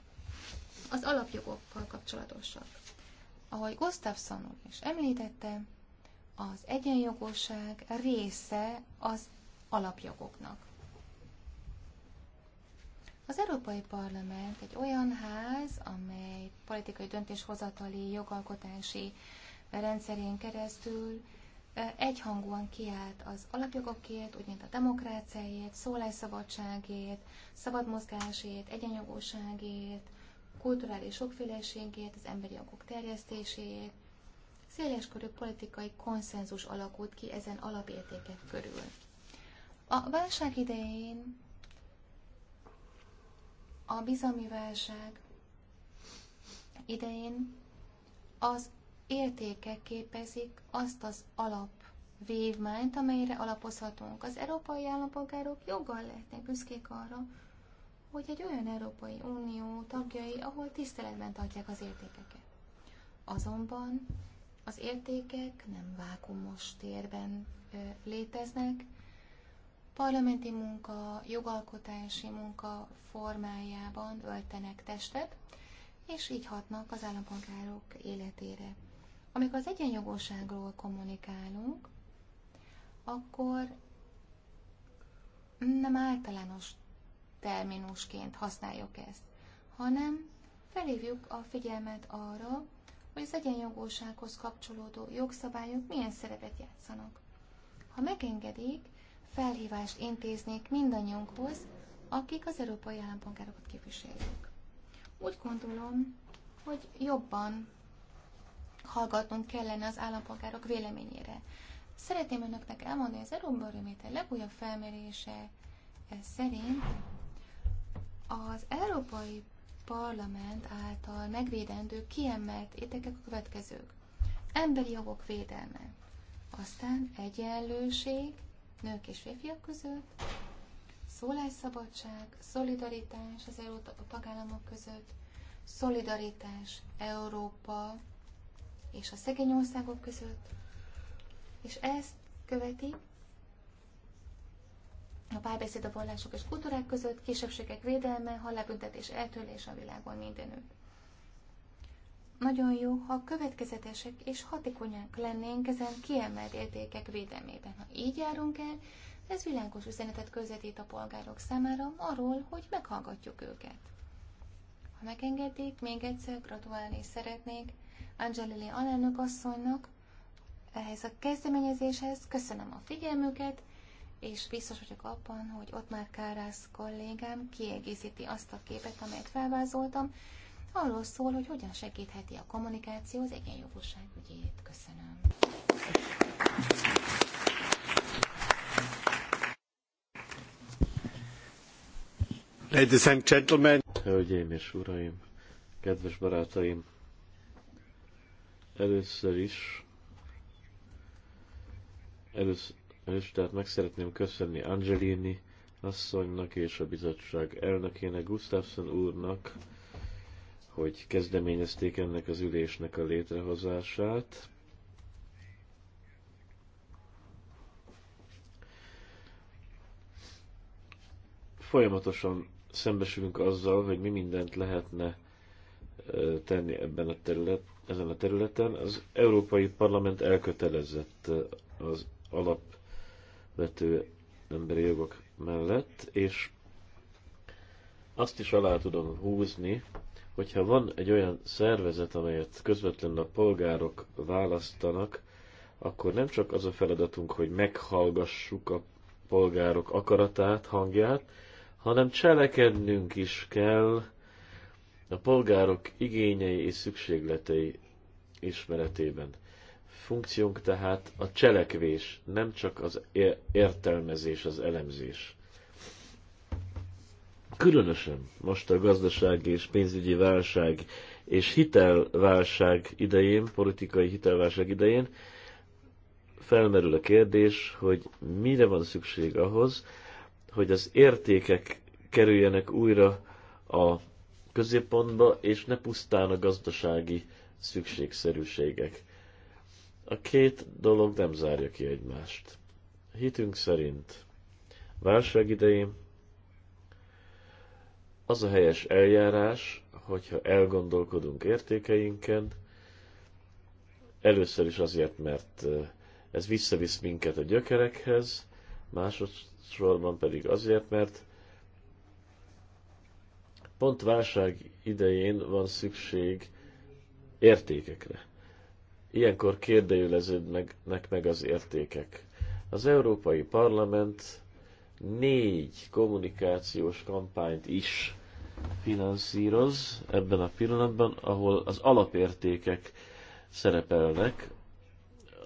az alapjogokkal kapcsolatosak. Ahogy Gustafsson úr is említette, az egyenjogosság része az alapjogoknak. Az Európai Parlament egy olyan ház, amely politikai döntéshozatali, jogalkotási rendszerén keresztül egyhangúan kiállt az alapjogokért, úgy mint a demokráciáért, szólásszabadságért, szabad mozgásért, egyenjogúságért, kulturális sokféleségért, az emberi jogok terjesztéséért. Széleskörű politikai konszenzus alakult ki ezen alapértékek körül. A válság idején a bizalmi válság idején az értékek képezik azt az alap vívmányt, amelyre alapozhatunk. Az európai állampolgárok joggal lehetnek büszkék arra, hogy egy olyan Európai Unió tagjai, ahol tiszteletben tartják az értékeket. Azonban az értékek nem vákumos térben ö, léteznek, parlamenti munka, jogalkotási munka formájában öltenek testet, és így hatnak az állampolgárok életére. Amikor az egyenjogóságról kommunikálunk, akkor nem általános terminusként használjuk ezt, hanem felhívjuk a figyelmet arra, hogy az egyenjogósághoz kapcsolódó jogszabályok milyen szerepet játszanak. Ha megengedik, felhívást intéznék mindannyiunkhoz, akik az európai állampolgárokat képviseljük. Úgy gondolom, hogy jobban hallgatnunk kellene az állampolgárok véleményére. Szeretném önöknek elmondani, az Euróbarométer legújabb felmérése eh, szerint az Európai Parlament által megvédendő kiemelt értékek a következők. Emberi jogok védelme, aztán egyenlőség nők és férfiak között, szólásszabadság, szolidaritás az európa tagállamok között, szolidaritás Európa és a szegény országok között, és ezt követi a párbeszéd a vallások és kultúrák között, kisebbségek védelme, halálbüntetés eltörlés a világon mindenütt. Nagyon jó, ha következetesek és hatékonyak lennénk ezen kiemelt értékek védelmében. Ha így járunk el, ez világos üzenetet közvetít a polgárok számára arról, hogy meghallgatjuk őket. Ha megengedik, még egyszer gratulálni szeretnék Angelili alelnök asszonynak ehhez a kezdeményezéshez. Köszönöm a figyelmüket, és biztos vagyok abban, hogy ott már Kárász kollégám kiegészíti azt a képet, amelyet felvázoltam, arról szól, hogy hogyan segítheti a kommunikáció az egyenjogúság ügyét. Köszönöm. Ladies and gentlemen. Hölgyeim és uraim, kedves barátaim, Először is, először is, tehát meg szeretném köszönni Angelini asszonynak és a bizottság elnökének, Gustafsson úrnak, hogy kezdeményezték ennek az ülésnek a létrehozását. Folyamatosan szembesülünk azzal, hogy mi mindent lehetne tenni ebben a területen ezen a területen. Az Európai Parlament elkötelezett eh, az alapvető emberi jogok mellett, és azt is alá tudom húzni, hogyha van egy olyan szervezet, amelyet közvetlenül a polgárok választanak, akkor nem csak az a feladatunk, hogy meghallgassuk a polgárok akaratát, hangját, hanem cselekednünk is kell, a polgárok igényei és szükségletei ismeretében. Funkciónk tehát a cselekvés, nem csak az értelmezés, az elemzés. Különösen most a gazdasági és pénzügyi válság és hitelválság idején, politikai hitelválság idején felmerül a kérdés, hogy mire van szükség ahhoz, hogy az értékek kerüljenek újra a középpontba, és ne pusztán a gazdasági szükségszerűségek. A két dolog nem zárja ki egymást. Hitünk szerint válság idején az a helyes eljárás, hogyha elgondolkodunk értékeinken, először is azért, mert ez visszavisz minket a gyökerekhez, másodszorban pedig azért, mert Pont válság idején van szükség értékekre. Ilyenkor kérdőjeleződnek meg az értékek. Az Európai Parlament négy kommunikációs kampányt is finanszíroz ebben a pillanatban, ahol az alapértékek szerepelnek.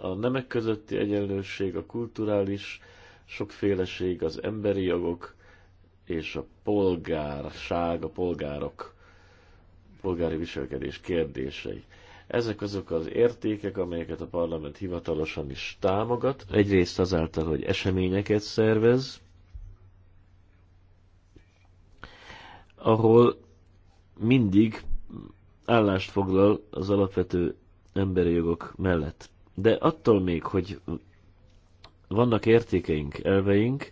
A nemek közötti egyenlőség, a kulturális sokféleség, az emberi jogok, és a polgárság, a polgárok, polgári viselkedés kérdései. Ezek azok az értékek, amelyeket a parlament hivatalosan is támogat. Egyrészt azáltal, hogy eseményeket szervez, ahol mindig állást foglal az alapvető emberi jogok mellett. De attól még, hogy vannak értékeink, elveink,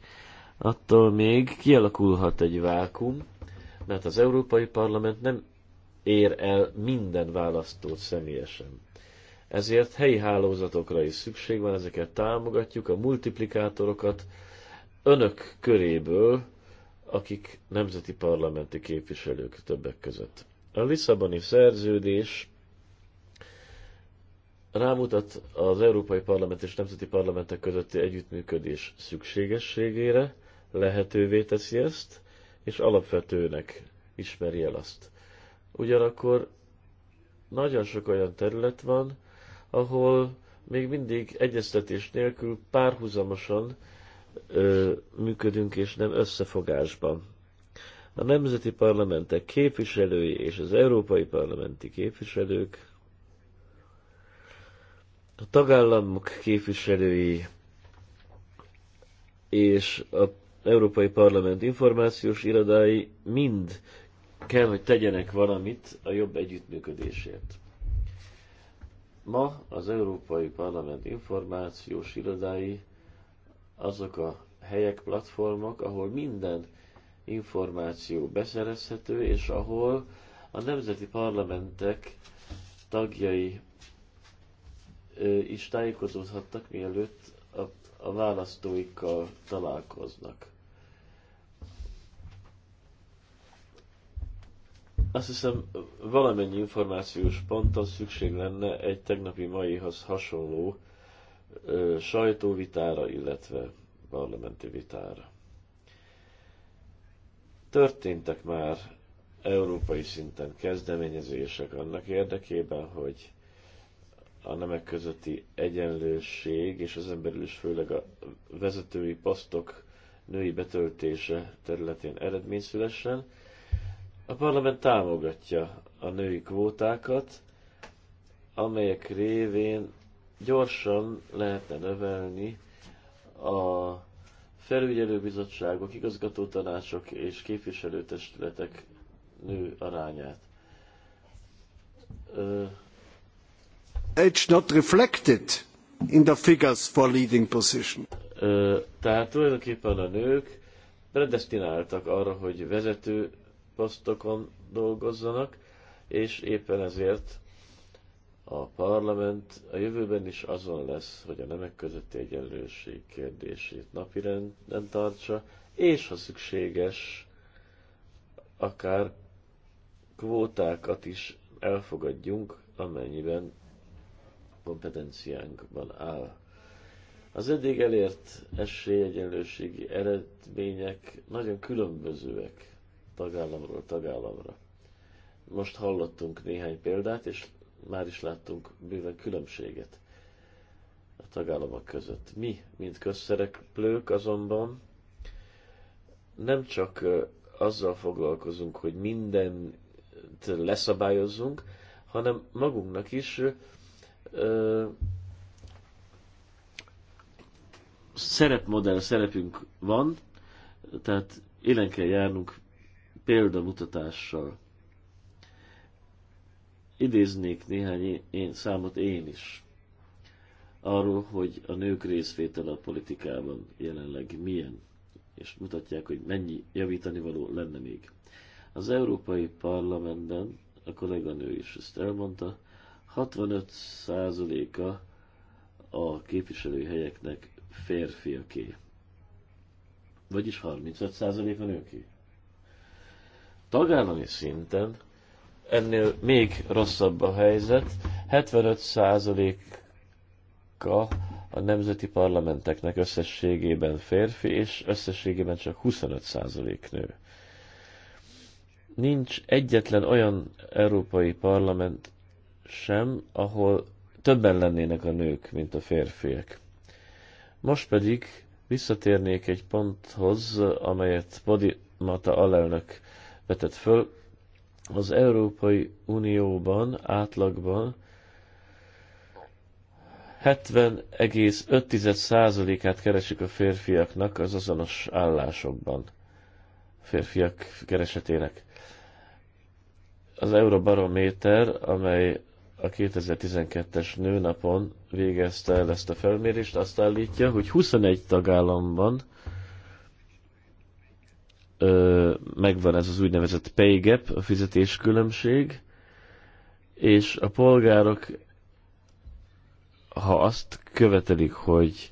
attól még kialakulhat egy vákum, mert az Európai Parlament nem ér el minden választót személyesen. Ezért helyi hálózatokra is szükség van, ezeket támogatjuk, a multiplikátorokat önök köréből, akik nemzeti parlamenti képviselők többek között. A Lisszaboni szerződés rámutat az Európai Parlament és Nemzeti Parlamentek közötti együttműködés szükségességére, lehetővé teszi ezt, és alapvetőnek ismeri el azt. Ugyanakkor nagyon sok olyan terület van, ahol még mindig egyeztetés nélkül párhuzamosan ö, működünk, és nem összefogásban. A nemzeti parlamentek képviselői és az európai parlamenti képviselők, a tagállamok képviselői és a Európai Parlament információs irodái mind kell, hogy tegyenek valamit a jobb együttműködésért. Ma az Európai Parlament információs irodái azok a helyek, platformok, ahol minden információ beszerezhető, és ahol a nemzeti parlamentek tagjai is tájékozódhattak, mielőtt a, a választóikkal találkoznak. Azt hiszem, valamennyi információs ponttal szükség lenne egy tegnapi maihoz hasonló ö, sajtóvitára, illetve parlamenti vitára. Történtek már európai szinten kezdeményezések annak érdekében, hogy a nemek közötti egyenlőség, és az emberül is főleg a vezetői posztok női betöltése területén eredmény szülessen. A parlament támogatja a női kvótákat, amelyek révén gyorsan lehetne növelni a felügyelőbizottságok, igazgatótanácsok és képviselőtestületek nő arányát. It's not reflected in the figures for leading position. Ö, tehát tulajdonképpen a nők predestináltak arra, hogy vezető posztokon dolgozzanak, és éppen ezért a parlament a jövőben is azon lesz, hogy a nemek közötti egyenlőség kérdését napirenden tartsa, és ha szükséges, akár kvótákat is elfogadjunk, amennyiben kompetenciánkban áll. Az eddig elért esélyegyenlőségi eredmények nagyon különbözőek tagállamról tagállamra. Most hallottunk néhány példát, és már is láttunk bőven különbséget a tagállamok között. Mi, mint közszereplők azonban nem csak azzal foglalkozunk, hogy mindent leszabályozzunk, hanem magunknak is ö, szerepmodell szerepünk van, tehát élen kell járnunk példamutatással. Idéznék néhány én, számot én is arról, hogy a nők részvétele a politikában jelenleg milyen, és mutatják, hogy mennyi javítani való lenne még. Az Európai Parlamentben, a kolléganő is ezt elmondta, 65%-a a képviselőhelyeknek férfiaké. Vagyis 35% a nőké. Tagállami szinten ennél még rosszabb a helyzet. 75%-a a nemzeti parlamenteknek összességében férfi, és összességében csak 25% nő. Nincs egyetlen olyan európai parlament sem, ahol többen lennének a nők, mint a férfiak. Most pedig visszatérnék egy ponthoz, amelyet Podimata alelnök vetett föl. Az Európai Unióban átlagban 70,5%-át keresik a férfiaknak az azonos állásokban. Férfiak keresetének. Az Eurobarométer, amely a 2012-es nőnapon végezte el ezt a felmérést, azt állítja, hogy 21 tagállamban megvan ez az úgynevezett pay gap, a fizetéskülönbség, és a polgárok, ha azt követelik, hogy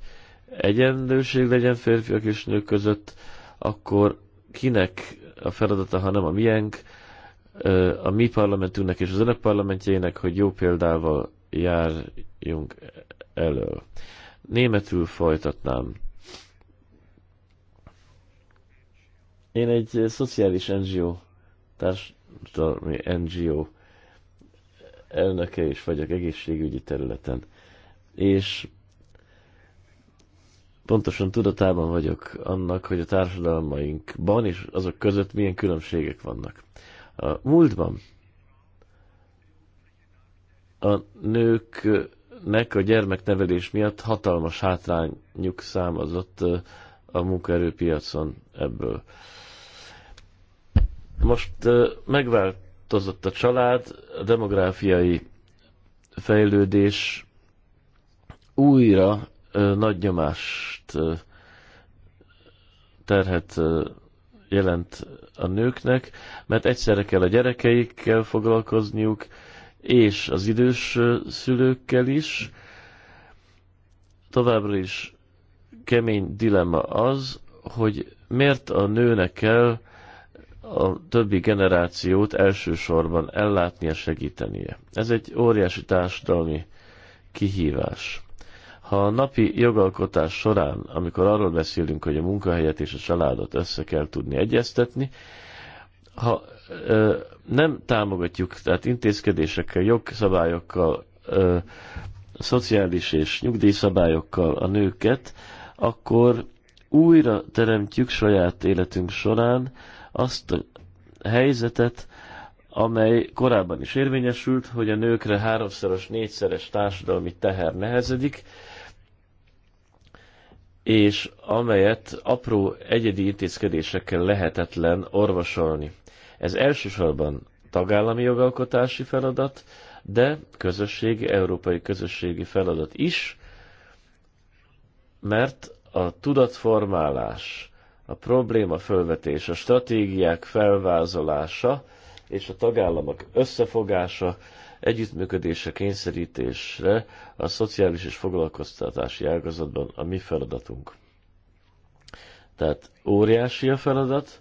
egyenlőség legyen férfiak és nők között, akkor kinek a feladata, ha nem a miénk, a mi parlamentünknek és az önök parlamentjének, hogy jó példával járjunk elől. Németül folytatnám. Én egy eh, szociális NGO, társadalmi NGO elnöke is vagyok egészségügyi területen. És pontosan tudatában vagyok annak, hogy a társadalmainkban és azok között milyen különbségek vannak. A múltban a nőknek a gyermeknevelés miatt hatalmas hátrányuk számazott eh, a munkaerőpiacon ebből. Most megváltozott a család, a demográfiai fejlődés újra nagy nyomást terhet jelent a nőknek, mert egyszerre kell a gyerekeikkel foglalkozniuk, és az idős szülőkkel is. Továbbra is kemény dilemma az, hogy miért a nőnek kell a többi generációt elsősorban ellátnia, segítenie. Ez egy óriási társadalmi kihívás. Ha a napi jogalkotás során, amikor arról beszélünk, hogy a munkahelyet és a családot össze kell tudni egyeztetni, ha ö, nem támogatjuk, tehát intézkedésekkel, jogszabályokkal, ö, szociális és nyugdíjszabályokkal a nőket, akkor újra teremtjük saját életünk során azt a helyzetet, amely korábban is érvényesült, hogy a nőkre háromszoros, négyszeres társadalmi teher nehezedik, és amelyet apró egyedi intézkedésekkel lehetetlen orvosolni. Ez elsősorban tagállami jogalkotási feladat, de közösségi, európai közösségi feladat is, mert a tudatformálás, a probléma felvetés, a stratégiák felvázolása és a tagállamok összefogása, együttműködése, kényszerítésre a szociális és foglalkoztatási ágazatban a mi feladatunk. Tehát óriási a feladat,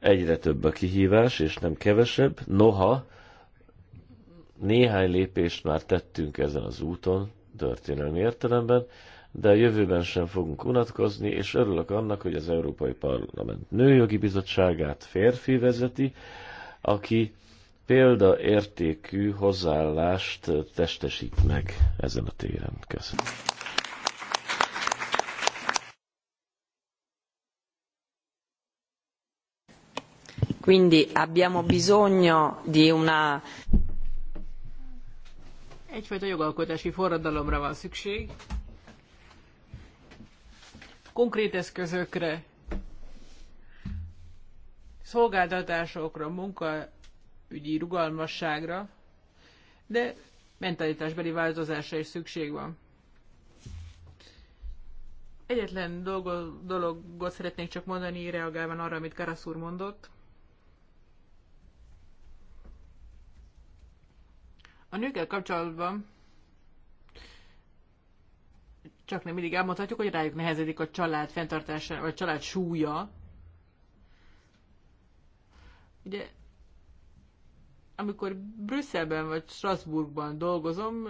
egyre több a kihívás, és nem kevesebb, noha néhány lépést már tettünk ezen az úton, történelmi értelemben, de a jövőben sem fogunk unatkozni, és örülök annak, hogy az Európai Parlament Nőjogi Bizottságát férfi vezeti, aki példaértékű hozzáállást testesít meg ezen a téren. Köszönöm. Quindi abbiamo bisogno di una egyfajta jogalkotási forradalomra van szükség, konkrét eszközökre, szolgáltatásokra, munkaügyi rugalmasságra, de mentalitásbeli változásra is szükség van. Egyetlen dolgo, dologot szeretnék csak mondani, reagálva arra, amit Karasz úr mondott. A nőkkel kapcsolatban csak nem mindig elmondhatjuk, hogy rájuk nehezedik a család fenntartása, vagy a család súlya. Ugye, amikor Brüsszelben vagy Strasbourgban dolgozom,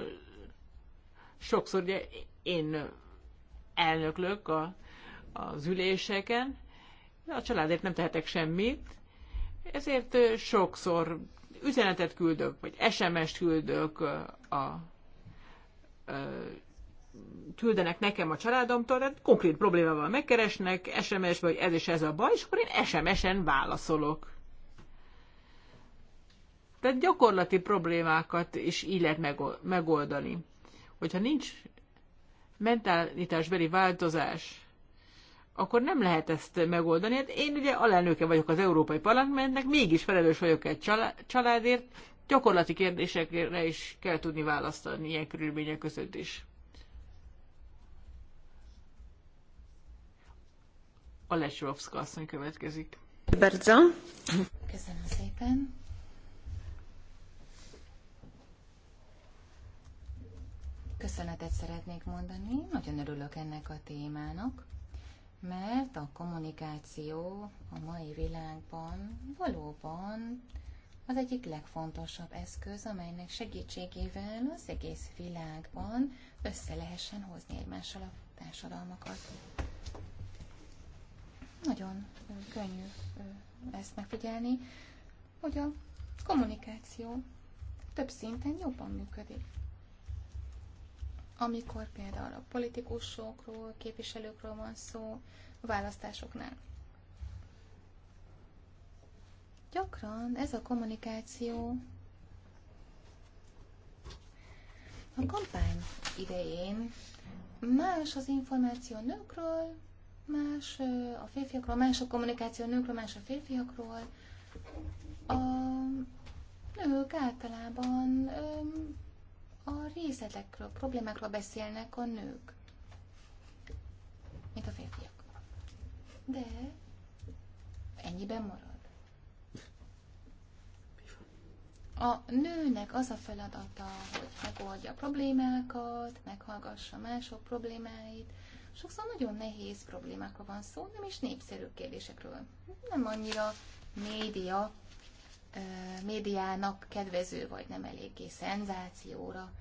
sokszor ugye én elnöklök a, az üléseken, a családért nem tehetek semmit, ezért sokszor üzenetet küldök, vagy SMS-t küldök a, a küldenek nekem a családomtól, tehát konkrét problémával megkeresnek, SMS vagy ez és ez a baj, és akkor én SMS-en válaszolok. Tehát gyakorlati problémákat is így lehet megoldani. Hogyha nincs mentálitásbeli változás, akkor nem lehet ezt megoldani. Hát én ugye alelnöke vagyok az Európai Parlamentnek, mégis felelős vagyok egy családért, gyakorlati kérdésekre is kell tudni választani ilyen körülmények között is. Alesrovska asszony következik. Berza. Köszönöm szépen. Köszönetet szeretnék mondani, nagyon örülök ennek a témának, mert a kommunikáció a mai világban valóban az egyik legfontosabb eszköz, amelynek segítségével az egész világban össze lehessen hozni egymással a társadalmakat. Nagyon könnyű ezt megfigyelni, hogy a kommunikáció több szinten jobban működik. Amikor például a politikusokról, képviselőkről van szó, a választásoknál. Gyakran ez a kommunikáció a kampány idején más az információ nőkről, Más a férfiakról, más a kommunikáció a nőkről, más a férfiakról. A nők általában a részletekről, problémákról beszélnek a nők, mint a férfiak. De ennyiben marad. A nőnek az a feladata, hogy megoldja a problémákat, meghallgassa mások problémáit, Sokszor nagyon nehéz problémákra van szó, nem is népszerű kérdésekről. Nem annyira média, médiának kedvező, vagy nem eléggé szenzációra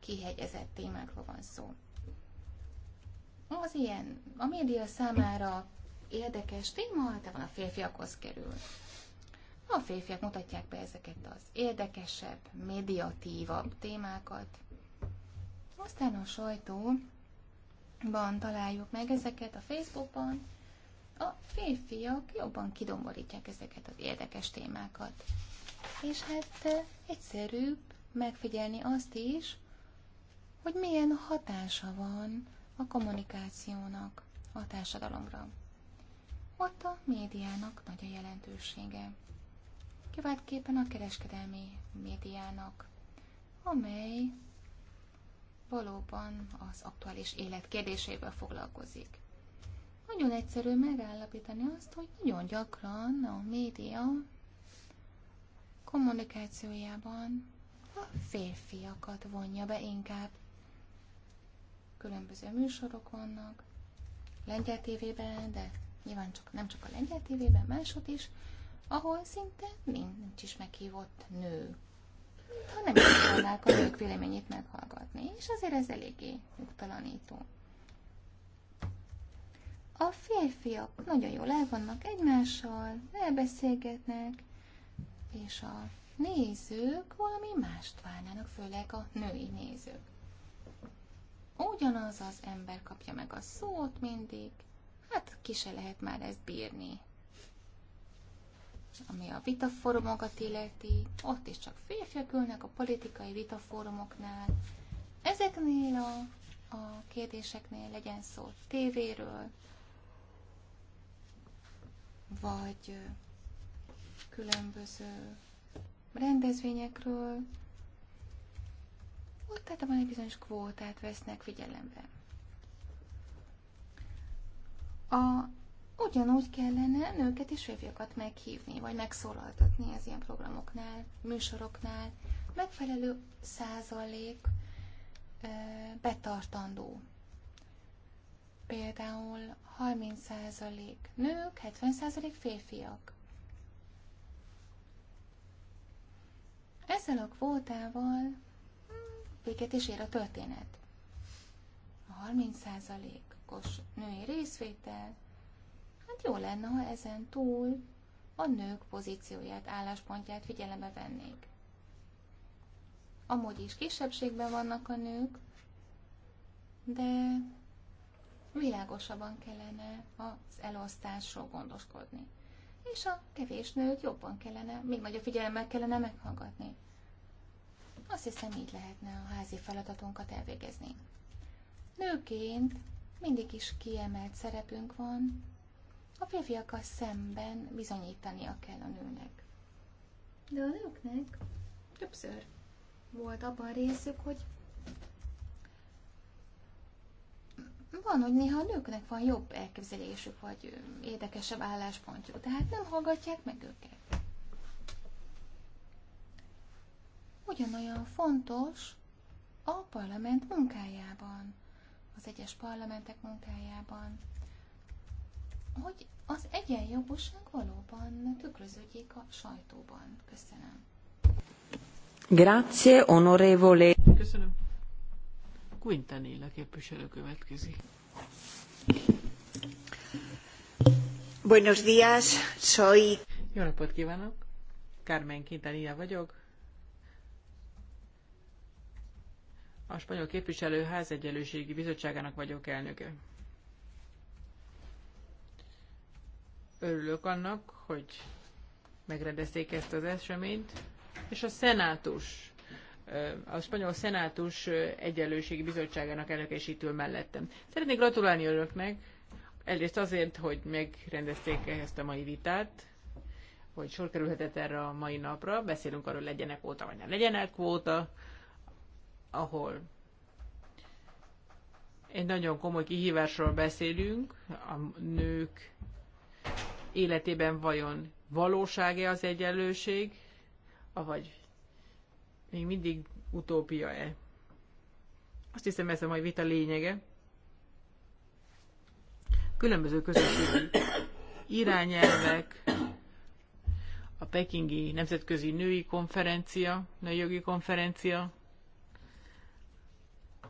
kihegyezett témákról van szó. Az ilyen, a média számára érdekes téma van a férfiakhoz kerül. A férfiak mutatják be ezeket az érdekesebb, mediatívabb témákat. Aztán a sajtó ban találjuk meg ezeket a Facebookon, a férfiak jobban kidomborítják ezeket az érdekes témákat. És hát eh, egyszerűbb megfigyelni azt is, hogy milyen hatása van a kommunikációnak a társadalomra. Ott a médiának nagy a jelentősége. Kiváltképpen a kereskedelmi médiának, amely valóban az aktuális élet kérdésével foglalkozik. Nagyon egyszerű megállapítani azt, hogy nagyon gyakran a média kommunikációjában a férfiakat vonja be inkább. Különböző műsorok vannak, lengyel tévében, de nyilván csak, nem csak a lengyel tévében, másod is, ahol szinte nincs is meghívott nő hanem nem akarnák a nők véleményét meghallgatni, és azért ez eléggé nyugtalanító. A férfiak nagyon jól el vannak egymással, elbeszélgetnek, és a nézők valami mást várnának, főleg a női nézők. Ugyanaz az ember kapja meg a szót mindig, hát ki se lehet már ezt bírni ami a vitafórumokat illeti, ott is csak férfiak ülnek a politikai vitafórumoknál. Ezeknél a, a kérdéseknél legyen szó tévéről, vagy különböző rendezvényekről, ott van egy bizonyos kvótát vesznek figyelembe. A ugyanúgy kellene nőket és férfiakat meghívni, vagy megszólaltatni az ilyen programoknál, műsoroknál. Megfelelő százalék betartandó. Például 30% nők, 70% férfiak. Ezzel a kvótával hm, véget is ér a történet. A 30%-os női részvétel Hát jó lenne, ha ezen túl a nők pozícióját, álláspontját figyelembe vennék. Amúgy is kisebbségben vannak a nők, de világosabban kellene az elosztásról gondoskodni. És a kevés nőt jobban kellene, még nagyobb figyelemmel kellene meghallgatni. Azt hiszem, így lehetne a házi feladatunkat elvégezni. Nőként mindig is kiemelt szerepünk van, a férfiakkal szemben bizonyítania kell a nőnek. De a nőknek többször volt abban részük, hogy van, hogy néha a nőknek van jobb elképzelésük, vagy érdekesebb álláspontjuk, tehát nem hallgatják meg őket. Ugyanolyan fontos a parlament munkájában, az egyes parlamentek munkájában, hogy az egyenjogúság valóban tükröződik a sajtóban. Köszönöm. Grazie, onorevole. Köszönöm. Quintanilla képviselő következik. Buenos días, soy... Jó napot kívánok! Carmen Quintanilla vagyok. A Spanyol Képviselőház Egyenlőségi Bizottságának vagyok elnöke. Örülök annak, hogy megrendezték ezt az eseményt, és a szenátus, a spanyol szenátus egyenlőségi bizottságának elnökesítő mellettem. Szeretnék gratulálni önöknek, egyrészt azért, hogy megrendezték ezt a mai vitát, hogy sor kerülhetett erre a mai napra. Beszélünk arról, legyenek kvóta, vagy nem legyenek kvóta, ahol egy nagyon komoly kihívásról beszélünk, a nők életében vajon valóság-e az egyenlőség, avagy még mindig utópia-e. Azt hiszem ez a mai vita lényege. Különböző közösségi irányelvek, a pekingi nemzetközi női konferencia, női jogi konferencia,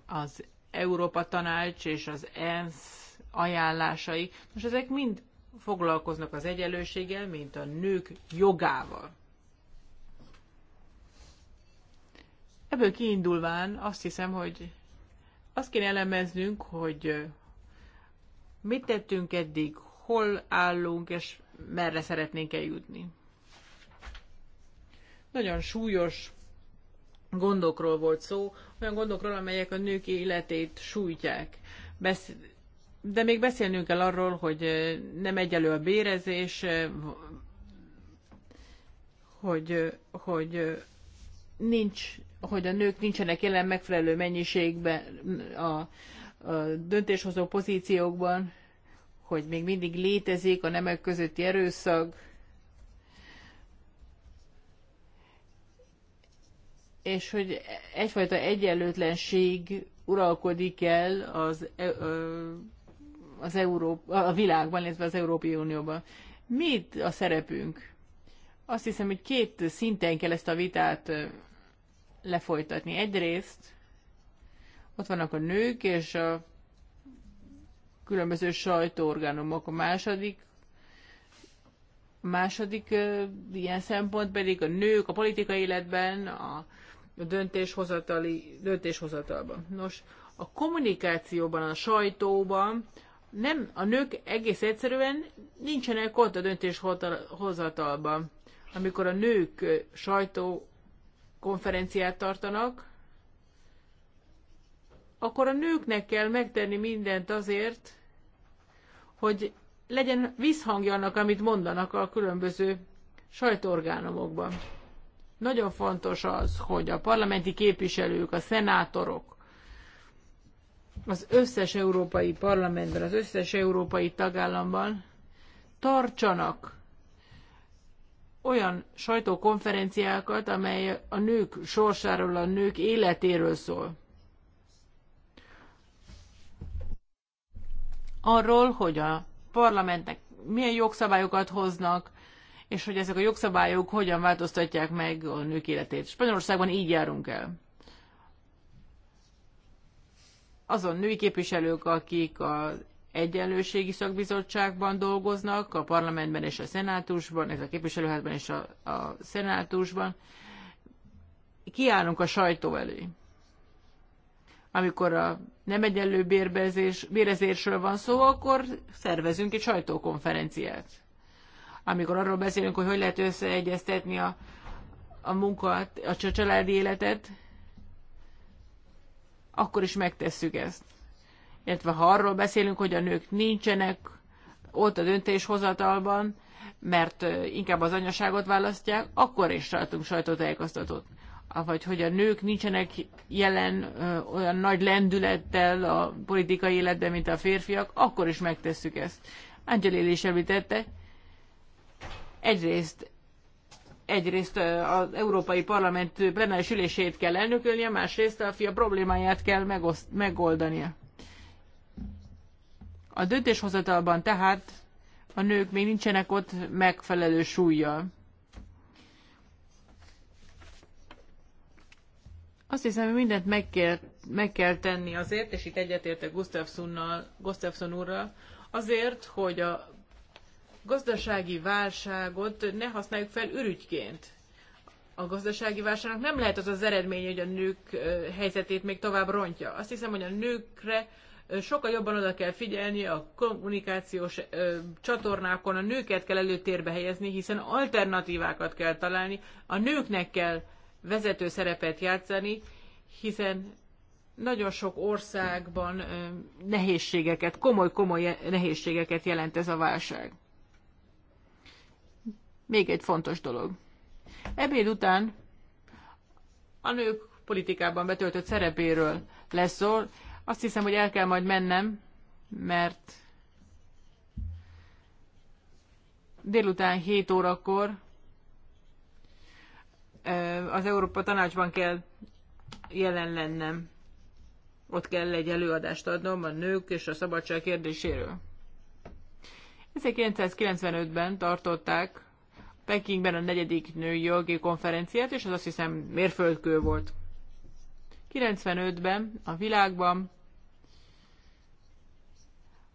az Európa Tanács és az ENSZ ajánlásai. Most ezek mind foglalkoznak az egyenlőséggel, mint a nők jogával. Ebből kiindulván azt hiszem, hogy azt kéne elemeznünk, hogy mit tettünk eddig, hol állunk, és merre szeretnénk eljutni. Nagyon súlyos gondokról volt szó, olyan gondokról, amelyek a nők életét sújtják. Besz- de még beszélnünk kell arról, hogy nem egyelő a bérezés, hogy, hogy nincs, hogy a nők nincsenek jelen megfelelő mennyiségben a, a döntéshozó pozíciókban, hogy még mindig létezik a nemek közötti erőszak, és hogy egyfajta egyenlőtlenség uralkodik el az az Európa, a világban, illetve az Európai Unióban. Mit a szerepünk? Azt hiszem, hogy két szinten kell ezt a vitát lefolytatni. Egyrészt ott vannak a nők és a különböző sajtóorganumok. A második a második ilyen szempont pedig a nők a politikai életben, a, a döntéshozatali, döntéshozatalban. Nos, a kommunikációban, a sajtóban nem, a nők egész egyszerűen nincsenek ott a döntéshozatalban. Amikor a nők sajtókonferenciát tartanak, akkor a nőknek kell megtenni mindent azért, hogy legyen visszhangja annak, amit mondanak a különböző sajtóorgánumokban. Nagyon fontos az, hogy a parlamenti képviselők, a szenátorok, az összes európai parlamentben, az összes európai tagállamban tartsanak olyan sajtókonferenciákat, amely a nők sorsáról, a nők életéről szól. Arról, hogy a parlamentnek milyen jogszabályokat hoznak, és hogy ezek a jogszabályok hogyan változtatják meg a nők életét. Spanyolországban így járunk el. azon női képviselők, akik az egyenlőségi szakbizottságban dolgoznak, a parlamentben és a szenátusban, ez a képviselőházban és a, a szenátusban, kiállunk a sajtó elé. Amikor a nem egyenlő bérbezés, bérezésről van szó, akkor szervezünk egy sajtókonferenciát. Amikor arról beszélünk, hogy hogy lehet összeegyeztetni a, a munkát, a családi életet, akkor is megtesszük ezt. Illetve ha arról beszélünk, hogy a nők nincsenek ott a döntéshozatalban, mert inkább az anyaságot választják, akkor is tartunk sajtótájékoztatót. Vagy hogy a nők nincsenek jelen ö, olyan nagy lendülettel a politikai életben, mint a férfiak, akkor is megtesszük ezt. Angelil is említette, egyrészt egyrészt az Európai Parlament plenáris ülését kell elnökölnie, másrészt a fia problémáját kell megoszt, megoldania. A döntéshozatalban tehát a nők még nincsenek ott megfelelő súlyjal. Azt hiszem, hogy mindent meg kell, meg kell tenni azért, és itt egyetértek Gustafsson úrral, azért, hogy a gazdasági válságot ne használjuk fel ürügyként. A gazdasági válságnak nem lehet az az eredmény, hogy a nők helyzetét még tovább rontja. Azt hiszem, hogy a nőkre sokkal jobban oda kell figyelni a kommunikációs ö, csatornákon, a nőket kell előtérbe helyezni, hiszen alternatívákat kell találni, a nőknek kell vezető szerepet játszani, hiszen nagyon sok országban ö, nehézségeket, komoly-komoly nehézségeket jelent ez a válság. Még egy fontos dolog. Ebéd után a nők politikában betöltött szerepéről lesz szó. Azt hiszem, hogy el kell majd mennem, mert délután 7 órakor az Európa Tanácsban kell jelen lennem. Ott kell egy előadást adnom a nők és a szabadság kérdéséről. 1995-ben tartották Pekingben a negyedik női jogi konferenciát, és az azt hiszem mérföldkő volt. 95-ben a világban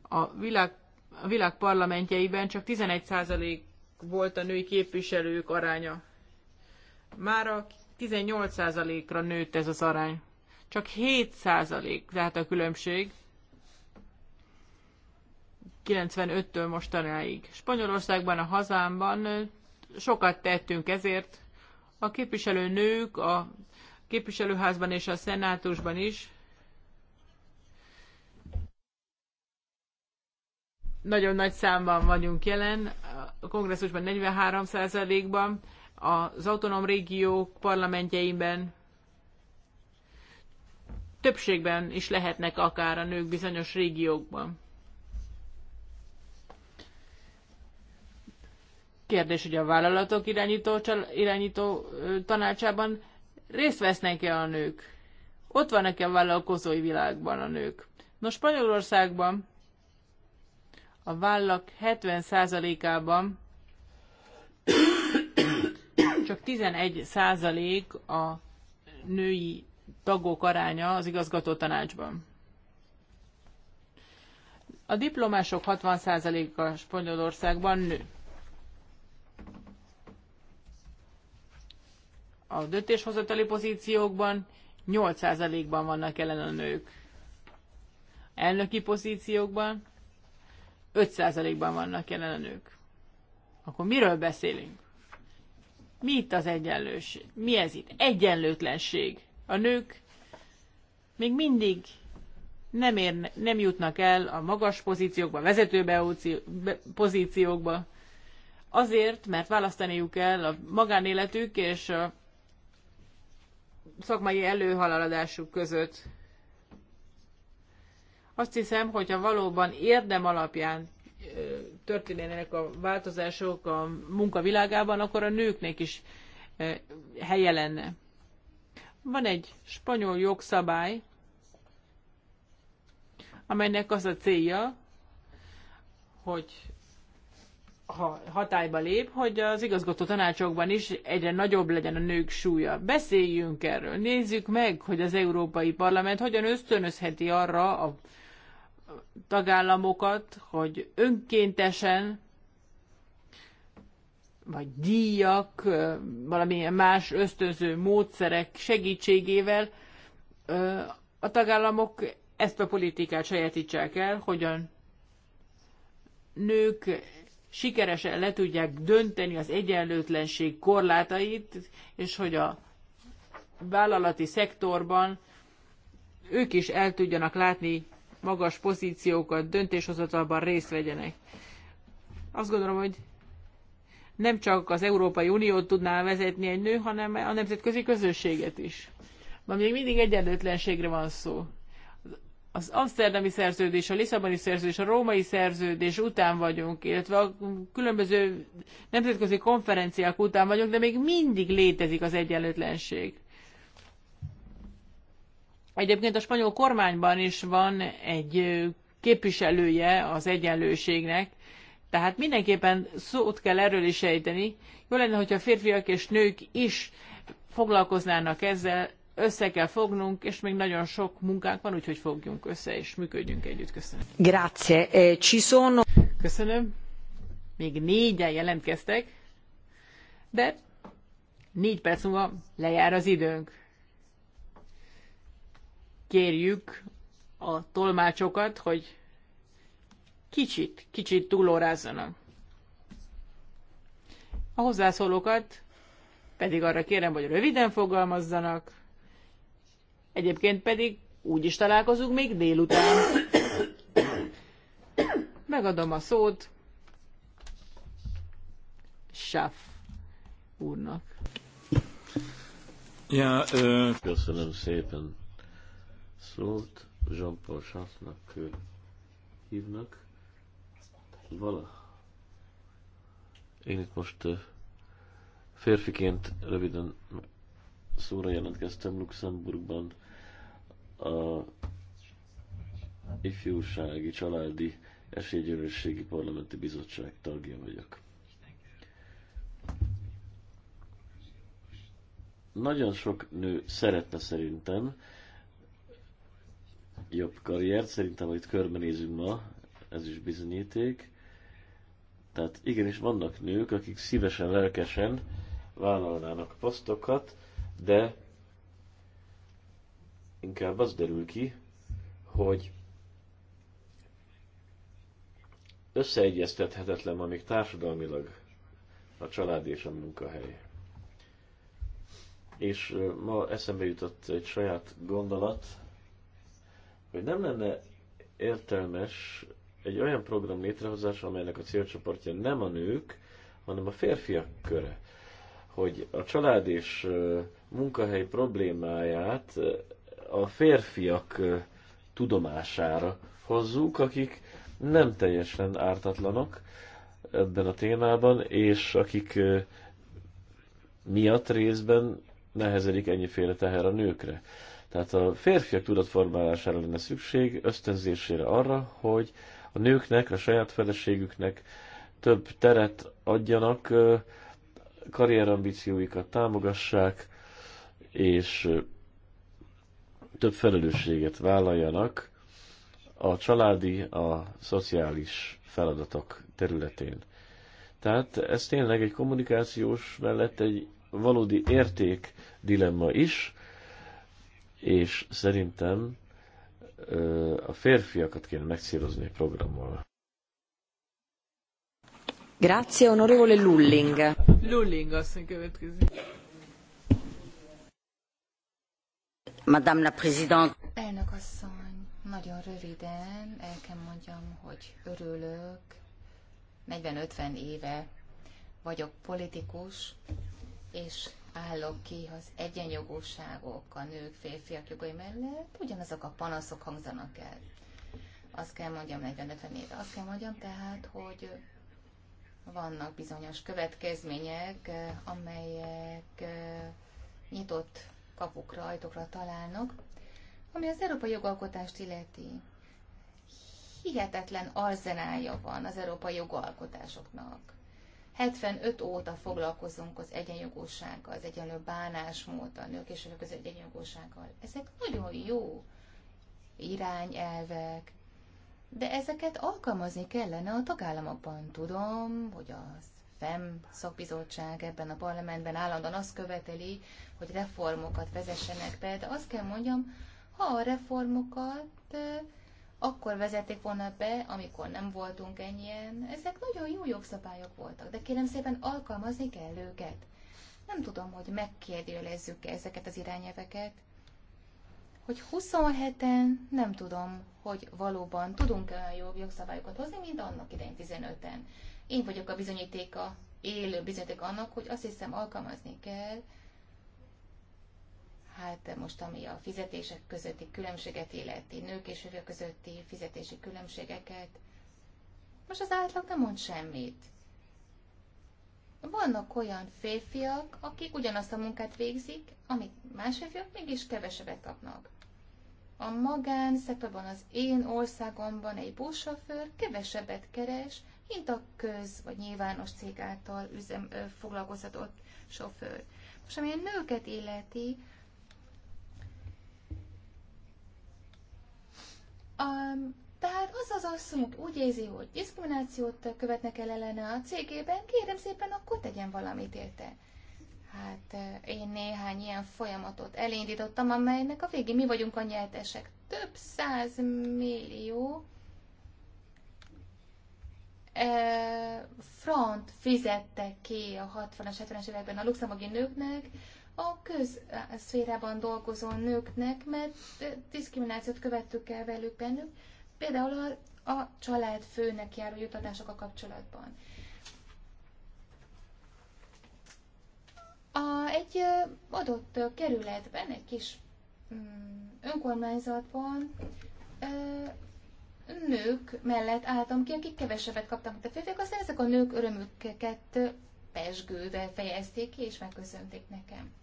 a világ, a világ parlamentjeiben csak 11% volt a női képviselők aránya. Mára 18%-ra nőtt ez az arány. Csak 7% tehát a különbség. 95-től mostanáig. Spanyolországban, a hazámban sokat tettünk ezért. A képviselőnők a képviselőházban és a szenátusban is nagyon nagy számban vagyunk jelen, a kongresszusban 43%-ban, az autonóm régiók parlamentjeiben többségben is lehetnek akár a nők bizonyos régiókban. Kérdés, hogy a vállalatok irányító, irányító tanácsában részt vesznek-e a nők? Ott vannak-e a vállalkozói világban a nők? Nos, Spanyolországban a vállak 70%-ában csak 11% a női tagok aránya az igazgató tanácsban. A diplomások 60%-a Spanyolországban nő. a döntéshozatali pozíciókban 8%-ban vannak ellen a nők. Elnöki pozíciókban 5%-ban vannak jelen a nők. Akkor miről beszélünk? Mi itt az egyenlőség? Mi ez itt? Egyenlőtlenség. A nők még mindig nem, ér, nem jutnak el a magas pozíciókba, vezető pozíciókba, azért, mert választaniuk kell a magánéletük és a szakmai előhaladásuk között. Azt hiszem, hogyha valóban érdem alapján történnének a változások a munkavilágában, akkor a nőknek is helye lenne. Van egy spanyol jogszabály, amelynek az a célja, hogy ha hatályba lép, hogy az igazgató tanácsokban is egyre nagyobb legyen a nők súlya. Beszéljünk erről, nézzük meg, hogy az Európai Parlament hogyan ösztönözheti arra a tagállamokat, hogy önkéntesen vagy díjak, valamilyen más ösztönző módszerek segítségével a tagállamok ezt a politikát sajátítsák el, hogyan nők sikeresen le tudják dönteni az egyenlőtlenség korlátait, és hogy a vállalati szektorban ők is el tudjanak látni magas pozíciókat, döntéshozatalban részt vegyenek. Azt gondolom, hogy nem csak az Európai Uniót tudná vezetni egy nő, hanem a nemzetközi közösséget is. Ma még mindig egyenlőtlenségre van szó az Amsterdami szerződés, a Lisszaboni szerződés, a Római szerződés után vagyunk, illetve a különböző nemzetközi konferenciák után vagyunk, de még mindig létezik az egyenlőtlenség. Egyébként a spanyol kormányban is van egy képviselője az egyenlőségnek, tehát mindenképpen szót kell erről is ejteni. Jó lenne, hogyha férfiak és nők is foglalkoznának ezzel, össze kell fognunk, és még nagyon sok munkánk van, úgyhogy fogjunk össze, és működjünk együtt. Köszönöm. Grazie. E, ci sono... Köszönöm. Még négyen jelentkeztek, de négy perc múlva lejár az időnk. Kérjük a tolmácsokat, hogy kicsit, kicsit túlórázzanak. A hozzászólókat pedig arra kérem, hogy röviden fogalmazzanak, Egyébként pedig úgy is találkozunk még délután. Megadom a szót Schaff úrnak. Ja, ö... Köszönöm szépen szót. Jean-Paul Schaffnak hívnak. Vala. Én itt most férfiként röviden szóra jelentkeztem Luxemburgban a ifjúsági, családi, esélygyönősségi parlamenti bizottság tagja vagyok. Nagyon sok nő szeretne szerintem jobb karriert, szerintem, hogy itt körbenézünk ma, ez is bizonyíték. Tehát igenis vannak nők, akik szívesen, lelkesen vállalnának posztokat, de inkább az derül ki, hogy összeegyeztethetetlen amíg társadalmilag a család és a munkahely. És ma eszembe jutott egy saját gondolat, hogy nem lenne értelmes egy olyan program létrehozása, amelynek a célcsoportja nem a nők, hanem a férfiak köre. Hogy a család és munkahely problémáját a férfiak tudomására hozzuk, akik nem teljesen ártatlanok ebben a témában, és akik miatt részben nehezedik ennyiféle teher a nőkre. Tehát a férfiak tudatformálására lenne szükség, ösztönzésére arra, hogy a nőknek, a saját feleségüknek több teret adjanak, karrierambícióikat támogassák, és több felelősséget vállaljanak a családi, a szociális feladatok területén. Tehát ez tényleg egy kommunikációs mellett egy valódi érték dilemma is, és szerintem a férfiakat kéne megszírozni a programmal. Grazie, onorevole Lulling. Lulling, azt következik. Madame la Présidente. Elnök asszony, nagyon röviden el kell mondjam, hogy örülök. 40-50 éve vagyok politikus, és állok ki az egyenjogúságok, a nők, férfiak jogai mellett, ugyanazok a panaszok hangzanak el. Azt kell mondjam, 40-50 éve. Azt kell mondjam tehát, hogy vannak bizonyos következmények, amelyek eh, nyitott kapukra, ajtókra találnak, ami az európai jogalkotást illeti. Hihetetlen arzenálja van az európai jogalkotásoknak. 75 óta foglalkozunk az egyenjogossággal, az egyenlő bánásmóddal, nők és az egyenjogossággal. Ezek nagyon jó irányelvek, de ezeket alkalmazni kellene a tagállamokban. Tudom, hogy az FEM szakbizottság ebben a parlamentben állandóan azt követeli, hogy reformokat vezessenek be, de azt kell mondjam, ha a reformokat akkor vezették volna be, amikor nem voltunk ennyien. Ezek nagyon jó jogszabályok voltak, de kérem szépen alkalmazni kell őket. Nem tudom, hogy megkérdőjelezzük -e ezeket az irányelveket. Hogy 27-en nem tudom, hogy valóban tudunk-e olyan jobb jogszabályokat hozni, mint annak idején 15-en. Én vagyok a bizonyítéka, élő bizonyíték annak, hogy azt hiszem alkalmazni kell, hát most ami a fizetések közötti különbséget illeti, nők és férfiak közötti fizetési különbségeket, most az átlag nem mond semmit. Vannak olyan férfiak, akik ugyanazt a munkát végzik, amit más férfiak mégis kevesebbet kapnak. A magánszektorban az én országomban egy buszsofőr kevesebbet keres, mint a köz vagy nyilvános cég által üzem, ö, foglalkoztatott sofőr. Most ami a nőket illeti, a, tehát az az asszonyok úgy érzi, hogy diszkriminációt követnek el ellene a cégében, kérem szépen, akkor tegyen valamit érte. Hát én néhány ilyen folyamatot elindítottam, amelynek a végén mi vagyunk a nyertesek. Több száz millió front fizette ki a 60-as, 70-es években a luxemburgi nőknek, a közszférában dolgozó nőknek, mert diszkriminációt követtük el velük bennük, például a, a főnek járó jutatások a kapcsolatban. A, egy adott kerületben, egy kis mm, önkormányzatban nők mellett álltam ki, akik kevesebbet kaptak, mint a férfiak, aztán ezek a nők örömüket pesgővel fejezték ki, és megköszönték nekem.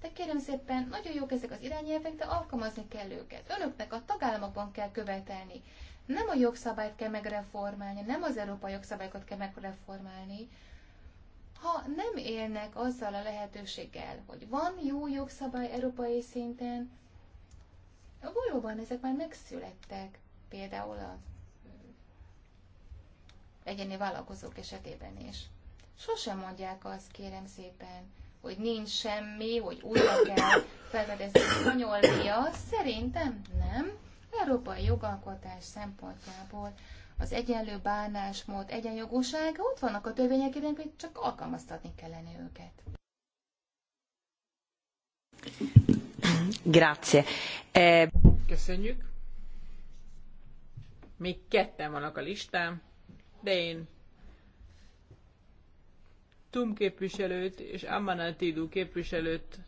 De kérem szépen, nagyon jók ezek az irányelvek, de alkalmazni kell őket. Önöknek a tagállamokban kell követelni. Nem a jogszabályt kell megreformálni, nem az európai jogszabályokat kell megreformálni. Ha nem élnek azzal a lehetőséggel, hogy van jó jogszabály európai szinten, valóban ezek már megszülettek például a egyéni vállalkozók esetében is. Sosem mondják azt, kérem szépen, hogy nincs semmi, hogy újra kell felvedezni a spanyol Szerintem nem. Európai jogalkotás szempontjából az egyenlő bánásmód, egyenjogúság, ott vannak a törvények, hogy csak alkalmaztatni kellene őket. Grazie. Eh, Köszönjük. Még ketten vannak a listán, de én Tum képviselőt és Amanatidu képviselőt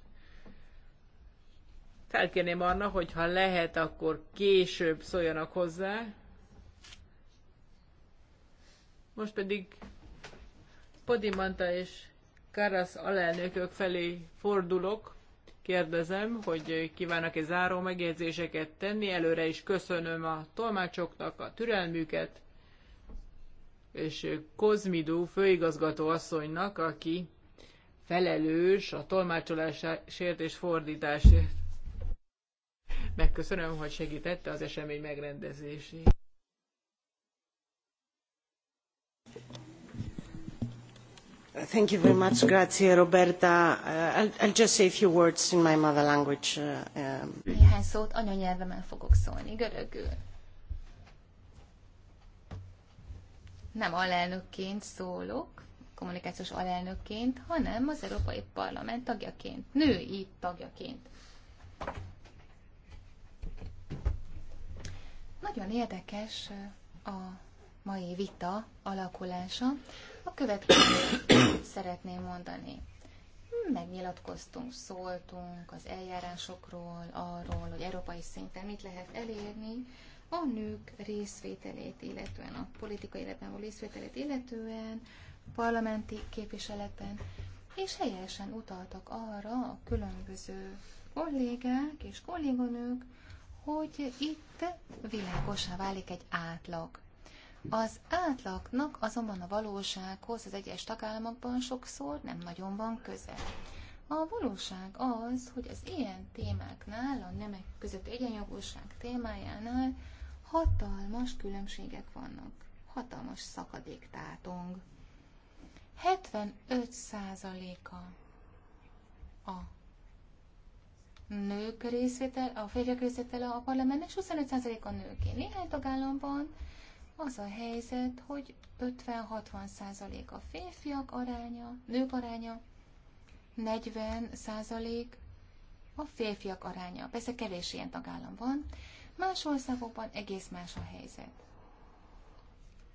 felkérném arra, hogy ha lehet, akkor később szóljanak hozzá. Most pedig Podimanta és Karasz alelnökök felé fordulok kérdezem, hogy kívánnak-e záró megjegyzéseket tenni. Előre is köszönöm a tolmácsoknak a türelmüket, és Kozmidú főigazgató asszonynak, aki felelős a tolmácsolásért és fordításért. Megköszönöm, hogy segítette az esemény megrendezését. Thank you very much. Grazie, Roberta. Uh, I'll, I'll just say a few words in my mother language. Uh, um. fogok szólni, Nem alelnökként szólok, kommunikációs alelnökként, hanem az Európai Parlament tagjaként, női tagjaként. Nagyon érdekes uh, a mai vita alakulása. A következő szeretném mondani. Megnyilatkoztunk, szóltunk az eljárásokról, arról, hogy európai szinten mit lehet elérni, a nők részvételét illetően, a politikai életben való részvételét illetően, parlamenti képviseletben, és helyesen utaltak arra a különböző kollégák és kolléganők, hogy itt világosá válik egy átlag az átlagnak azonban a valósághoz az egyes tagállamokban sokszor nem nagyon van köze. A valóság az, hogy az ilyen témáknál, a nemek között egyenjogúság témájánál hatalmas különbségek vannak. Hatalmas szakadék tátong. 75%-a a nők részvétel, a férjek részvétele a parlamentnek, 25% a nőké. Néhány tagállamban az a helyzet, hogy 50-60 százalék a férfiak aránya, nők aránya, 40 százalék a férfiak aránya. Persze kevés ilyen tagállam van, más országokban egész más a helyzet.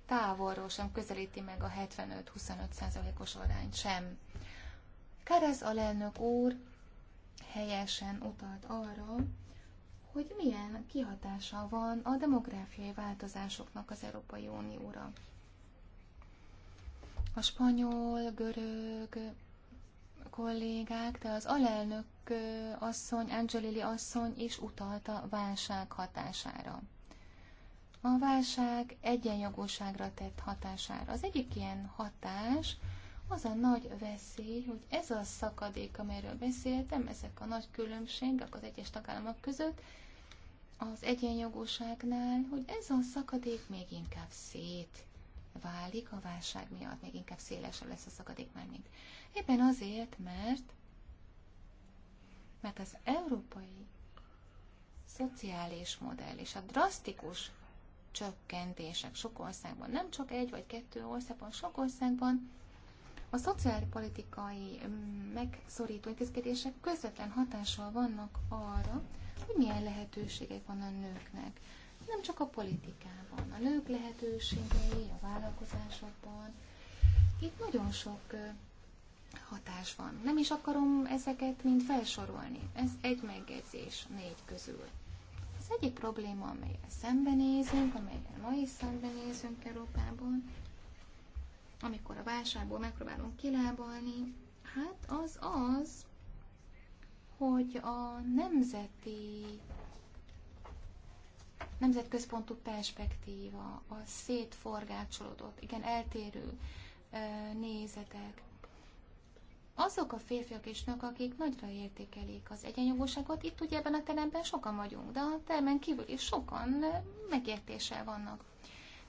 Távolról sem közelíti meg a 75-25 százalékos arányt sem. Kerez alelnök úr helyesen utalt arra, hogy milyen kihatása van a demográfiai változásoknak az Európai Unióra. A spanyol, görög kollégák, de az alelnök asszony, Angelili asszony is utalta válság hatására. A válság egyenjogúságra tett hatására. Az egyik ilyen hatás, az a nagy veszély, hogy ez a szakadék, amelyről beszéltem, ezek a nagy különbségek az egyes tagállamok között, az egyenjogúságnál, hogy ez a szakadék még inkább szét válik a válság miatt, még inkább szélesebb lesz a szakadék már mint. Éppen azért, mert mert az európai szociális modell és a drasztikus csökkentések sok országban, nem csak egy vagy kettő országban, sok országban a szociálpolitikai mm, megszorító intézkedések közvetlen hatással vannak arra, hogy milyen lehetőségek van a nőknek. Nem csak a politikában, a nők lehetőségei, a vállalkozásokban. Itt nagyon sok hatás van. Nem is akarom ezeket mind felsorolni. Ez egy megjegyzés négy közül. Az egyik probléma, amelyel szembenézünk, amelyel ma is szembenézünk Európában, amikor a válságból megpróbálunk kilábalni, hát az az, hogy a nemzeti nemzetközpontú perspektíva, a szétforgácsolódott, igen, eltérő nézetek, azok a férfiak és nők, akik nagyra értékelik az egyenjogúságot, itt ugye ebben a teremben sokan vagyunk, de a teremben kívül is sokan megértéssel vannak.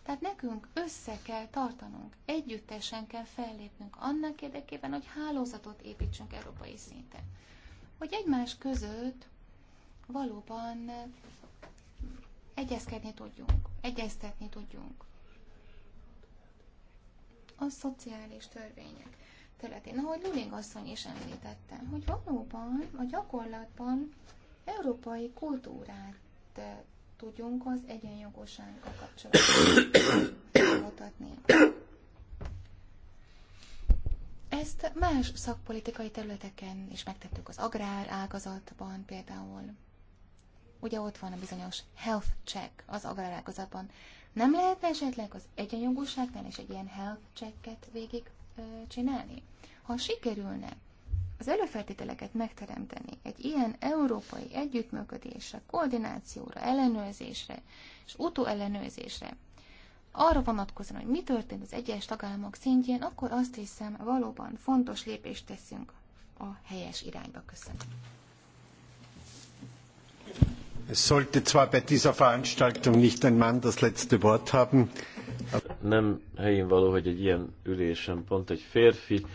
Tehát nekünk össze kell tartanunk, együttesen kell fellépnünk annak érdekében, hogy hálózatot építsünk európai szinten hogy egymás között valóban egyezkedni tudjunk, egyeztetni tudjunk. A szociális törvények területén, ahogy Luling asszony is említette, hogy valóban a gyakorlatban európai kultúrát eh, tudjunk az egyenjogosággal kapcsolatban mutatni. Ezt más szakpolitikai területeken is megtettük az agrár ágazatban például. Ugye ott van a bizonyos health check az agrár ágazatban. Nem lehetne esetleg az egyenjogúságnál is egy ilyen health checket végig ö, csinálni? Ha sikerülne az előfeltételeket megteremteni egy ilyen európai együttműködésre, koordinációra, ellenőrzésre és utóellenőrzésre, arra vonatkozóan, hogy mi történt az egyes tagállamok szintjén, akkor azt hiszem valóban fontos lépést teszünk a helyes irányba. Köszönöm. Es sollte zwar bei dieser Veranstaltung nicht ein Mann das letzte Wort haben. Nem helyén való, hogy egy ilyen ülésen pont egy férfi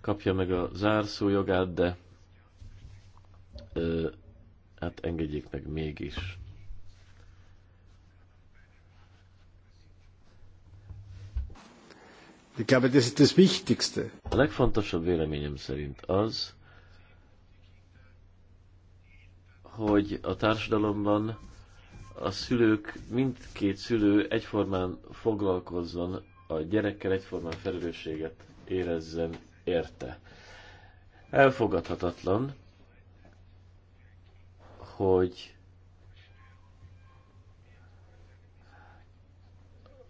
kapja meg a zárszó jogát, de ö, hát engedjék meg mégis. Ich glaube, das ist das Wichtigste. A legfontosabb véleményem szerint az, hogy a társadalomban a szülők, mindkét szülő egyformán foglalkozzon a gyerekkel, egyformán felelősséget érezzen érte. Elfogadhatatlan, hogy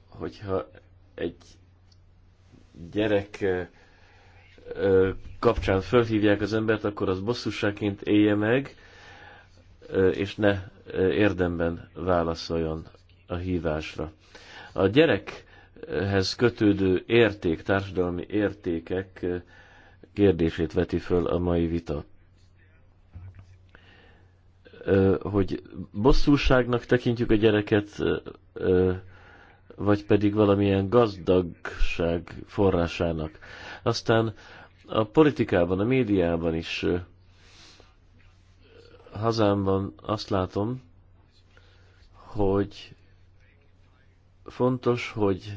hogyha egy gyerek kapcsán fölhívják az embert, akkor az bosszusságként élje meg, és ne érdemben válaszoljon a hívásra. A gyerekhez kötődő érték, társadalmi értékek kérdését veti föl a mai vita. Hogy bosszúságnak tekintjük a gyereket, vagy pedig valamilyen gazdagság forrásának. Aztán a politikában, a médiában is hazámban azt látom, hogy fontos, hogy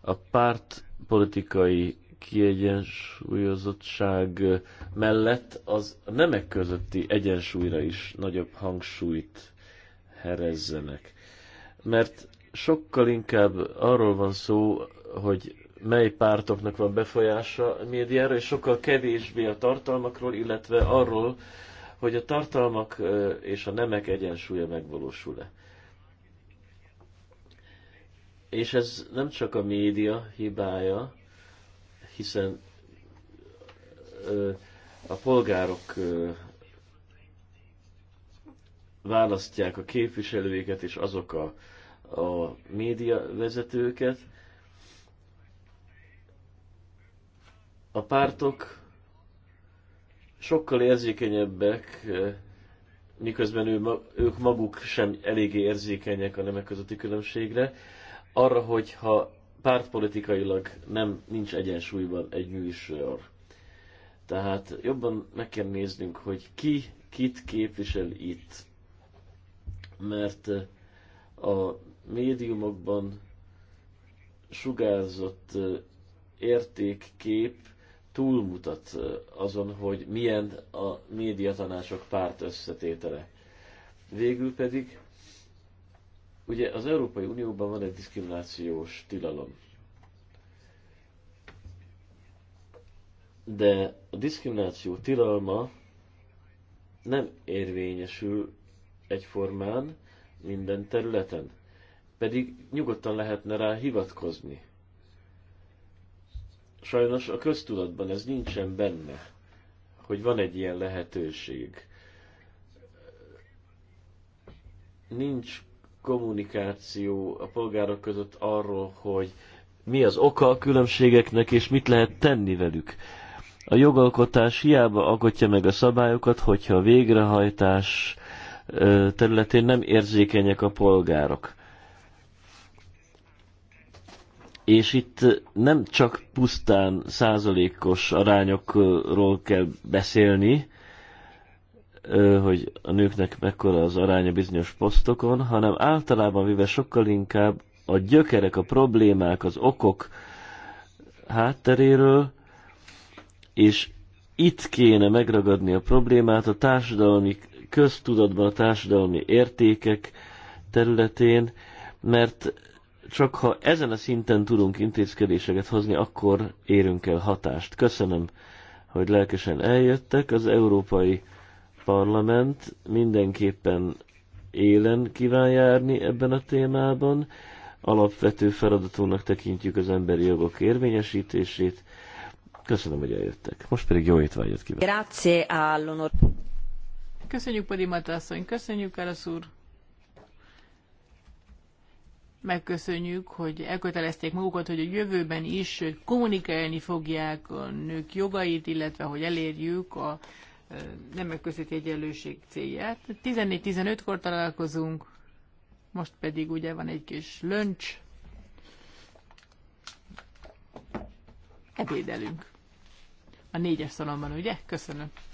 a párt politikai kiegyensúlyozottság mellett az nemek közötti egyensúlyra is nagyobb hangsúlyt herezzenek. Mert sokkal inkább arról van szó, hogy mely pártoknak van befolyása a médiára, és sokkal kevésbé a tartalmakról, illetve arról, hogy a tartalmak és a nemek egyensúlya megvalósul-e. És ez nem csak a média hibája, hiszen a polgárok választják a képviselőiket, és azok a a média vezetőket. A pártok sokkal érzékenyebbek, miközben ő, ők maguk sem eléggé érzékenyek a nemek közötti különbségre, arra, hogyha pártpolitikailag nem nincs egyensúlyban egy műsor. Tehát jobban meg kell néznünk, hogy ki kit képvisel itt. Mert a médiumokban sugárzott értékkép túlmutat azon, hogy milyen a médiatanások párt összetétele. Végül pedig, ugye az Európai Unióban van egy diszkriminációs tilalom. De a diszkrimináció tilalma nem érvényesül egyformán minden területen pedig nyugodtan lehetne rá hivatkozni. Sajnos a köztudatban ez nincsen benne, hogy van egy ilyen lehetőség. Nincs kommunikáció a polgárok között arról, hogy mi az oka a különbségeknek, és mit lehet tenni velük. A jogalkotás hiába agotja meg a szabályokat, hogyha a végrehajtás területén nem érzékenyek a polgárok. És itt nem csak pusztán százalékos arányokról kell beszélni, hogy a nőknek mekkora az aránya bizonyos posztokon, hanem általában véve sokkal inkább a gyökerek, a problémák, az okok hátteréről, és itt kéne megragadni a problémát a társadalmi köztudatban, a társadalmi értékek területén, mert csak ha ezen a szinten tudunk intézkedéseket hozni, akkor érünk el hatást. Köszönöm, hogy lelkesen eljöttek. Az Európai Parlament mindenképpen élen kíván járni ebben a témában. Alapvető feladatunknak tekintjük az emberi jogok érvényesítését. Köszönöm, hogy eljöttek. Most pedig jó étvágyat kívánok. Grazie all'onor. Köszönjük, Podimata asszony, köszönjük, Karasz úr megköszönjük, hogy elkötelezték magukat, hogy a jövőben is kommunikálni fogják a nők jogait, illetve hogy elérjük a nemek közötti egyenlőség célját. 14-15-kor találkozunk, most pedig ugye van egy kis löncs, ebédelünk. A négyes szalomban, ugye? Köszönöm.